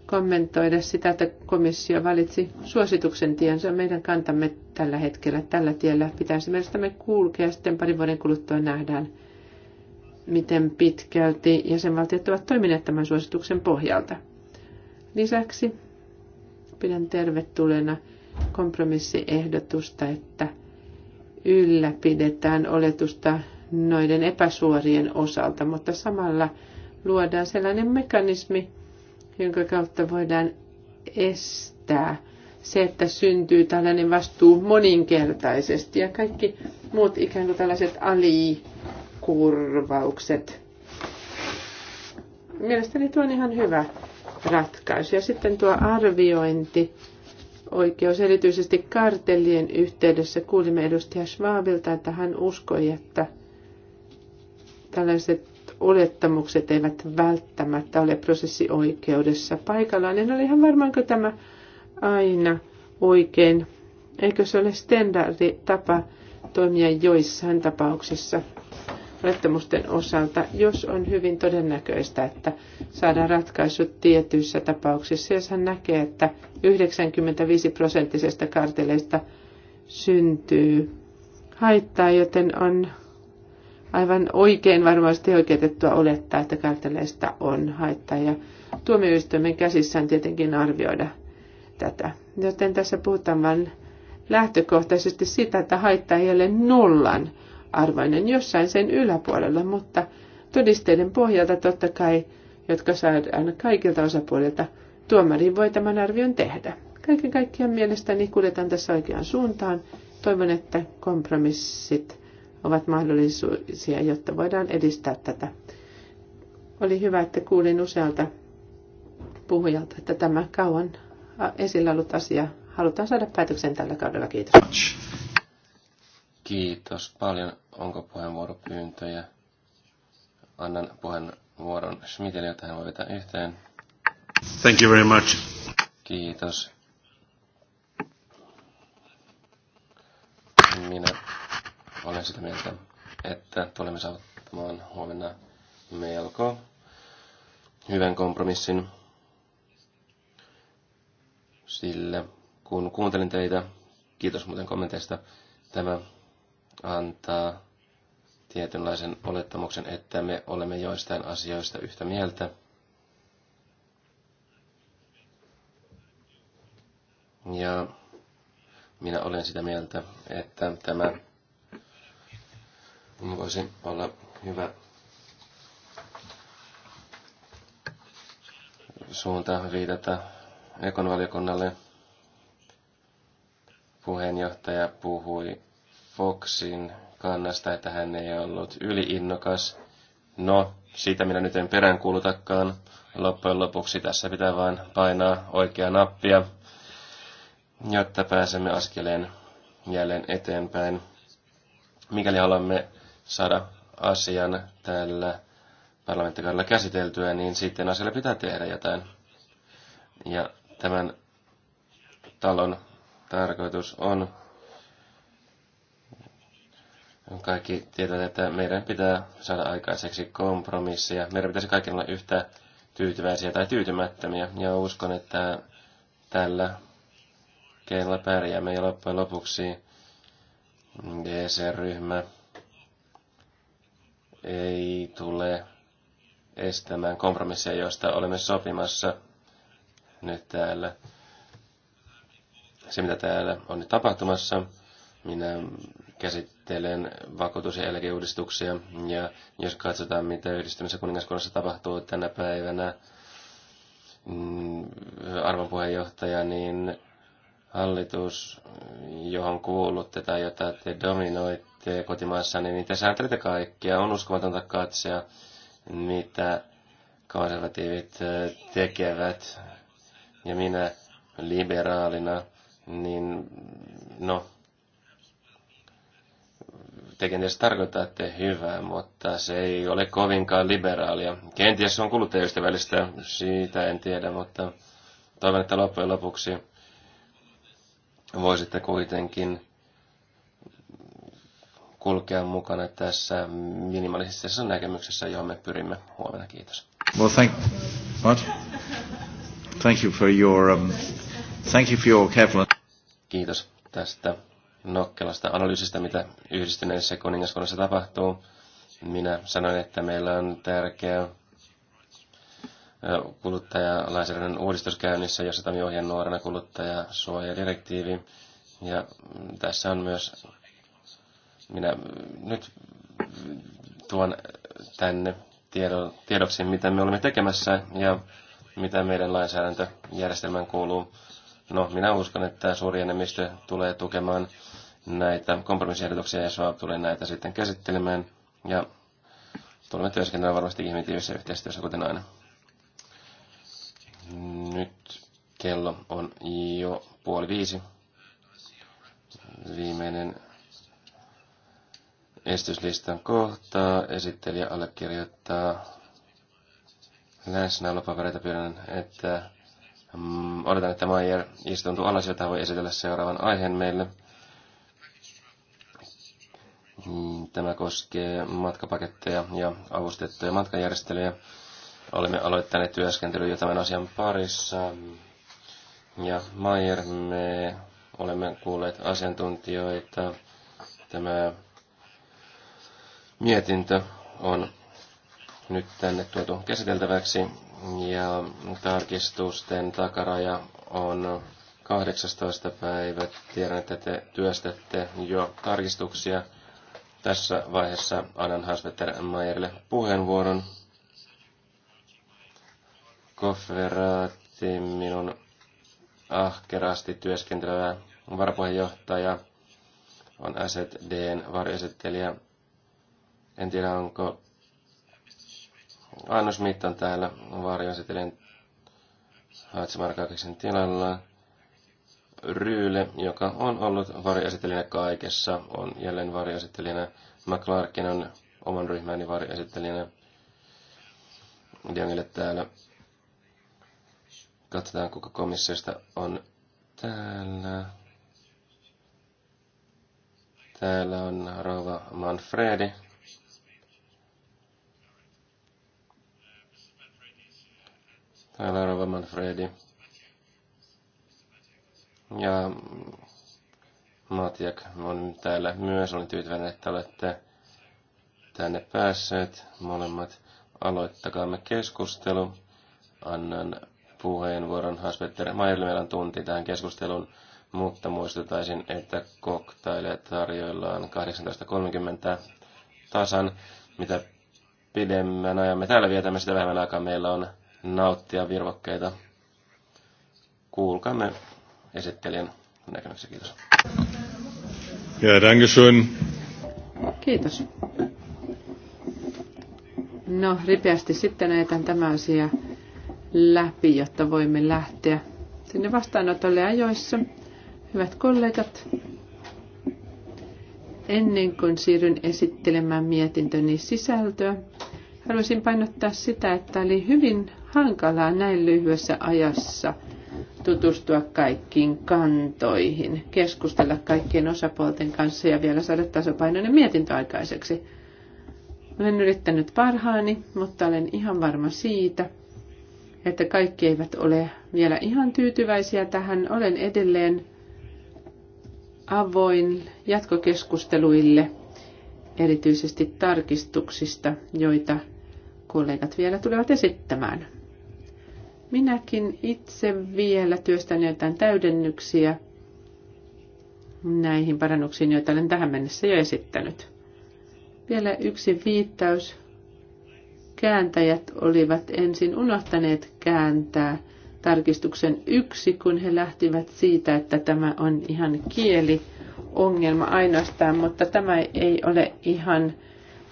kommentoida sitä, että komissio valitsi suosituksen tiensä. Meidän kantamme tällä hetkellä tällä tiellä pitäisi mielestämme kulkea. Sitten parin vuoden kuluttua nähdään, miten pitkälti jäsenvaltiot ovat toimineet tämän suosituksen pohjalta. Lisäksi pidän tervetulleena kompromissiehdotusta, että ylläpidetään oletusta noiden epäsuorien osalta, mutta samalla luodaan sellainen mekanismi, jonka kautta voidaan estää se, että syntyy tällainen vastuu moninkertaisesti ja kaikki muut ikään kuin tällaiset alikurvaukset. Mielestäni tuo on ihan hyvä ratkaisu. Ja sitten tuo arviointi oikeus, erityisesti kartellien yhteydessä kuulimme edustaja Schwabilta, että hän uskoi, että tällaiset olettamukset eivät välttämättä ole prosessioikeudessa paikallaan. En ole ihan varmaanko tämä aina oikein. Eikö se ole standardi tapa toimia joissain tapauksissa olettamusten osalta, jos on hyvin todennäköistä, että saadaan ratkaisut tietyissä tapauksissa, jos hän näkee, että 95 prosenttisesta karteleista syntyy haittaa, joten on aivan oikein varmasti oikeutettua olettaa, että kartelleista on haittaa ja tuomioistuimen on tietenkin arvioida tätä. Joten tässä puhutaan vain lähtökohtaisesti sitä, että haitta ei ole nollan arvoinen jossain sen yläpuolella, mutta todisteiden pohjalta totta kai, jotka saadaan kaikilta osapuolilta, tuomari voi tämän arvion tehdä. Kaiken kaikkiaan mielestäni kuljetaan tässä oikeaan suuntaan. Toivon, että kompromissit ovat mahdollisia, jotta voidaan edistää tätä. Oli hyvä, että kuulin usealta puhujalta, että tämä kauan esillä ollut asia halutaan saada päätöksen tällä kaudella. Kiitos. Kiitos paljon. Onko puheenvuoropyyntöjä? Annan puheenvuoron Schmidtille, jotta hän voi vetää yhteen. Thank you very much. Kiitos. Minä olen sitä mieltä, että tulemme saavuttamaan huomenna melko hyvän kompromissin, sille, kun kuuntelin teitä, kiitos muuten kommenteista, tämä antaa tietynlaisen olettamuksen, että me olemme joistain asioista yhtä mieltä. Ja minä olen sitä mieltä, että tämä voisi olla hyvä suunta viitata ekonvaliokunnalle. Puheenjohtaja puhui Foxin kannasta, että hän ei ollut yliinnokas. No, siitä minä nyt en peräänkuulutakaan. Loppujen lopuksi tässä pitää vain painaa oikea nappia, jotta pääsemme askeleen jälleen eteenpäin. Mikäli haluamme saada asian tällä parlamenttikaudella käsiteltyä, niin sitten asialle pitää tehdä jotain. Ja tämän talon tarkoitus on kaikki tietävät, että meidän pitää saada aikaiseksi kompromissia. Meidän pitäisi kaikilla olla yhtä tyytyväisiä tai tyytymättömiä. Ja uskon, että tällä keinolla pärjäämme. Ja loppujen lopuksi dc ryhmä ei tule estämään kompromisseja, joista olemme sopimassa nyt täällä. Se, mitä täällä on nyt tapahtumassa, minä käsittelen vakuutus- ja eläkeuudistuksia. Ja jos katsotaan, mitä yhdistymisessä kuningaskunnassa tapahtuu tänä päivänä, mm, arvon puheenjohtaja, niin hallitus, johon kuulutte tai jota te dominoitte, tee kotimaassani, niin tässä tätä kaikkia. On uskomatonta katsoa, mitä konservatiivit tekevät. Ja minä liberaalina, niin no, te kenties tarkoitatte hyvää, mutta se ei ole kovinkaan liberaalia. Kenties se on kuluttajaystävällistä, siitä en tiedä, mutta toivon, että loppujen lopuksi voisitte kuitenkin kulkea mukana tässä minimalistisessa näkemyksessä, johon me pyrimme huomenna. Kiitos. Well, thank, what? Thank you for your, um, thank you for your careful... Kiitos tästä nokkelasta analyysistä, mitä yhdistyneessä kuningaskunnassa tapahtuu. Minä sanoin, että meillä on tärkeä kuluttajalainsäädännön uudistus käynnissä, jossa tämä ohjeen nuorena kuluttajasuojadirektiivi. Ja tässä on myös minä nyt tuon tänne tiedoksi, mitä me olemme tekemässä ja mitä meidän lainsäädäntöjärjestelmään kuuluu. No, minä uskon, että suuri enemmistö tulee tukemaan näitä kompromissiehdotuksia ja Schwab tulee näitä sitten käsittelemään. Ja tulemme työskentelemään varmasti ihmitiivissä yhteistyössä, kuten aina. Nyt kello on jo puoli viisi. Viimeinen Estyslistan kohtaa esittelijä allekirjoittaa läsnäolopapereita pyydän, että mm, oletan, että Maier istuntuu alas, jota voi esitellä seuraavan aiheen meille. Mm, tämä koskee matkapaketteja ja avustettuja matkajärjestelyjä. Olemme aloittaneet työskentelyä jo tämän asian parissa. Ja Maier, me olemme kuulleet asiantuntijoita. Tämä mietintö on nyt tänne tuotu käsiteltäväksi ja tarkistusten takaraja on 18. päivä. Tiedän, että te työstätte jo tarkistuksia. Tässä vaiheessa annan Hasvetter Mayerille puheenvuoron. Kofferaatti, minun ahkerasti työskentelevä varapuheenjohtaja, on SDN varjoesittelijä en tiedä, onko Anno on täällä varjoesitellen Hatsimarkakisen tilalla. Ryyle, joka on ollut varjoesittelijänä kaikessa, on jälleen varjoesittelijänä. McClarkin on oman ryhmäni varjoesittelijänä. Dianille täällä. Katsotaan, kuka komissiosta on täällä. Täällä on Rova Manfredi. Täällä Rova Manfredi. Ja Matiak on täällä myös. Olen tyytyväinen, että olette tänne päässeet molemmat. Aloittakaamme keskustelu. Annan puheenvuoron Hasbetter petter Meillä on tunti tähän keskusteluun, mutta muistutaisin, että koktaileja tarjoillaan 18.30 tasan. Mitä pidemmän ajan me täällä vietämme, sitä vähemmän aikaa meillä on nauttia virvokkeita. Kuulkaamme esittelijän näkemyksiä. Kiitos. Ja, danke schön. Kiitos. No, ripeästi sitten näetän tämä asia läpi, jotta voimme lähteä sinne vastaanotolle ajoissa. Hyvät kollegat, ennen kuin siirryn esittelemään mietintöni sisältöä, haluaisin painottaa sitä, että oli hyvin hankalaa näin lyhyessä ajassa tutustua kaikkiin kantoihin, keskustella kaikkien osapuolten kanssa ja vielä saada tasapainoinen mietintö aikaiseksi. Olen yrittänyt parhaani, mutta olen ihan varma siitä, että kaikki eivät ole vielä ihan tyytyväisiä tähän. Olen edelleen avoin jatkokeskusteluille, erityisesti tarkistuksista, joita kollegat vielä tulevat esittämään. Minäkin itse vielä työstän jotain täydennyksiä näihin parannuksiin, joita olen tähän mennessä jo esittänyt. Vielä yksi viittaus. Kääntäjät olivat ensin unohtaneet kääntää tarkistuksen yksi, kun he lähtivät siitä, että tämä on ihan kieliongelma ainoastaan, mutta tämä ei ole ihan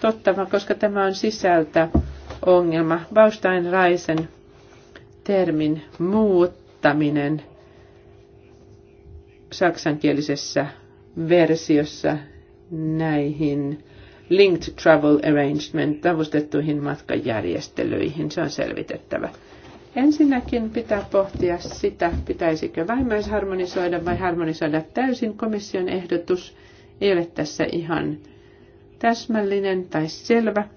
totta, koska tämä on sisältä ongelma. Baustein Raisen termin muuttaminen saksankielisessä versiossa näihin linked travel arrangement avustettuihin matkajärjestelyihin. Se on selvitettävä. Ensinnäkin pitää pohtia sitä, pitäisikö vähimmäisharmonisoida vai harmonisoida täysin. Komission ehdotus ei ole tässä ihan täsmällinen tai selvä.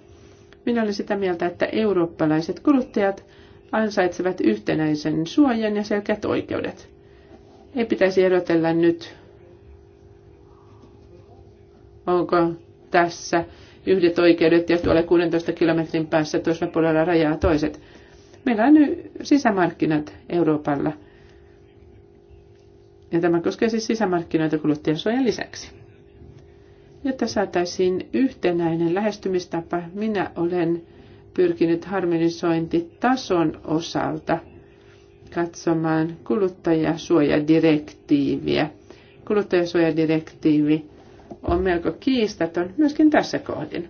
Minä olen sitä mieltä, että eurooppalaiset kuluttajat – ansaitsevat yhtenäisen suojan ja selkeät oikeudet. Ei pitäisi erotella nyt, onko tässä yhdet oikeudet ja tuolla 16 kilometrin päässä tuossa puolella rajaa toiset. Meillä on nyt sisämarkkinat Euroopalla. Ja tämä koskee siis sisämarkkinoita suojan lisäksi. Jotta saataisiin yhtenäinen lähestymistapa, minä olen pyrkinyt harmonisointitason osalta katsomaan kuluttajasuojadirektiiviä. Kuluttajasuojadirektiivi on melko kiistaton myöskin tässä kohdin.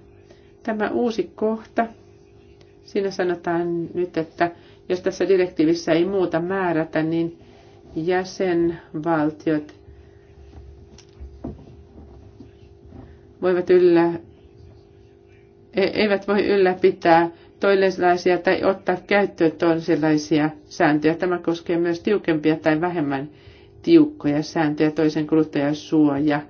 Tämä uusi kohta, siinä sanotaan nyt, että jos tässä direktiivissä ei muuta määrätä, niin jäsenvaltiot voivat yllä E, eivät voi ylläpitää toisenlaisia tai ottaa käyttöön toisenlaisia sääntöjä. Tämä koskee myös tiukempia tai vähemmän tiukkoja sääntöjä toisen kuluttajasuoja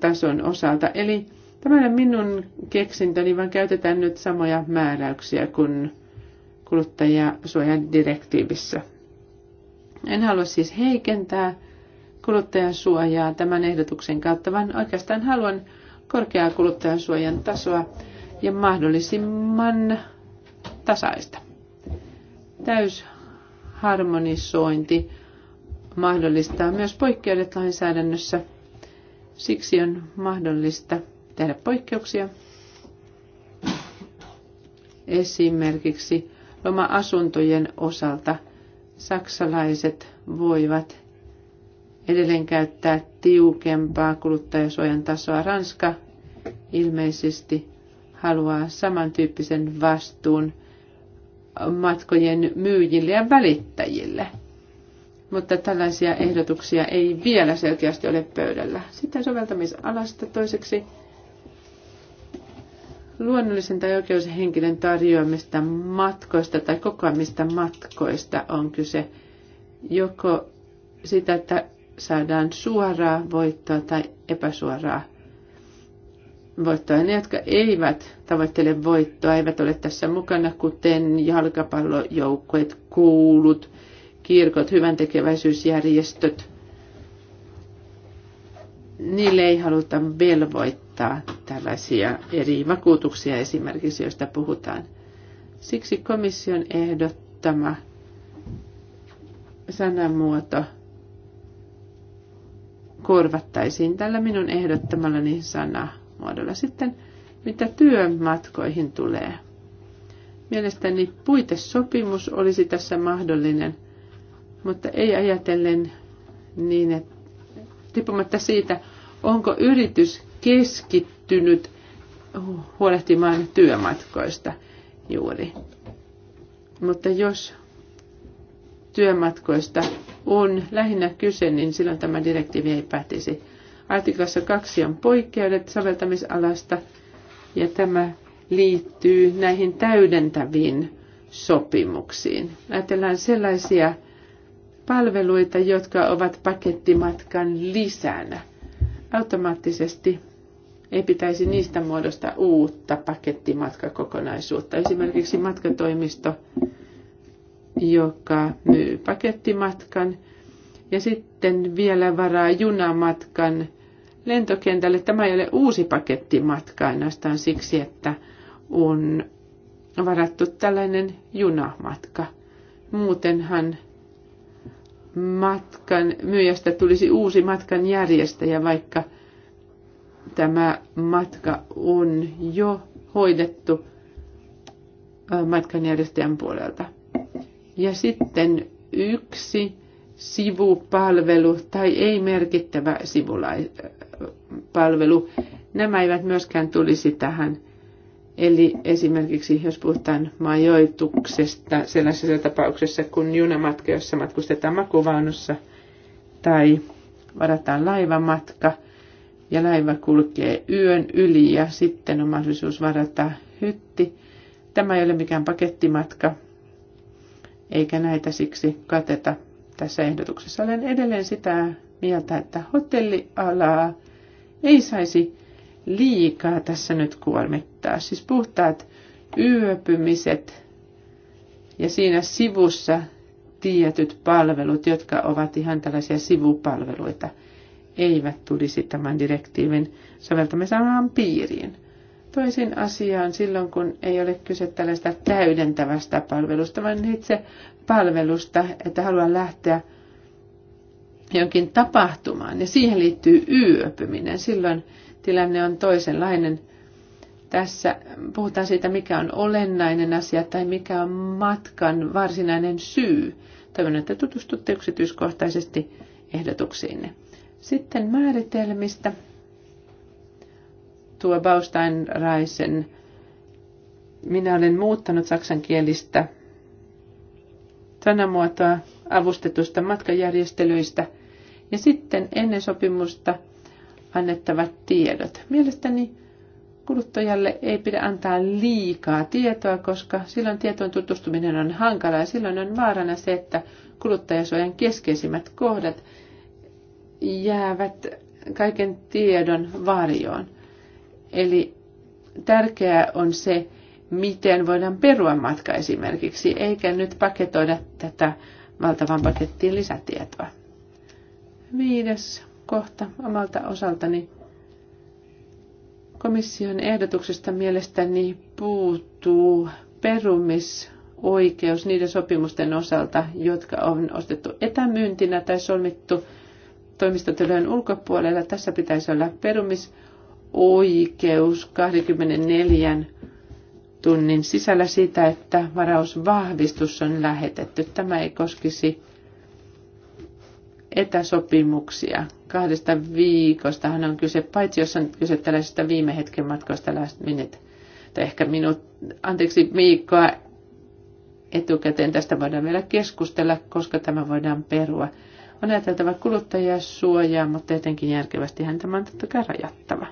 tason osalta. Eli tämä on minun keksintöni, niin vaan käytetään nyt samoja määräyksiä kuin kuluttajasuojadirektiivissä. En halua siis heikentää suojaa tämän ehdotuksen kautta, vaan oikeastaan haluan korkeaa kuluttajansuojan tasoa ja mahdollisimman tasaista. Täysharmonisointi mahdollistaa myös poikkeudet lainsäädännössä. Siksi on mahdollista tehdä poikkeuksia. Esimerkiksi loma-asuntojen osalta saksalaiset voivat edelleen käyttää tiukempaa kuluttajasuojan tasoa. Ranska ilmeisesti haluaa samantyyppisen vastuun matkojen myyjille ja välittäjille. Mutta tällaisia ehdotuksia ei vielä selkeästi ole pöydällä. Sitten soveltamisalasta toiseksi luonnollisen tai oikeushenkilön tarjoamista matkoista tai kokoamista matkoista on kyse joko sitä, että saadaan suoraa voittoa tai epäsuoraa voittoa. Ne, jotka eivät tavoittele voittoa, eivät ole tässä mukana, kuten jalkapallojoukkueet, koulut, kirkot, hyväntekeväisyysjärjestöt. Niille ei haluta velvoittaa tällaisia eri vakuutuksia esimerkiksi, joista puhutaan. Siksi komission ehdottama sanamuoto korvattaisiin tällä minun ehdottamallani sanaa muodolla. Sitten mitä työmatkoihin tulee. Mielestäni puitesopimus olisi tässä mahdollinen, mutta ei ajatellen niin, että tippumatta siitä, onko yritys keskittynyt huolehtimaan työmatkoista juuri. Mutta jos työmatkoista on lähinnä kyse, niin silloin tämä direktiivi ei pätisi. Artiklassa kaksi on poikkeudet soveltamisalasta ja tämä liittyy näihin täydentäviin sopimuksiin. Ajatellaan sellaisia palveluita, jotka ovat pakettimatkan lisänä. Automaattisesti ei pitäisi niistä muodostaa uutta pakettimatkakokonaisuutta. Esimerkiksi matkatoimisto, joka myy pakettimatkan ja sitten vielä varaa junamatkan – lentokentälle. Tämä ei ole uusi paketti matka ainoastaan siksi, että on varattu tällainen junamatka. Muutenhan matkan myyjästä tulisi uusi matkan järjestäjä, vaikka tämä matka on jo hoidettu matkanjärjestäjän puolelta. Ja sitten yksi sivupalvelu tai ei merkittävä sivula, palvelu, nämä eivät myöskään tulisi tähän. Eli esimerkiksi jos puhutaan majoituksesta sellaisessa tapauksessa, kun junamatka, jossa matkustetaan makuvaunussa tai varataan laivamatka ja laiva kulkee yön yli ja sitten on mahdollisuus varata hytti. Tämä ei ole mikään pakettimatka, eikä näitä siksi kateta tässä ehdotuksessa. Olen edelleen sitä mieltä, että hotellialaa ei saisi liikaa tässä nyt kuormittaa. Siis puhtaat yöpymiset ja siinä sivussa tietyt palvelut, jotka ovat ihan tällaisia sivupalveluita, eivät tulisi tämän direktiivin soveltamisalan piiriin. Toisin asiaan silloin, kun ei ole kyse tällaista täydentävästä palvelusta, vaan itse palvelusta, että haluan lähteä – jonkin tapahtumaan ja siihen liittyy yöpyminen, silloin tilanne on toisenlainen. Tässä puhutaan siitä, mikä on olennainen asia tai mikä on matkan varsinainen syy. Toivon, että tutustutte yksityiskohtaisesti ehdotuksiinne. Sitten määritelmistä. Tuo Baustein-Raisen minä olen muuttanut saksankielistä sanamuotoa avustetusta matkajärjestelyistä – ja sitten ennen sopimusta annettavat tiedot. Mielestäni kuluttajalle ei pidä antaa liikaa tietoa, koska silloin tietoon tutustuminen on hankalaa ja silloin on vaarana se, että kuluttajasuojan keskeisimmät kohdat jäävät kaiken tiedon varjoon. Eli tärkeää on se, miten voidaan perua matka esimerkiksi, eikä nyt paketoida tätä valtavan pakettiin lisätietoa. Viides kohta omalta osaltani. Komission ehdotuksesta mielestäni puuttuu perumisoikeus niiden sopimusten osalta, jotka on ostettu etämyyntinä tai solmittu toimistotilojen ulkopuolella. Tässä pitäisi olla perumisoikeus 24 tunnin sisällä siitä, että varausvahvistus on lähetetty. Tämä ei koskisi etäsopimuksia. Kahdesta viikosta hän on kyse, paitsi jos on kyse tällaisista viime hetken matkoista last minute, tai ehkä minut, anteeksi, viikkoa etukäteen. Tästä voidaan vielä keskustella, koska tämä voidaan perua. On ajateltava kuluttajia suojaa, mutta etenkin järkevästi hän tämä on totta kai rajattava.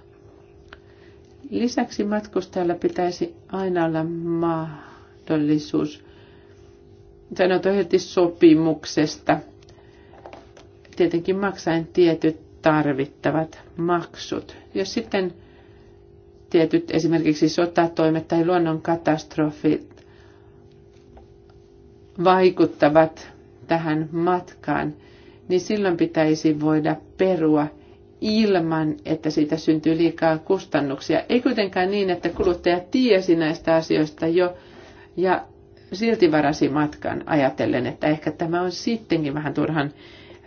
Lisäksi matkustajalla pitäisi aina olla mahdollisuus sanotaan heti sopimuksesta – tietenkin maksaen tietyt tarvittavat maksut. Ja sitten tietyt esimerkiksi sotatoimet tai luonnonkatastrofit vaikuttavat tähän matkaan, niin silloin pitäisi voida perua ilman, että siitä syntyy liikaa kustannuksia. Ei kuitenkaan niin, että kuluttaja tiesi näistä asioista jo ja silti varasi matkan ajatellen, että ehkä tämä on sittenkin vähän turhan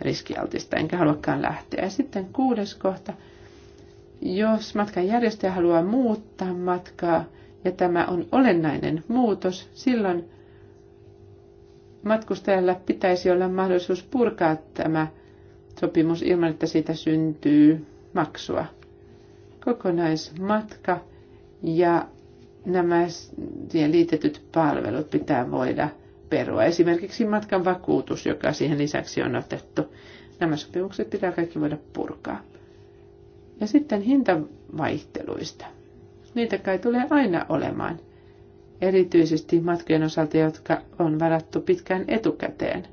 riskialtista, enkä haluakaan lähteä. Ja sitten kuudes kohta, jos matkan järjestäjä haluaa muuttaa matkaa, ja tämä on olennainen muutos, silloin matkustajalla pitäisi olla mahdollisuus purkaa tämä sopimus ilman, että siitä syntyy maksua. Kokonaismatka ja nämä siihen liitetyt palvelut pitää voida – perua. Esimerkiksi matkan vakuutus, joka siihen lisäksi on otettu. Nämä sopimukset pitää kaikki voida purkaa. Ja sitten hintavaihteluista. Niitä kai tulee aina olemaan. Erityisesti matkojen osalta, jotka on varattu pitkään etukäteen.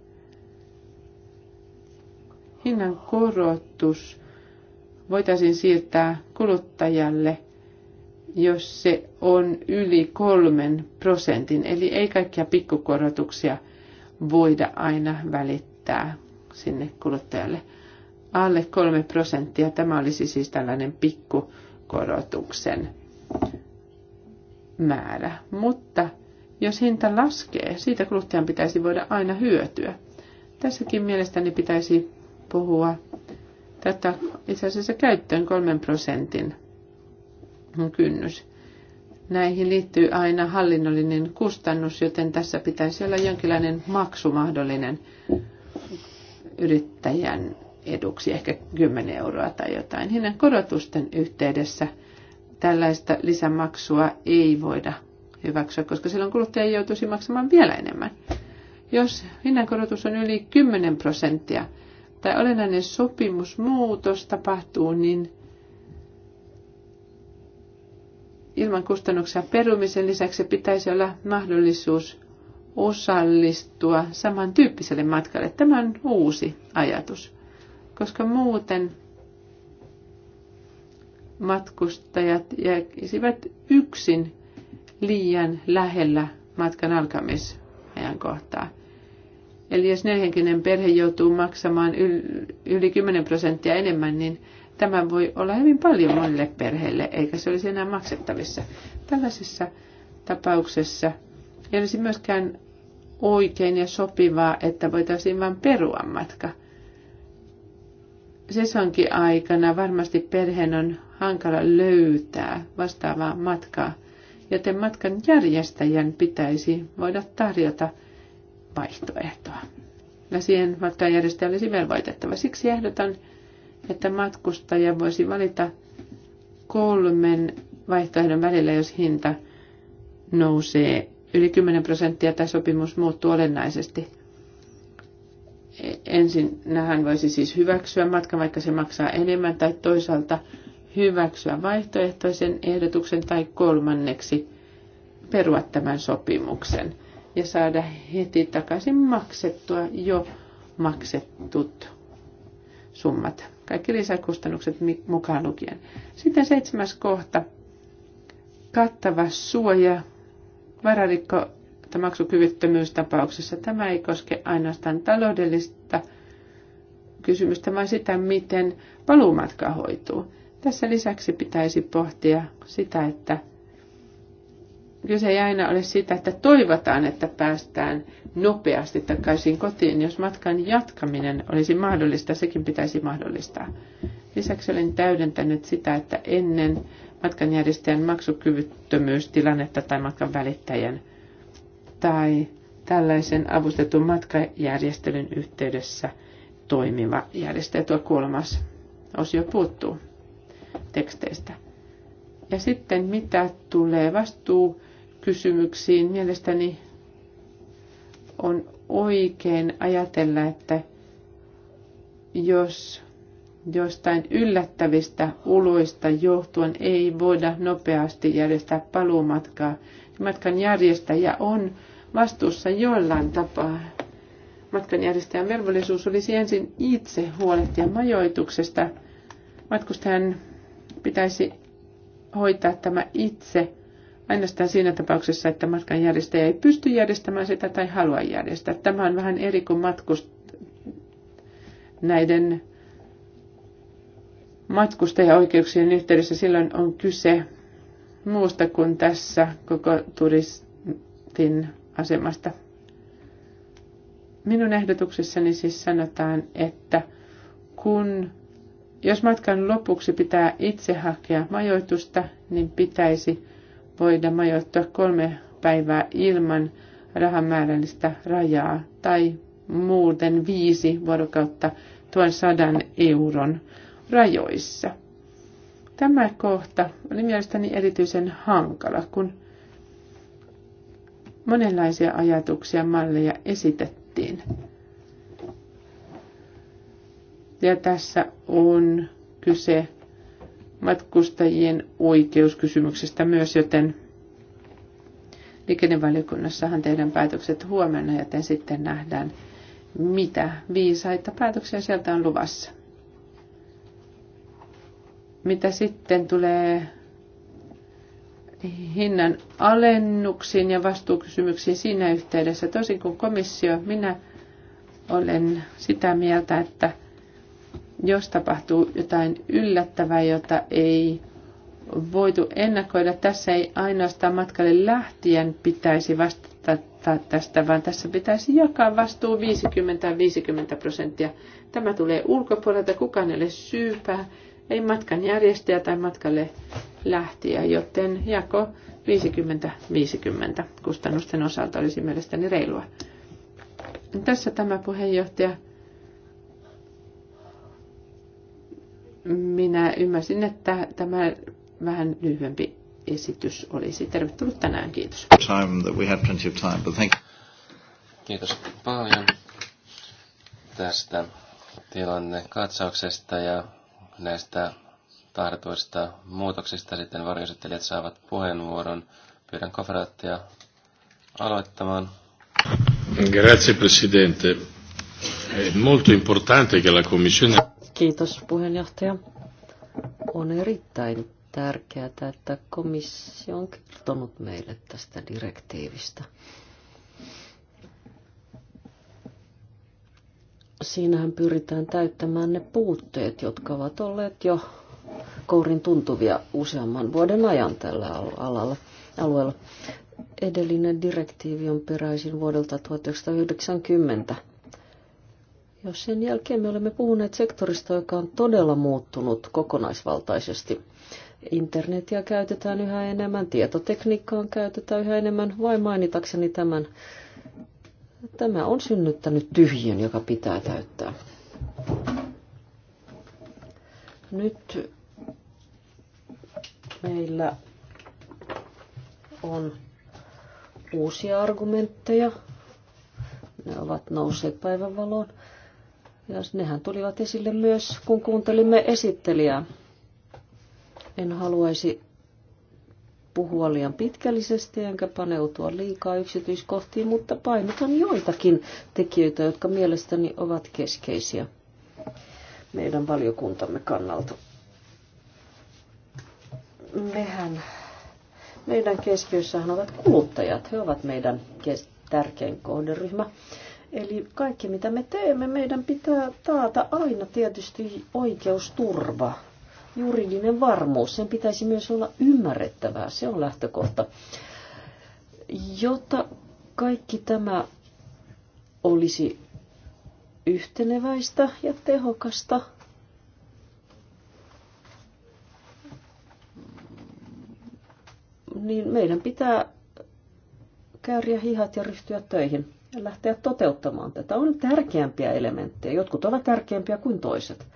Hinnan korotus voitaisiin siirtää kuluttajalle – jos se on yli kolmen prosentin. Eli ei kaikkia pikkukorotuksia voida aina välittää sinne kuluttajalle. Alle kolme prosenttia. Tämä olisi siis tällainen pikkukorotuksen määrä. Mutta jos hinta laskee, siitä kuluttajan pitäisi voida aina hyötyä. Tässäkin mielestäni pitäisi puhua tätä itse asiassa käyttöön kolmen prosentin kynnys. Näihin liittyy aina hallinnollinen kustannus, joten tässä pitäisi olla jonkinlainen maksu mahdollinen yrittäjän eduksi, ehkä 10 euroa tai jotain. Hinnan korotusten yhteydessä tällaista lisämaksua ei voida hyväksyä, koska silloin kuluttaja joutuisi maksamaan vielä enemmän. Jos hinnankorotus on yli 10 prosenttia tai olennainen sopimusmuutos tapahtuu, niin ilman kustannuksia perumisen lisäksi pitäisi olla mahdollisuus osallistua samantyyppiselle matkalle. Tämä on uusi ajatus, koska muuten matkustajat jäisivät yksin liian lähellä matkan alkamisajankohtaa. Eli jos neljänkinen perhe joutuu maksamaan yli 10 prosenttia enemmän, niin Tämä voi olla hyvin paljon monille perheille, eikä se olisi enää maksettavissa. Tällaisessa tapauksessa ei olisi myöskään oikein ja sopivaa, että voitaisiin vain perua matka. Sesonkin aikana varmasti perheen on hankala löytää vastaavaa matkaa, joten matkan järjestäjän pitäisi voida tarjota vaihtoehtoa. Ja siihen matkan järjestäjä olisi velvoitettava. Siksi ehdotan että matkustaja voisi valita kolmen vaihtoehdon välillä, jos hinta nousee yli 10 prosenttia tai sopimus muuttuu olennaisesti. E, ensin nähän voisi siis hyväksyä matkan, vaikka se maksaa enemmän, tai toisaalta hyväksyä vaihtoehtoisen ehdotuksen tai kolmanneksi perua tämän sopimuksen ja saada heti takaisin maksettua jo maksettut summat kaikki lisäkustannukset mukaan lukien. Sitten seitsemäs kohta, kattava suoja, vararikko tai maksukyvyttömyystapauksessa tämä ei koske ainoastaan taloudellista kysymystä, vaan sitä, miten paluumatka hoituu. Tässä lisäksi pitäisi pohtia sitä, että kyse ei aina ole sitä, että toivotaan, että päästään nopeasti takaisin kotiin. Jos matkan jatkaminen olisi mahdollista, sekin pitäisi mahdollistaa. Lisäksi olen täydentänyt sitä, että ennen matkanjärjestäjän maksukyvyttömyystilannetta tai matkan välittäjän tai tällaisen avustetun matkajärjestelyn yhteydessä toimiva järjestäjä tuo kolmas osio puuttuu teksteistä. Ja sitten mitä tulee vastuu kysymyksiin. Mielestäni on oikein ajatella, että jos jostain yllättävistä uloista johtuen ei voida nopeasti järjestää paluumatkaa, niin matkan järjestäjä on vastuussa jollain tapaa. Matkan järjestäjän velvollisuus olisi ensin itse huolehtia majoituksesta. Matkustajan pitäisi hoitaa tämä itse – Ainoastaan siinä tapauksessa, että matkanjärjestäjä ei pysty järjestämään sitä tai halua järjestää. Tämä on vähän eri kuin matkust näiden matkustajaoikeuksien yhteydessä. Silloin on kyse muusta kuin tässä koko turistin asemasta. Minun ehdotuksessani siis sanotaan, että kun jos matkan lopuksi pitää itse hakea majoitusta, niin pitäisi voida majoittua kolme päivää ilman rahamäärällistä rajaa tai muuten viisi vuorokautta tuon sadan euron rajoissa. Tämä kohta oli mielestäni erityisen hankala, kun monenlaisia ajatuksia malleja esitettiin. Ja tässä on kyse matkustajien oikeuskysymyksestä myös, joten liikennevaliokunnassahan tehdään päätökset huomenna, joten sitten nähdään, mitä viisaita päätöksiä sieltä on luvassa. Mitä sitten tulee hinnan alennuksiin ja vastuukysymyksiin siinä yhteydessä, tosin kuin komissio, minä olen sitä mieltä, että jos tapahtuu jotain yllättävää, jota ei voitu ennakoida. Tässä ei ainoastaan matkalle lähtien pitäisi vastata tästä, vaan tässä pitäisi jakaa vastuu 50-50 prosenttia. Tämä tulee ulkopuolelta, kukaan ei ole syypää, ei matkan järjestäjä tai matkalle lähtijä, joten jako 50-50 kustannusten osalta olisi mielestäni reilua. Tässä tämä puheenjohtaja Minä ymmärsin, että tämä vähän lyhyempi esitys olisi tervetullut tänään. Kiitos. Kiitos paljon tästä tilannekatsauksesta ja näistä tahdotuista muutoksista sitten varjoesittelijät saavat puheenvuoron. Pyydän kofraattia aloittamaan. Grazie Presidente. È molto importante che la Commissione... Kiitos puheenjohtaja. On erittäin tärkeää, että komissio on kertonut meille tästä direktiivistä. Siinähän pyritään täyttämään ne puutteet, jotka ovat olleet jo kourin tuntuvia useamman vuoden ajan tällä alalla, alueella. Edellinen direktiivi on peräisin vuodelta 1990 jos sen jälkeen me olemme puhuneet sektorista, joka on todella muuttunut kokonaisvaltaisesti. Internetiä käytetään yhä enemmän, tietotekniikkaa käytetään yhä enemmän, vai mainitakseni tämän. Tämä on synnyttänyt tyhjön, joka pitää täyttää. Nyt meillä on uusia argumentteja. Ne ovat nousseet päivänvaloon. Ja nehän tulivat esille myös, kun kuuntelimme esittelijää. En haluaisi puhua liian pitkällisesti enkä paneutua liikaa yksityiskohtiin, mutta painotan joitakin tekijöitä, jotka mielestäni ovat keskeisiä meidän valiokuntamme kannalta. Mehän, meidän keskiössähän ovat kuluttajat. He ovat meidän tärkein kohderyhmä. Eli kaikki mitä me teemme, meidän pitää taata aina tietysti oikeusturva, juridinen varmuus. Sen pitäisi myös olla ymmärrettävää, se on lähtökohta. Jotta kaikki tämä olisi yhteneväistä ja tehokasta, niin meidän pitää kääriä hihat ja ryhtyä töihin ja lähteä toteuttamaan tätä. On tärkeämpiä elementtejä. Jotkut ovat tärkeämpiä kuin toiset.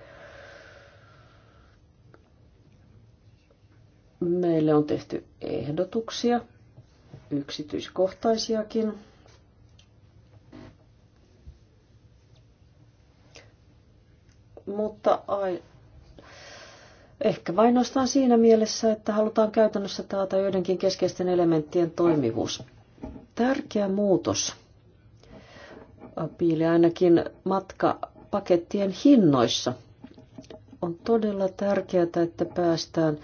Meille on tehty ehdotuksia, yksityiskohtaisiakin. Mutta ai, ehkä vain nostan siinä mielessä, että halutaan käytännössä taata joidenkin keskeisten elementtien toimivuus. Tärkeä muutos piili ainakin matkapakettien hinnoissa. On todella tärkeää, että päästään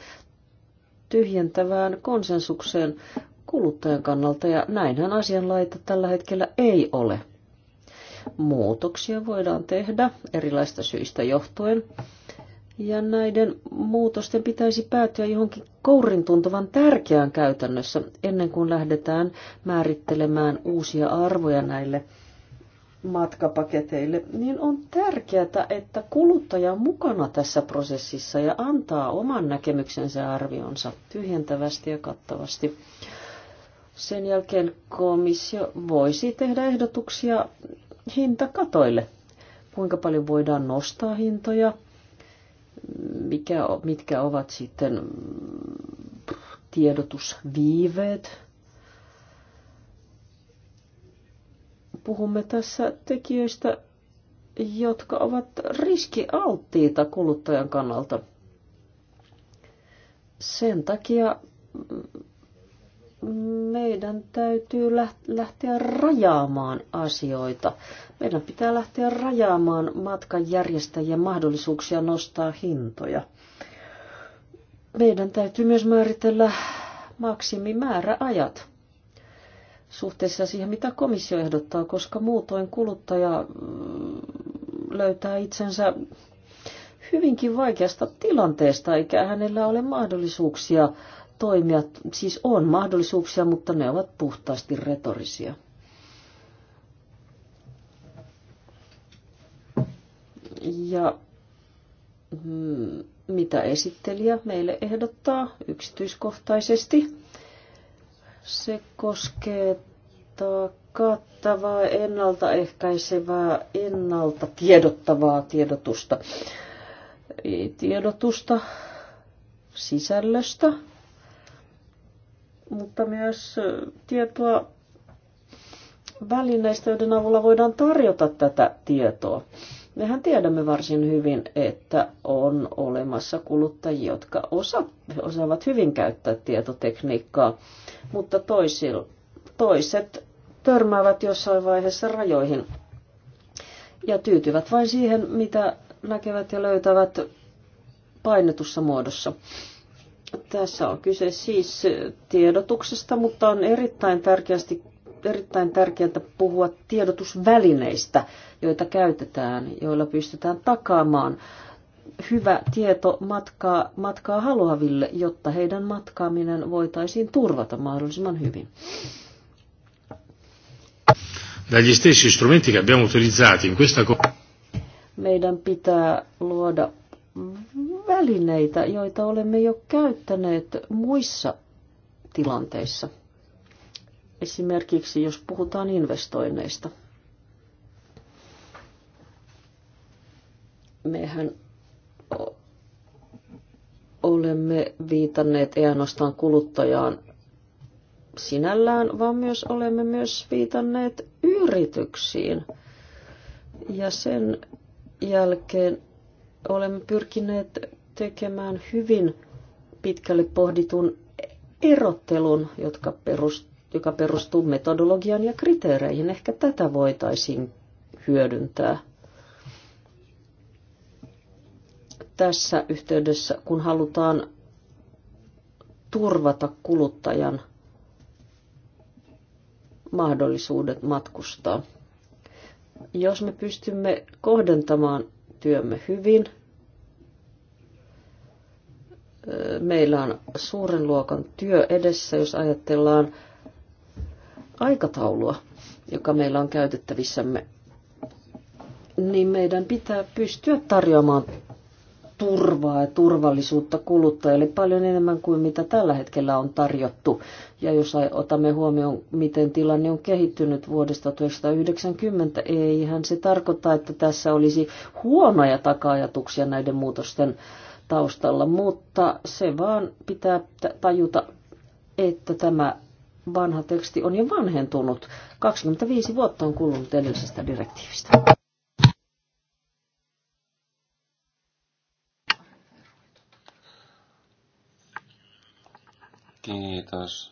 tyhjentävään konsensukseen kuluttajan kannalta, ja näinhän asianlaita tällä hetkellä ei ole. Muutoksia voidaan tehdä erilaista syistä johtuen, ja näiden muutosten pitäisi päätyä johonkin kourin tuntuvan tärkeään käytännössä ennen kuin lähdetään määrittelemään uusia arvoja näille matkapaketeille, niin on tärkeää, että kuluttaja on mukana tässä prosessissa ja antaa oman näkemyksensä ja arvionsa tyhjentävästi ja kattavasti. Sen jälkeen komissio voisi tehdä ehdotuksia hintakatoille, kuinka paljon voidaan nostaa hintoja, mikä, mitkä ovat sitten tiedotusviiveet, Puhumme tässä tekijöistä, jotka ovat riskialttiita kuluttajan kannalta. Sen takia meidän täytyy lähteä rajaamaan asioita. Meidän pitää lähteä rajaamaan matkanjärjestäjien mahdollisuuksia nostaa hintoja. Meidän täytyy myös määritellä maksimimääräajat suhteessa siihen, mitä komissio ehdottaa, koska muutoin kuluttaja mm, löytää itsensä hyvinkin vaikeasta tilanteesta, eikä hänellä ole mahdollisuuksia toimia. Siis on mahdollisuuksia, mutta ne ovat puhtaasti retorisia. Ja mm, mitä esittelijä meille ehdottaa yksityiskohtaisesti? Se koskee kattavaa, ennaltaehkäisevää, ennalta tiedottavaa tiedotusta. Tiedotusta sisällöstä, mutta myös tietoa välineistä, joiden avulla voidaan tarjota tätä tietoa. Mehän tiedämme varsin hyvin, että on olemassa kuluttajia, jotka osa, osaavat hyvin käyttää tietotekniikkaa, mutta toisil, toiset törmäävät jossain vaiheessa rajoihin ja tyytyvät vain siihen, mitä näkevät ja löytävät painetussa muodossa. Tässä on kyse siis tiedotuksesta, mutta on erittäin tärkeästi erittäin tärkeää puhua tiedotusvälineistä, joita käytetään, joilla pystytään takaamaan hyvä tieto matkaa, matkaa haluaville, jotta heidän matkaaminen voitaisiin turvata mahdollisimman hyvin. Dagli stessi strumenti che abbiamo in questa meidän pitää luoda välineitä, joita olemme jo käyttäneet muissa tilanteissa. Esimerkiksi jos puhutaan investoinneista. Mehän olemme viitanneet ei ainoastaan kuluttajaan sinällään, vaan myös olemme myös viitanneet yrityksiin. Ja sen jälkeen olemme pyrkineet tekemään hyvin pitkälle pohditun erottelun, jotka perustuvat joka perustuu metodologian ja kriteereihin. Ehkä tätä voitaisiin hyödyntää tässä yhteydessä, kun halutaan turvata kuluttajan mahdollisuudet matkustaa. Jos me pystymme kohdentamaan työmme hyvin, meillä on suuren luokan työ edessä, jos ajatellaan aikataulua, joka meillä on käytettävissämme, niin meidän pitää pystyä tarjoamaan turvaa ja turvallisuutta kuluttajille paljon enemmän kuin mitä tällä hetkellä on tarjottu. Ja jos otamme huomioon, miten tilanne on kehittynyt vuodesta 1990, eihän se tarkoita, että tässä olisi huonoja taka-ajatuksia näiden muutosten taustalla, mutta se vaan pitää tajuta, että tämä vanha teksti on jo vanhentunut. 25 vuotta on kulunut edellisestä direktiivistä. Kiitos.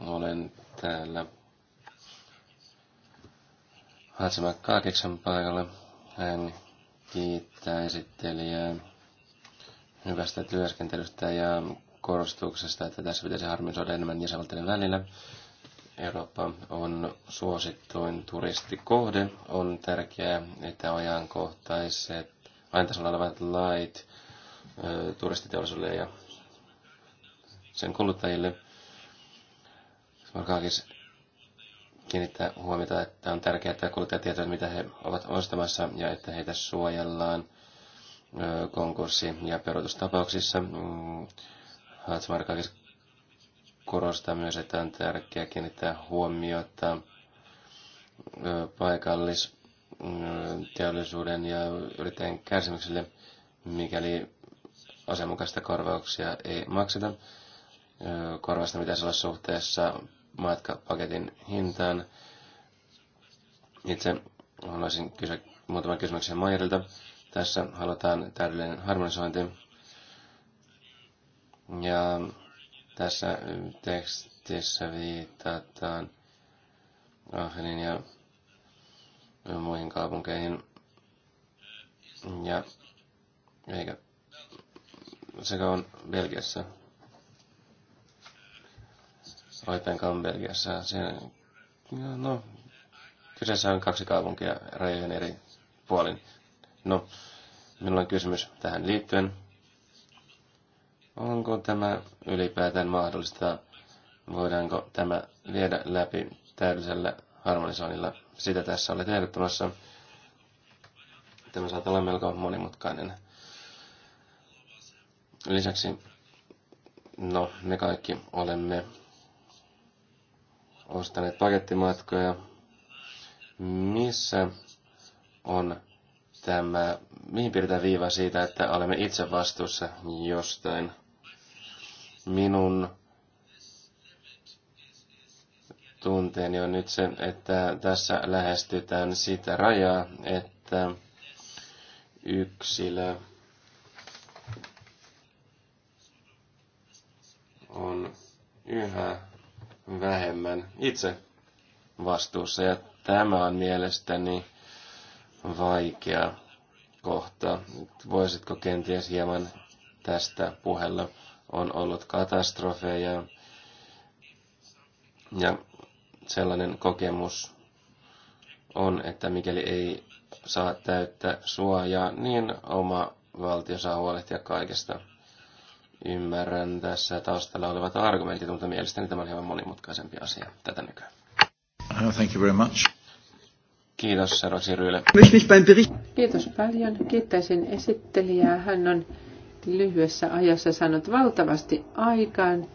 Olen täällä Hatsema kahdeksan paikalla. Hän kiittää esittelijää hyvästä työskentelystä ja korostuksesta, että tässä pitäisi harmonisoida enemmän jäsenvaltioiden välillä. Eurooppa on suosittuin turistikohde. On tärkeää, että ajankohtaiset, ajantasolla olevat lait turistiteollisuudelle ja sen kuluttajille. Markaakis kiinnittää huomiota, että on tärkeää, että kuluttajat tietävät, mitä he ovat ostamassa ja että heitä suojellaan konkurssi- ja perutustapauksissa. Mm, Hatsmarkakis korostaa myös, että on tärkeää kiinnittää huomiota teollisuuden ja yrittäjän kärsimykselle, mikäli asianmukaista korvauksia ei makseta. Korvasta pitäisi olla suhteessa matkapaketin hintaan. Itse haluaisin kysyä muutaman kysymyksen Maijerilta. Tässä halutaan täydellinen harmonisointi ja tässä tekstissä viitataan Ahlin ja muihin kaupunkeihin. Ja eikä sekä on Belgiassa. Oipenka on Belgiassa. Se, no, kyseessä on kaksi kaupunkia rajojen eri puolin. No, minulla on kysymys tähän liittyen. Onko tämä ylipäätään mahdollista? Voidaanko tämä viedä läpi täydellisellä harmonisoinnilla? Sitä tässä olet ehdottomassa. Tämä saattaa olla melko monimutkainen. Lisäksi, no, me kaikki olemme ostaneet pakettimatkoja. Missä on tämä, mihin pidetään viiva siitä, että olemme itse vastuussa jostain – minun tunteeni on nyt se, että tässä lähestytään sitä rajaa, että yksilö on yhä vähemmän itse vastuussa. Ja tämä on mielestäni vaikea kohta. Voisitko kenties hieman tästä puhella? on ollut katastrofeja ja sellainen kokemus on, että mikäli ei saa täyttä suojaa, niin oma valtio saa huolehtia kaikesta. Ymmärrän tässä taustalla olevat argumentit, mutta mielestäni tämä on hieman monimutkaisempi asia tätä nykyään. Uh, thank you very much. Kiitos, Rosi Ryyle. Kiitos paljon. Kiittäisin esittelijää. Hän on lyhyessä ajassa saanut valtavasti aikaan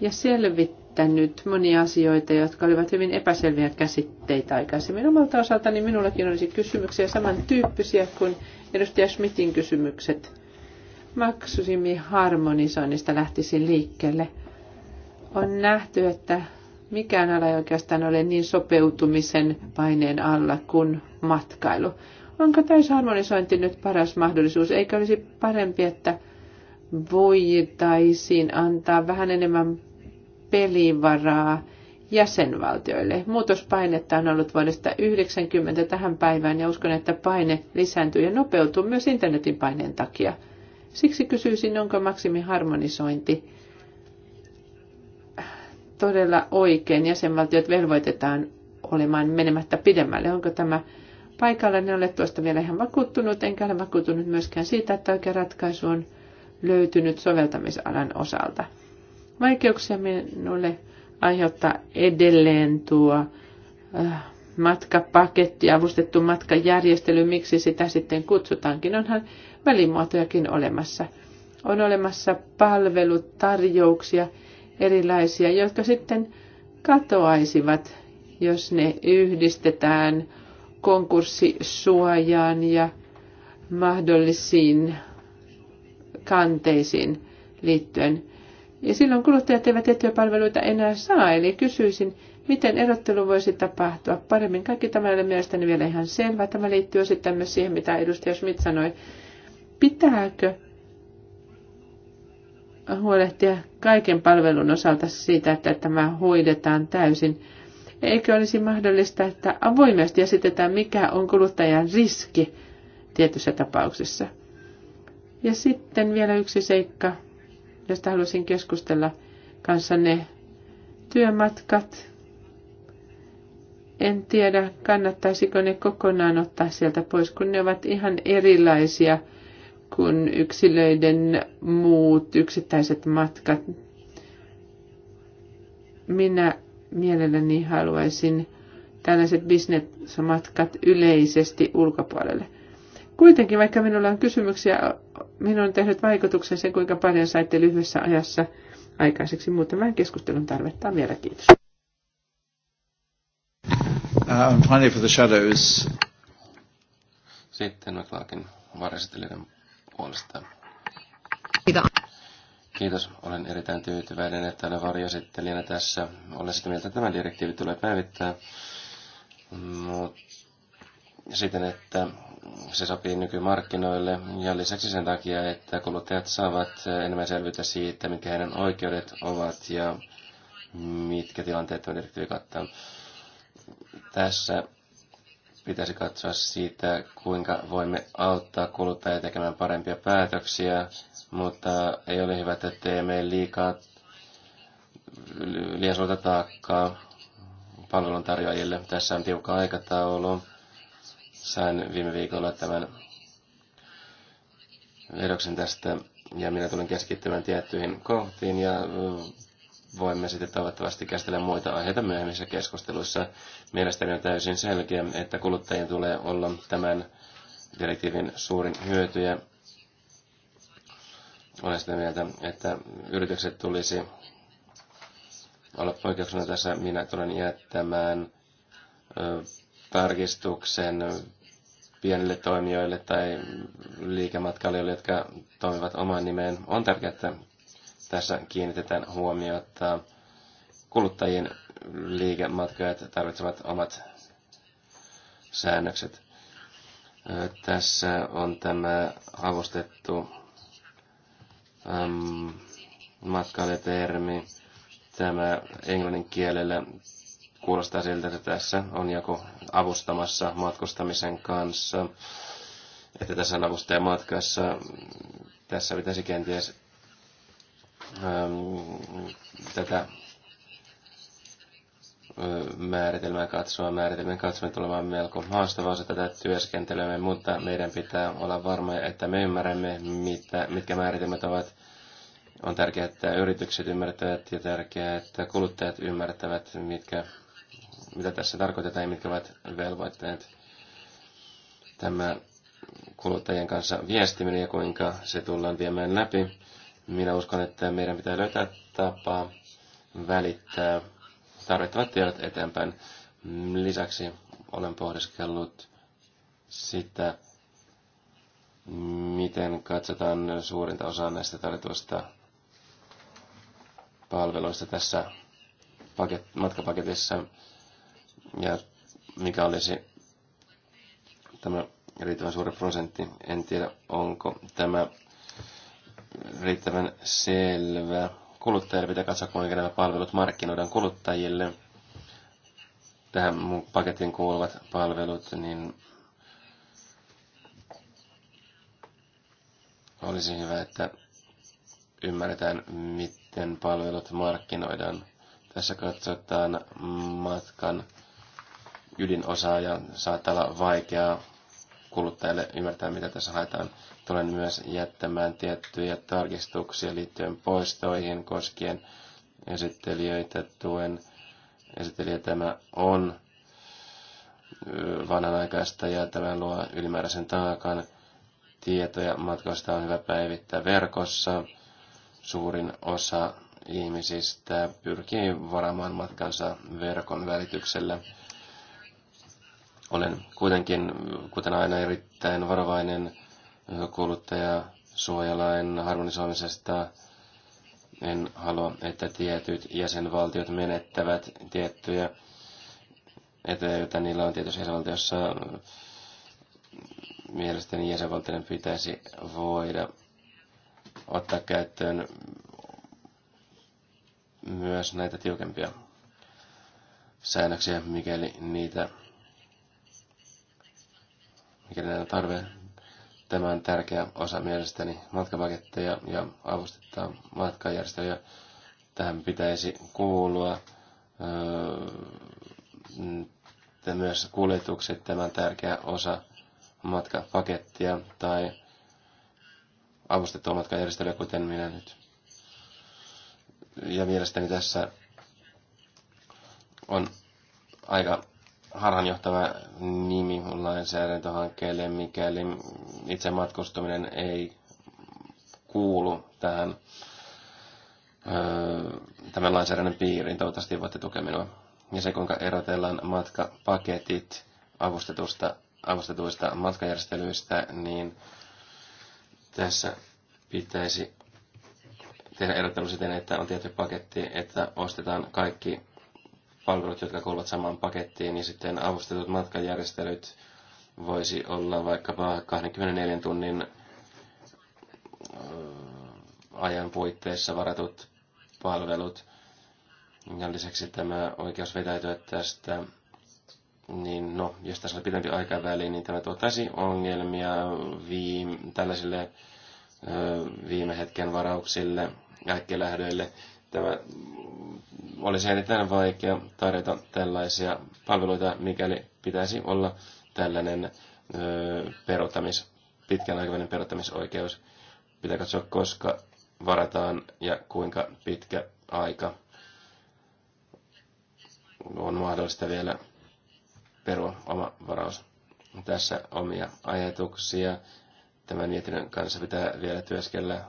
ja selvittänyt monia asioita, jotka olivat hyvin epäselviä käsitteitä aikaisemmin. Omalta osaltani minullakin olisi kysymyksiä samantyyppisiä kuin edustaja Schmidtin kysymykset. Maksusimi harmonisoinnista lähtisin liikkeelle. On nähty, että mikään ala ei oikeastaan ole niin sopeutumisen paineen alla kuin matkailu. Onko täysharmonisointi nyt paras mahdollisuus? Eikö olisi parempi, että voitaisiin antaa vähän enemmän pelivaraa jäsenvaltioille. Muutospainetta on ollut vuodesta 90 tähän päivään ja uskon, että paine lisääntyy ja nopeutuu myös internetin paineen takia. Siksi kysyisin, onko maksimiharmonisointi todella oikein. Jäsenvaltiot velvoitetaan olemaan menemättä pidemmälle. Onko tämä paikalla? Ne ole tuosta vielä ihan vakuuttunut, enkä ole vakuuttunut myöskään siitä, että oikea ratkaisu on – löytynyt soveltamisalan osalta. Vaikeuksia minulle aiheuttaa edelleen tuo äh, matkapaketti, avustettu matkajärjestely, miksi sitä sitten kutsutaankin. Onhan välimuotojakin olemassa. On olemassa palvelutarjouksia erilaisia, jotka sitten katoaisivat, jos ne yhdistetään konkurssisuojaan ja mahdollisiin kanteisiin liittyen. Ja silloin kuluttajat eivät tiettyjä palveluita enää saa, eli kysyisin, miten erottelu voisi tapahtua paremmin. Kaikki tämä ei mielestäni vielä ihan selvä. Tämä liittyy sitten myös siihen, mitä edustaja Schmidt sanoi. Pitääkö huolehtia kaiken palvelun osalta siitä, että tämä hoidetaan täysin? Eikö olisi mahdollista, että avoimesti esitetään, mikä on kuluttajan riski tietyssä tapauksessa? Ja sitten vielä yksi seikka, josta haluaisin keskustella kanssanne. Työmatkat. En tiedä, kannattaisiko ne kokonaan ottaa sieltä pois, kun ne ovat ihan erilaisia kuin yksilöiden muut yksittäiset matkat. Minä mielelläni haluaisin tällaiset bisnesmatkat yleisesti ulkopuolelle. Kuitenkin, vaikka minulla on kysymyksiä, minun on tehnyt vaikutuksen sen, kuinka paljon saitte lyhyessä ajassa aikaiseksi. Muuten vähän keskustelun tarvetta vielä. Kiitos. Um, finally for the shadows. Sitten McLaughlin varasitelijan puolesta. Kiitos. Kiitos. Olen erittäin tyytyväinen, että olen varjoesittelijänä tässä. Olen sitä mieltä, että tämä direktiivi tulee päivittää, mm, mutta siten, että se sopii nykymarkkinoille ja lisäksi sen takia, että kuluttajat saavat enemmän selvyyttä siitä, mitkä heidän oikeudet ovat ja mitkä tilanteet on direktiivi kattaa. Tässä pitäisi katsoa siitä, kuinka voimme auttaa kuluttajia tekemään parempia päätöksiä, mutta ei ole hyvä, että teemme liikaa liian suurta taakkaa palveluntarjoajille. Tässä on tiukka aikataulu Sain viime viikolla tämän vedoksen tästä ja minä tulen keskittymään tiettyihin kohtiin ja voimme sitten toivottavasti käsitellä muita aiheita myöhemmissä keskusteluissa. Mielestäni on täysin selkeä, että kuluttajien tulee olla tämän direktiivin suurin hyötyjä. Olen sitä mieltä, että yritykset tulisi olla poikkeuksena tässä. Minä tulen jättämään tarkistuksen pienille toimijoille tai liikematkailijoille, jotka toimivat omaan nimeen. On tärkeää, että tässä kiinnitetään huomiota kuluttajien liikematkajat tarvitsevat omat säännökset. Tässä on tämä avustettu ähm, matkailijatermi, tämä englannin kielellä Kuulostaa siltä, että tässä on joku avustamassa matkustamisen kanssa, että tässä on avustaja matkassa. Tässä pitäisi kenties äm, tätä määritelmää katsoa. Määritelmän katsominen tulemaan melko haastavaa se tätä työskentelyä, mutta meidän pitää olla varma, että me ymmärrämme, mitä, mitkä määritelmät ovat. On tärkeää, että yritykset ymmärtävät ja tärkeää, että kuluttajat ymmärtävät, mitkä mitä tässä tarkoitetaan ja mitkä ovat velvoitteet. Tämä kuluttajien kanssa viestiminen ja kuinka se tullaan viemään läpi. Minä uskon, että meidän pitää löytää tapaa välittää tarvittavat tiedot eteenpäin. Lisäksi olen pohdiskellut sitä, miten katsotaan suurinta osaa näistä tarjotuista palveluista tässä paket, matkapaketissa ja mikä olisi tämä riittävän suuri prosentti. En tiedä, onko tämä riittävän selvä. Kuluttajille pitää katsoa, kuinka nämä palvelut markkinoidaan kuluttajille. Tähän paketin kuuluvat palvelut, niin olisi hyvä, että ymmärretään, miten palvelut markkinoidaan. Tässä katsotaan matkan ydinosaa ja saattaa olla vaikeaa kuluttajalle ymmärtää, mitä tässä haetaan. Tulen myös jättämään tiettyjä tarkistuksia liittyen poistoihin koskien esittelijöitä tuen. Esittelijä tämä on vanhanaikaista ja tämä luo ylimääräisen taakan. Tietoja matkoista on hyvä päivittää verkossa. Suurin osa ihmisistä pyrkii varamaan matkansa verkon välityksellä. Olen kuitenkin, kuten aina, erittäin varovainen suojalain harmonisoimisesta. En halua, että tietyt jäsenvaltiot menettävät tiettyjä etuja, joita niillä on tietyissä jäsenvaltiossa. Mielestäni jäsenvaltioiden pitäisi voida ottaa käyttöön myös näitä tiukempia säännöksiä, mikäli niitä mikä on tarve. Tämä on tärkeä osa mielestäni matkapaketteja ja avustettaa matkajärjestöjä. Tähän pitäisi kuulua öö, myös kuljetukset. Tämä on tärkeä osa matkapakettia tai avustettua matkajärjestelyä, kuten minä nyt. Ja mielestäni tässä on aika harhanjohtava nimi lainsäädäntöhankkeelle, mikäli itse matkustaminen ei kuulu tähän tämän lainsäädännön piiriin. Toivottavasti voitte tukea minua. Ja se, kuinka erotellaan matkapaketit avustetusta, avustetuista matkajärjestelyistä, niin tässä pitäisi tehdä erottelu siten, että on tietty paketti, että ostetaan kaikki palvelut, jotka kuuluvat samaan pakettiin, ja niin sitten avustetut matkajärjestelyt voisi olla vaikkapa 24 tunnin äh, ajan puitteissa varatut palvelut. Ja lisäksi tämä oikeus vetäytyä tästä, niin no, jos tässä on pidempi aikaväli, niin tämä tuottaisi ongelmia viime tällaisille äh, viime hetken varauksille, äkkilähdöille. Tämä olisi erittäin vaikea tarjota tällaisia palveluita, mikäli pitäisi olla tällainen öö, peruuttamis, pitkän aikavälin peruuttamisoikeus. Pitää katsoa, koska varataan ja kuinka pitkä aika on mahdollista vielä perua oma varaus. Tässä omia ajatuksia. Tämän mietinnön kanssa pitää vielä työskellä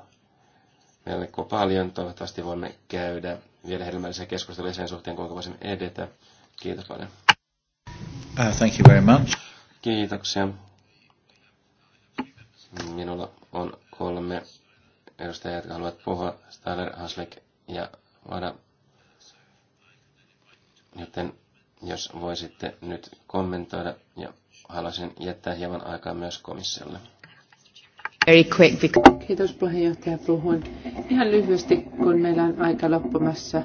melko paljon. Toivottavasti voimme käydä vielä hedelmällisiä keskusteluja sen suhteen, kuinka voisimme edetä. Kiitos paljon. Uh, thank you very much. Kiitoksia. Minulla on kolme edustajaa, jotka haluavat puhua. Staller, Haslek ja Vada. Joten jos voisitte nyt kommentoida ja haluaisin jättää hieman aikaa myös komissiolle very quick because... Kiitos puheenjohtaja. Puhun ihan lyhyesti, kun meillä on aika loppumassa.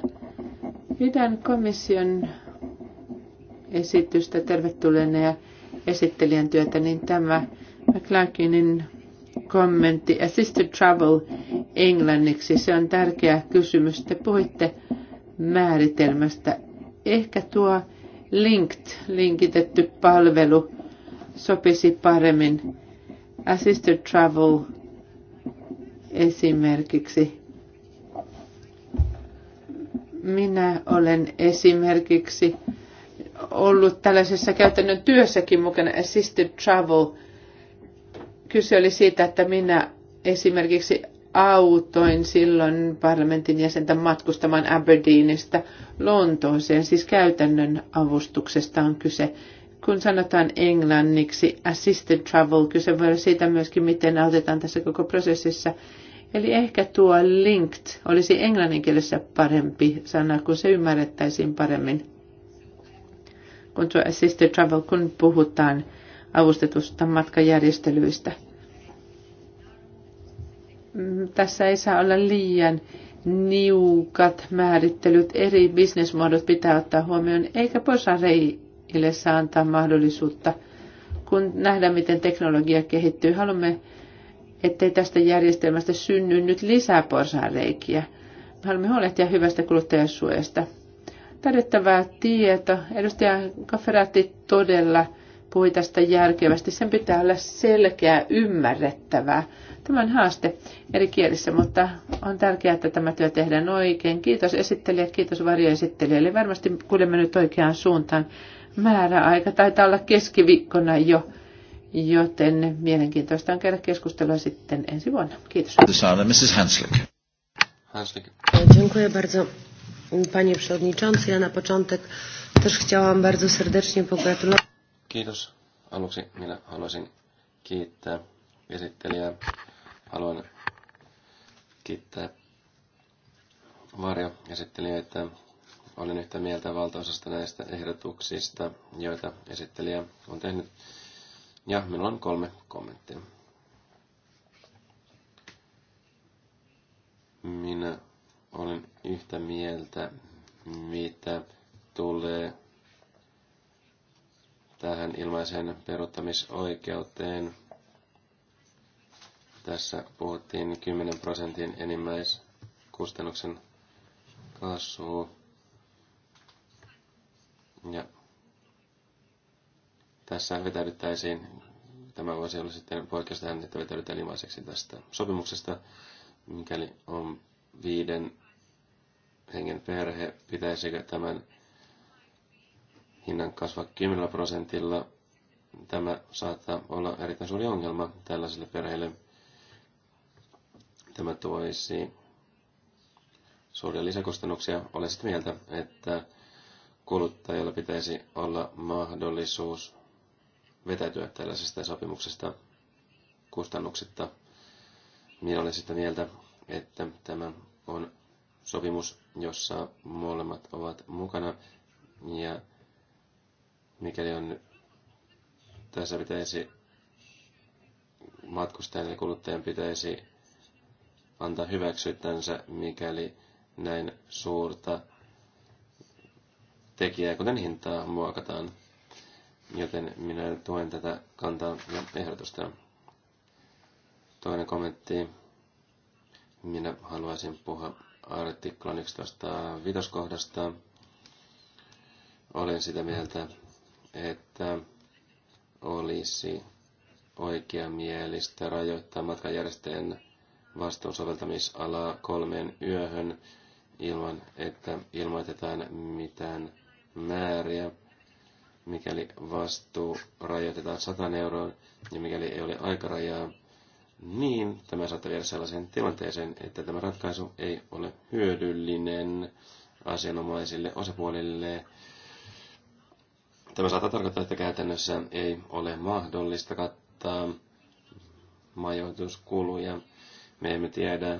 Pidän komission esitystä tervetulleena ja esittelijän työtä, niin tämä McClarkinin kommentti Assisted Travel englanniksi, se on tärkeä kysymys. Te puhuitte määritelmästä. Ehkä tuo linked, linkitetty palvelu sopisi paremmin Assisted Travel esimerkiksi. Minä olen esimerkiksi ollut tällaisessa käytännön työssäkin mukana Assisted Travel. Kyse oli siitä, että minä esimerkiksi autoin silloin parlamentin jäsentä matkustamaan Aberdeenistä Lontooseen, siis käytännön avustuksesta on kyse kun sanotaan englanniksi assisted travel, kyse voi olla siitä myöskin, miten autetaan tässä koko prosessissa. Eli ehkä tuo linked olisi englanninkielessä parempi sana, kun se ymmärrettäisiin paremmin. Kun tuo assisted travel, kun puhutaan avustetusta matkajärjestelyistä. Mm, tässä ei saa olla liian niukat määrittelyt, eri bisnesmuodot pitää ottaa huomioon, eikä poissa saa antaa mahdollisuutta. Kun nähdään, miten teknologia kehittyy, haluamme, ettei tästä järjestelmästä synny nyt lisää porsaanreikiä. Haluamme huolehtia hyvästä kuluttajasuojasta. Tarjottavaa tieto. Edustaja Kafferati todella puhui tästä järkevästi. Sen pitää olla selkeää, ymmärrettävää. Tämä on haaste eri kielissä, mutta on tärkeää, että tämä työ tehdään oikein. Kiitos esittelijä, kiitos varjoesittelijä, eli Varmasti kuljemme nyt oikeaan suuntaan määräaika taitaa olla keskiviikkona jo, joten mielenkiintoista on käydä keskustelua sitten ensi vuonna. Kiitos. Mrs. Hanslick. Dziękuję bardzo. Panie Przewodniczący, ja na początek też chciałam bardzo serdecznie pogratulować. Kiitos. Aluksi minä haluaisin kiittää esittelijää. Haluan kiittää varjoesittelijöitä olen yhtä mieltä valtaosasta näistä ehdotuksista, joita esittelijä on tehnyt. Ja minulla on kolme kommenttia. Minä olen yhtä mieltä, mitä tulee tähän ilmaiseen peruuttamisoikeuteen. Tässä puhuttiin 10 prosentin enimmäiskustannuksen kasvu. Ja tässä vetäydyttäisiin, tämä voisi olla sitten poikkeus tähän, että vetäydytään ilmaiseksi tästä sopimuksesta, mikäli on viiden hengen perhe, pitäisikö tämän hinnan kasvaa 10 prosentilla. Tämä saattaa olla erittäin suuri ongelma tällaiselle perheelle. Tämä toisi suuria lisäkustannuksia. Olen sitä mieltä, että kuluttajalla pitäisi olla mahdollisuus vetäytyä tällaisesta sopimuksesta kustannuksitta. Minä olen sitä mieltä, että tämä on sopimus, jossa molemmat ovat mukana. Ja mikäli on, tässä pitäisi matkustajan ja kuluttajan pitäisi antaa hyväksyttänsä, mikäli näin suurta tekijää, kuten hintaa muokataan. Joten minä tuen tätä kantaa ja ehdotusta. Toinen kommentti. Minä haluaisin puhua artiklan 11 viitoskohdasta. Olen sitä mieltä, että olisi oikeamielistä rajoittaa matkanjärjestäjän vastuun soveltamisalaa kolmeen yöhön ilman, että ilmoitetaan mitään määriä. Mikäli vastuu rajoitetaan 100 euroon ja mikäli ei ole aikarajaa, niin tämä saattaa viedä sellaiseen tilanteeseen, että tämä ratkaisu ei ole hyödyllinen asianomaisille osapuolille. Tämä saattaa tarkoittaa, että käytännössä ei ole mahdollista kattaa majoituskuluja. Me emme tiedä,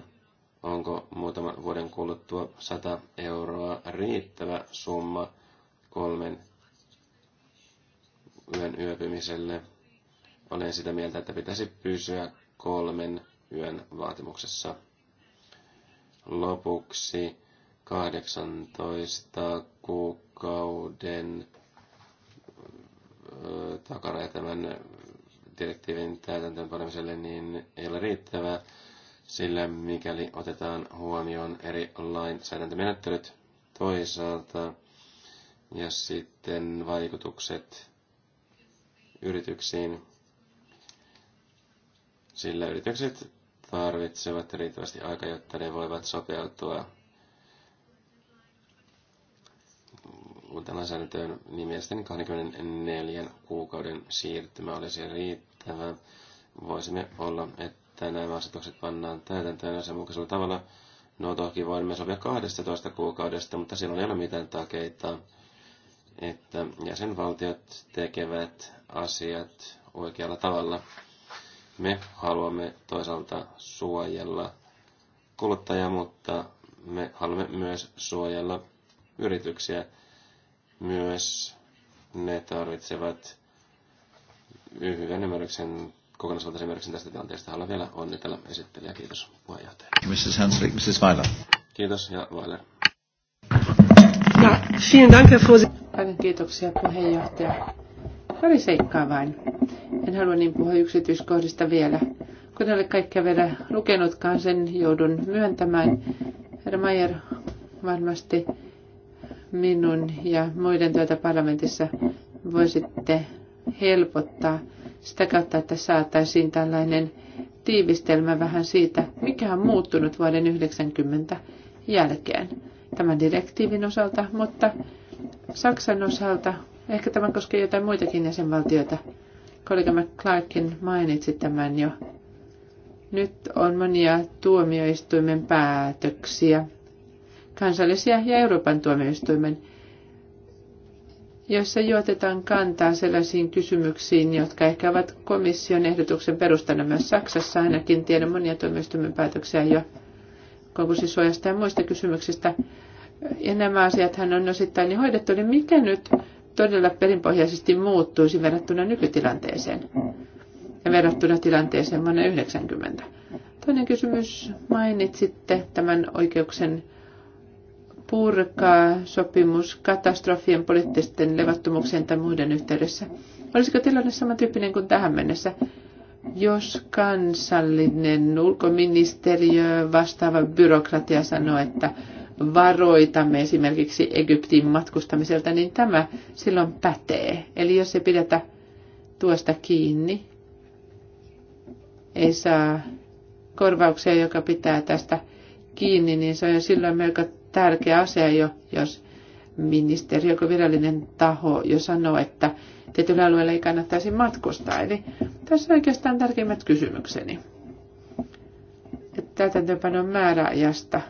onko muutaman vuoden kuluttua 100 euroa riittävä summa kolmen yön yöpymiselle. Olen sitä mieltä, että pitäisi pysyä kolmen yön vaatimuksessa. Lopuksi 18 kuukauden ja tämän direktiivin panemiselle, niin ei ole riittävä, sillä mikäli otetaan huomioon eri lainsäädäntömenettelyt toisaalta, ja sitten vaikutukset yrityksiin, sillä yritykset tarvitsevat riittävästi aikaa, jotta ne voivat sopeutua uuteen lainsäädäntöön, niin mielestäni 24 kuukauden siirtymä olisi riittävä. Voisimme olla, että nämä asetukset pannaan täytäntöön asianmukaisella tavalla. No toki voimme sopia 12 kuukaudesta, mutta silloin ei ole mitään takeita että jäsenvaltiot tekevät asiat oikealla tavalla. Me haluamme toisaalta suojella kuluttajaa, mutta me haluamme myös suojella yrityksiä. Myös ne tarvitsevat hyvän ymmärryksen, kokonaisvaltaisen ymmärryksen tästä tilanteesta. Haluan vielä onnitella esittelijä. Kiitos puheenjohtaja. Mrs. Hanslik, Mrs. Weiler. Kiitos ja Weiler. Ja, vielen Dank, Herr Vorsitzender. Paljon kiitoksia puheenjohtaja. Pari seikkaa vain. En halua niin puhua yksityiskohdista vielä. Kun en ole kaikkea vielä lukenutkaan, sen joudun myöntämään. Herra Mayer varmasti minun ja muiden työtä tuota parlamentissa voisitte helpottaa sitä kautta, että saataisiin tällainen tiivistelmä vähän siitä, mikä on muuttunut vuoden 1990 jälkeen tämän direktiivin osalta, mutta Saksan osalta, ehkä tämä koskee jotain muitakin jäsenvaltioita, kollega McClarkin mainitsi tämän jo. Nyt on monia tuomioistuimen päätöksiä, kansallisia ja Euroopan tuomioistuimen, jossa juotetaan kantaa sellaisiin kysymyksiin, jotka ehkä ovat komission ehdotuksen perustana myös Saksassa. Ainakin tiedän monia tuomioistuimen päätöksiä jo konkurssisuojasta ja muista kysymyksistä ja nämä asiat hän on osittain niin, hoidettu, niin mikä nyt todella perinpohjaisesti muuttuisi verrattuna nykytilanteeseen ja verrattuna tilanteeseen vuonna 90? Toinen kysymys. Mainitsitte tämän oikeuksen purkaa sopimus katastrofien poliittisten levottomuuksien tai muiden yhteydessä. Olisiko tilanne samantyyppinen kuin tähän mennessä, jos kansallinen ulkoministeriö vastaava byrokratia sanoo, että varoitamme esimerkiksi Egyptin matkustamiselta, niin tämä silloin pätee. Eli jos ei pidetä tuosta kiinni, ei saa korvauksia, joka pitää tästä kiinni, niin se on silloin melko tärkeä asia jo, jos ministeri, joku virallinen taho jo sanoo, että tietyllä alueella ei kannattaisi matkustaa. Eli tässä on oikeastaan tärkeimmät kysymykseni. Täytäntöönpanon määräajasta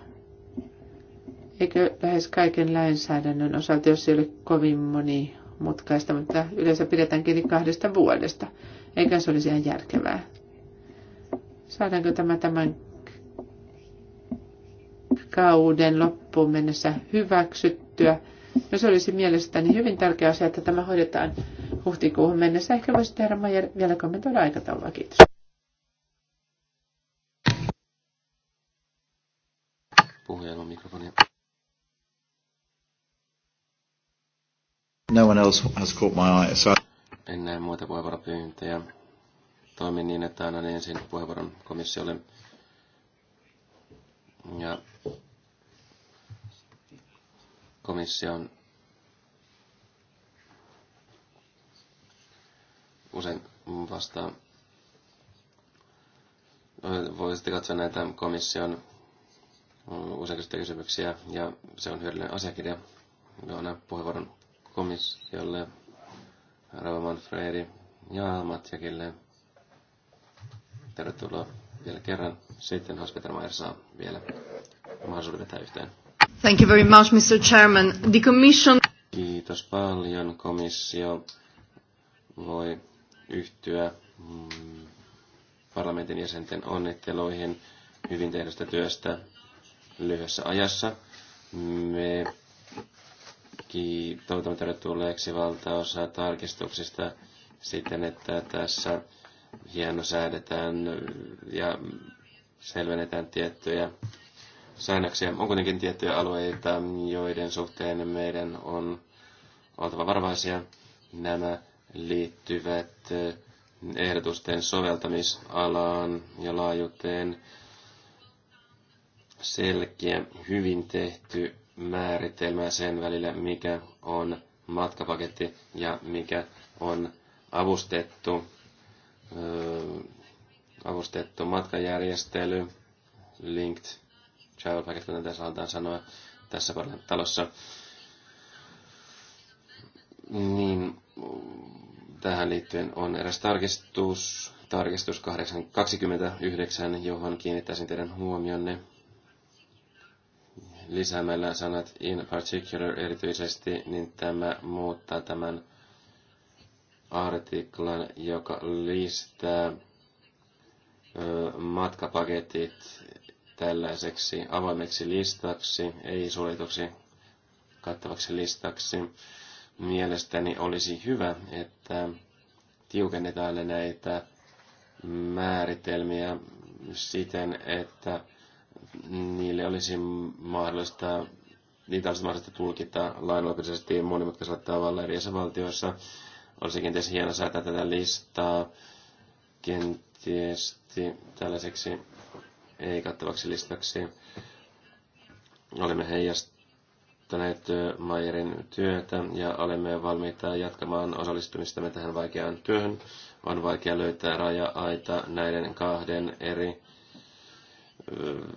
Eikö lähes kaiken lainsäädännön osalta, jos se ole kovin moni mutkaista, mutta yleensä pidetään kiinni kahdesta vuodesta. Eikä se olisi ihan järkevää. Saadaanko tämä tämän kauden loppuun mennessä hyväksyttyä? No se olisi mielestäni hyvin tärkeä asia, että tämä hoidetaan huhtikuuhun mennessä. Ehkä voisi tehdä Maija vielä kommentoida aikataulua. Kiitos. Puhujan on mikrofonia. No one else has caught my eye, so... En näe muita puheenvuoropyyntöjä. Toimin niin, että annan ensin puheenvuoron komissiolle. Ja komission usein vastaa. Voisitte katsoa näitä komission usein kysymyksiä ja se on hyödyllinen asiakirja, johon puheenvuoron komissiolle, Rava Manfredi ja Matjakille. Tervetuloa vielä kerran. Sitten Hospitalmaier saa vielä mahdollisuuden vetää yhteen. Thank you very much, Mr. Chairman. The Commission... Kiitos paljon. Komissio voi yhtyä mm, parlamentin jäsenten onnitteluihin hyvin tehdystä työstä lyhyessä ajassa. Me Ki, toivotan tervetulleeksi valtaosa tarkistuksista siten, että tässä hieno säädetään ja selvennetään tiettyjä säännöksiä. On kuitenkin tiettyjä alueita, joiden suhteen meidän on oltava varovaisia. Nämä liittyvät ehdotusten soveltamisalaan ja laajuuteen. Selkeä, hyvin tehty määritelmää sen välillä, mikä on matkapaketti ja mikä on avustettu, öö, avustettu matkajärjestely, linked travel package, kuten tässä halutaan sanoa tässä talossa. Niin tähän liittyen on eräs tarkistus, tarkistus 829, johon kiinnittäisin teidän huomionne lisäämällä sanat in particular erityisesti, niin tämä muuttaa tämän artiklan, joka listää matkapaketit tällaiseksi avoimeksi listaksi, ei suljetuksi kattavaksi listaksi. Mielestäni olisi hyvä, että tiukennetaan näitä määritelmiä siten, että niille olisi mahdollista, niitä olisi mahdollista tulkita lainopisesti monimutkaisella tavalla eri jäsenvaltioissa. Olisi kenties hieno säätää tätä listaa kenties tällaiseksi ei-kattavaksi listaksi. Olemme heijastaneet Mayerin työtä ja olemme valmiita jatkamaan osallistumistamme tähän vaikeaan työhön. On vaikea löytää raja-aita näiden kahden eri Mm,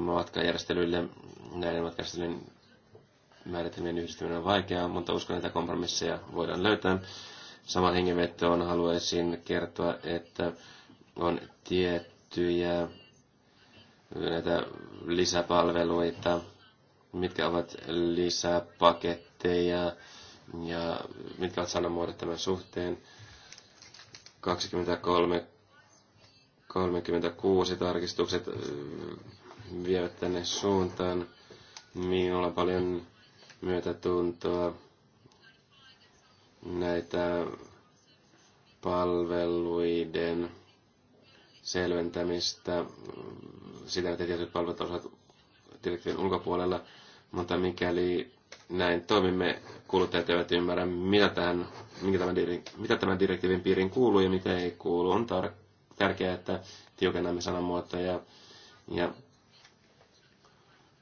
matkajärjestelyille. Näiden matkajärjestelyjen määritelmien yhdistäminen on vaikeaa, mutta uskon, että kompromisseja voidaan löytää. Saman hengenvetoon haluaisin kertoa, että on tiettyjä näitä lisäpalveluita, mitkä ovat lisäpaketteja ja mitkä ovat sanamuodot tämän suhteen. 23 36 tarkistukset vievät tänne suuntaan. Minulla on paljon myötätuntoa näitä palveluiden selventämistä, sitä, että tietyt palvelut ovat direktiivin ulkopuolella, mutta mikäli näin toimimme, kuluttajat eivät ymmärrä, mitä, tämän, mitä tämän direktiivin piiriin kuuluu ja mitä ei kuulu, on tarkka tärkeää, että tiukennamme sanamuotoja ja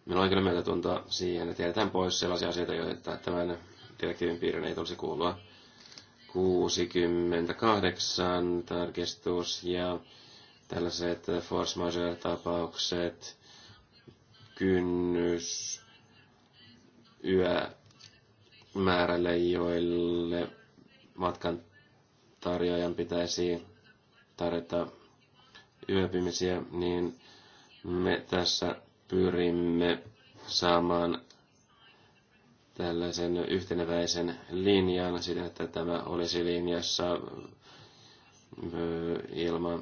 meillä on kyllä myötätuntoa siihen, että jätetään pois sellaisia asioita, joita tämän direktiivin piirin ei tulisi kuulua. 68 tarkistus ja tällaiset force majeure-tapaukset, kynnys, määrälle, joille matkan tarjoajan pitäisi tarjota yöpymisiä, niin me tässä pyrimme saamaan tällaisen yhteneväisen linjan siten, että tämä olisi linjassa ilma,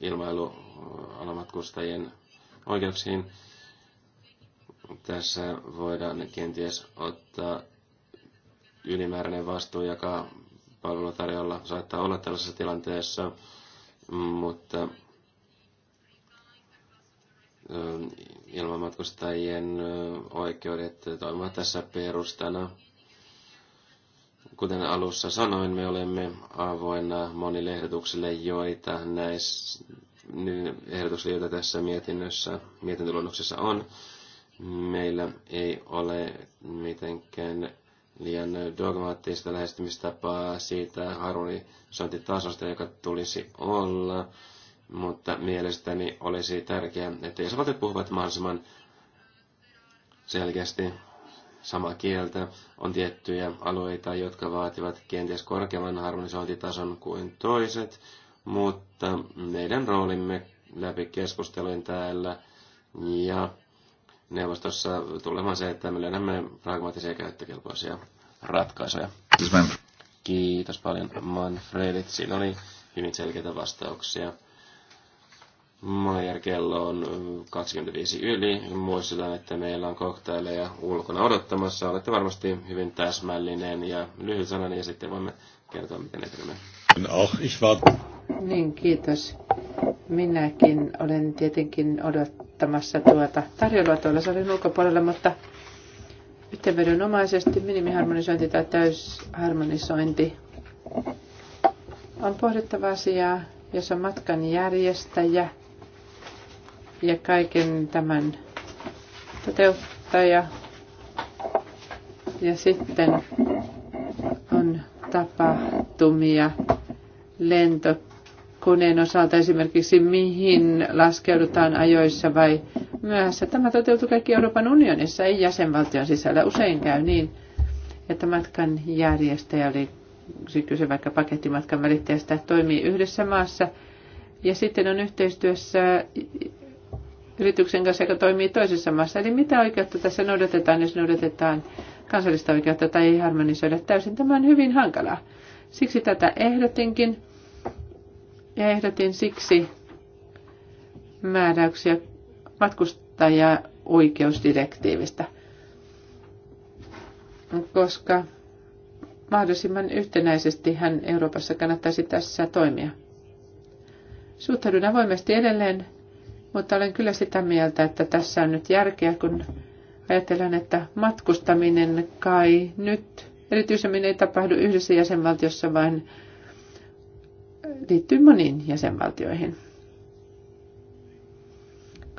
ilmailualamatkustajien oikeuksiin. Tässä voidaan kenties ottaa ylimääräinen vastuu, joka palvelutarjolla saattaa olla tällaisessa tilanteessa, mutta ähm, ilmamatkustajien äh, oikeudet toimivat tässä perustana. Kuten alussa sanoin, me olemme avoinna monille ehdotuksille, joita näissä niin ehdotuksille, joita tässä mietinnössä, mietintöluonnoksessa on. Meillä ei ole mitenkään liian dogmaattista lähestymistapaa siitä harmonisointitasosta, joka tulisi olla, mutta mielestäni olisi tärkeää, että jäsenvaltiot puhuvat mahdollisimman selkeästi samaa kieltä. On tiettyjä alueita, jotka vaativat kenties korkeamman harmonisointitason kuin toiset, mutta meidän roolimme läpi keskustelujen täällä ja neuvostossa tulemaan se, että me löydämme pragmaattisia käyttökelpoisia ratkaisuja. Kiitos paljon Manfredit. Siinä oli hyvin selkeitä vastauksia. Maier kello on 25 yli. Muistutan, että meillä on koktaileja ulkona odottamassa. Olette varmasti hyvin täsmällinen ja lyhyt sanani ja sitten voimme kertoa, miten etenemme. Niin, kiitos. Minäkin olen tietenkin odottamassa tuota tarjolla tuolla salin ulkopuolella, mutta yhteenvedonomaisesti minimiharmonisointi tai täysharmonisointi on pohdittava asia, jos on matkan järjestäjä ja kaiken tämän toteuttaja. Ja sitten on tapahtumia lentokoneen osalta esimerkiksi, mihin laskeudutaan ajoissa vai myöhässä. Tämä toteutuu kaikki Euroopan unionissa, ei jäsenvaltion sisällä. Usein käy niin, että matkan järjestäjä oli siis kyse vaikka pakettimatkan välittäjästä toimii yhdessä maassa ja sitten on yhteistyössä yrityksen kanssa, joka toimii toisessa maassa. Eli mitä oikeutta tässä noudatetaan, jos noudatetaan kansallista oikeutta tai ei harmonisoida täysin. Tämä on hyvin hankalaa. Siksi tätä ehdotinkin. Ja ehdotin siksi määräyksiä oikeusdirektiivistä. koska mahdollisimman yhtenäisesti hän Euroopassa kannattaisi tässä toimia. Suhtaudun avoimesti edelleen, mutta olen kyllä sitä mieltä, että tässä on nyt järkeä, kun Ajatellaan, että matkustaminen kai nyt erityisemmin ei tapahdu yhdessä jäsenvaltiossa, vaan liittyy moniin jäsenvaltioihin.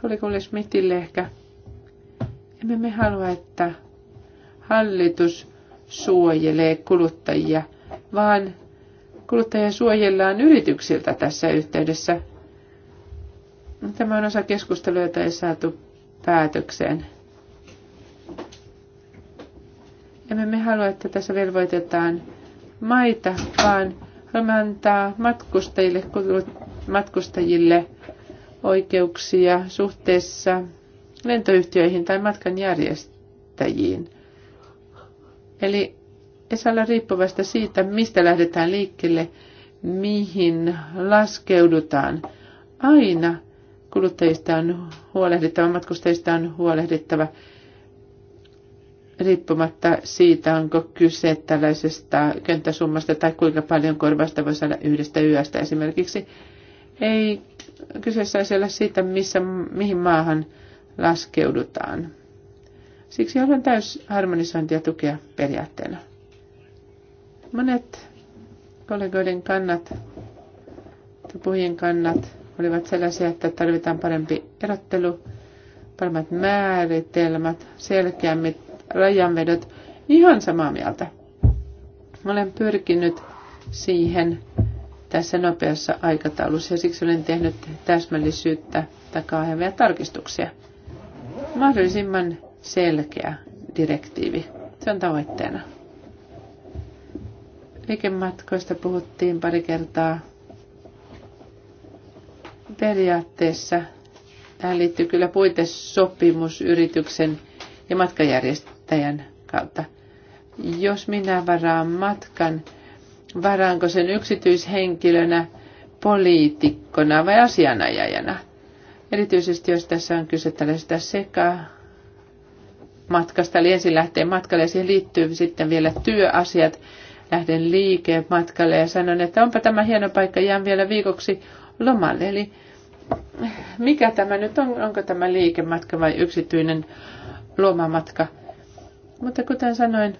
Kollegulle Smithille ehkä. Emme me halua, että hallitus suojelee kuluttajia, vaan kuluttajia suojellaan yrityksiltä tässä yhteydessä. Tämä on osa keskustelua, jota ei saatu päätökseen. Emme me halua, että tässä velvoitetaan maita, vaan haluamme antaa matkustajille, matkustajille oikeuksia suhteessa lentoyhtiöihin tai matkanjärjestäjiin. Eli ei saa olla riippuvasta siitä, mistä lähdetään liikkeelle, mihin laskeudutaan. Aina kuluttajista on huolehdittava, matkustajista on huolehdittava riippumatta siitä, onko kyse tällaisesta könttäsummasta tai kuinka paljon korvasta voi saada yhdestä yöstä esimerkiksi. Ei kyse saisi olla siitä, missä, mihin maahan laskeudutaan. Siksi haluan täysharmonisointia tukea periaatteena. Monet kollegoiden kannat ja puhujien kannat olivat sellaisia, että tarvitaan parempi erottelu, paremmat määritelmät, selkeämmät rajanvedot. Ihan samaa mieltä. Olen pyrkinyt siihen tässä nopeassa aikataulussa ja siksi olen tehnyt täsmällisyyttä takaajavia tarkistuksia. Mahdollisimman selkeä direktiivi. Se on tavoitteena. Liikematkoista puhuttiin pari kertaa. Periaatteessa tähän liittyy kyllä puitesopimus yrityksen ja matkajärjestön yrittäjän kautta. Jos minä varaan matkan, varaanko sen yksityishenkilönä, poliitikkona vai asianajajana? Erityisesti jos tässä on kyse tällaista sekä matkasta, eli ensin lähtee matkalle ja siihen liittyy sitten vielä työasiat. Lähden liike matkalle ja sanon, että onpa tämä hieno paikka, jään vielä viikoksi lomalle. Eli mikä tämä nyt on, onko tämä liikematka vai yksityinen lomamatka? Mutta kuten sanoin,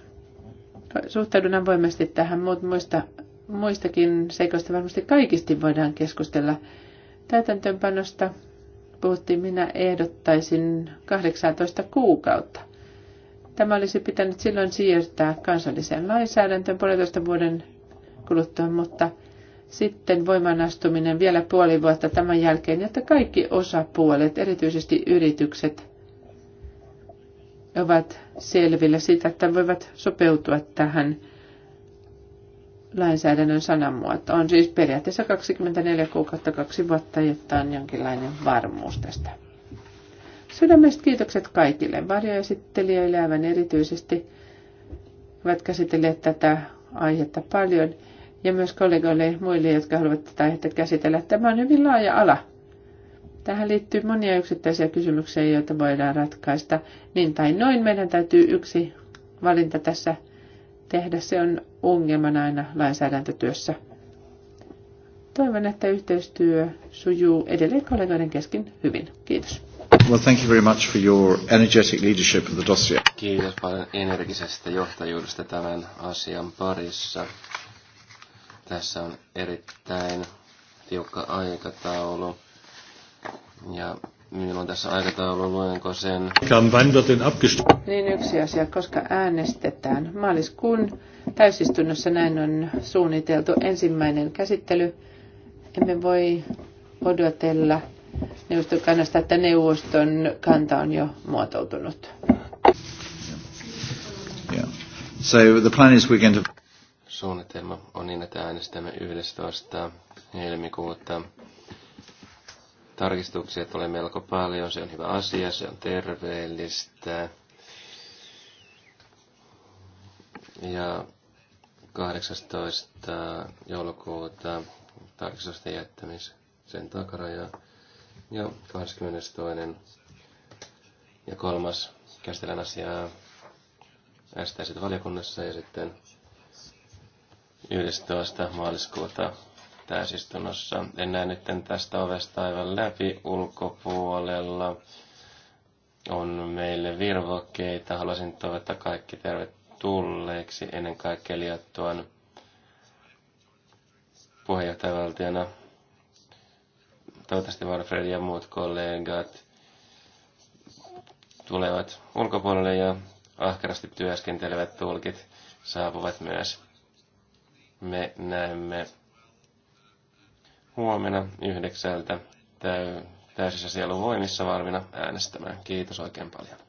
suhtaudun avoimesti tähän, mutta muista, muistakin seikoista varmasti kaikisti voidaan keskustella. Täytäntöönpanosta puhuttiin, minä ehdottaisin 18 kuukautta. Tämä olisi pitänyt silloin siirtää kansalliseen lainsäädäntöön puolitoista vuoden kuluttua, mutta sitten voimanastuminen vielä puoli vuotta tämän jälkeen, jotta kaikki osapuolet, erityisesti yritykset, ovat selvillä siitä, että voivat sopeutua tähän lainsäädännön sanamuoto on siis periaatteessa 24 kuukautta, kaksi vuotta, jotta on jonkinlainen varmuus tästä. Sydämestä kiitokset kaikille varjoesittelijöille aivan erityisesti. Ovat käsitelleet tätä aihetta paljon ja myös kollegoille ja muille, jotka haluavat tätä aihetta käsitellä. Tämä on hyvin laaja ala. Tähän liittyy monia yksittäisiä kysymyksiä, joita voidaan ratkaista niin tai noin. Meidän täytyy yksi valinta tässä tehdä. Se on ongelman aina lainsäädäntötyössä. Toivon, että yhteistyö sujuu edelleen kollegoiden kesken hyvin. Kiitos. Well, thank you very much for your energetic leadership of the dossier. Kiitos paljon energisestä johtajuudesta tämän asian parissa. Tässä on erittäin tiukka aikataulu. Ja minulla on tässä aikataulu, luenko sen. Niin yksi asia, koska äänestetään. Maaliskuun täysistunnossa näin on suunniteltu ensimmäinen käsittely. Emme voi odotella neuvoston kannasta, että neuvoston kanta on jo muotoutunut. Yeah. So the plan is we're going to... Suunnitelma on niin, että äänestämme 11. helmikuuta Tarkistuksia tulee melko paljon, se on hyvä asia, se on terveellistä. Ja 18. joulukuuta tarkistusten jättämisen takaraja. Ja 22. ja kolmas käsitellään asiaa äänestäisit valiokunnassa ja sitten 11. maaliskuuta täysistunnossa. En näe nyt tästä ovesta aivan läpi ulkopuolella. On meille virvokkeita. Haluaisin toivottaa kaikki tervetulleeksi ennen kaikkea Liettuan puheenjohtajavaltiona. Toivottavasti Warfred ja muut kollegat tulevat ulkopuolelle ja ahkerasti työskentelevät tulkit saapuvat myös. Me näemme huomenna yhdeksältä täysissä sielun voimissa valmiina äänestämään. Kiitos oikein paljon.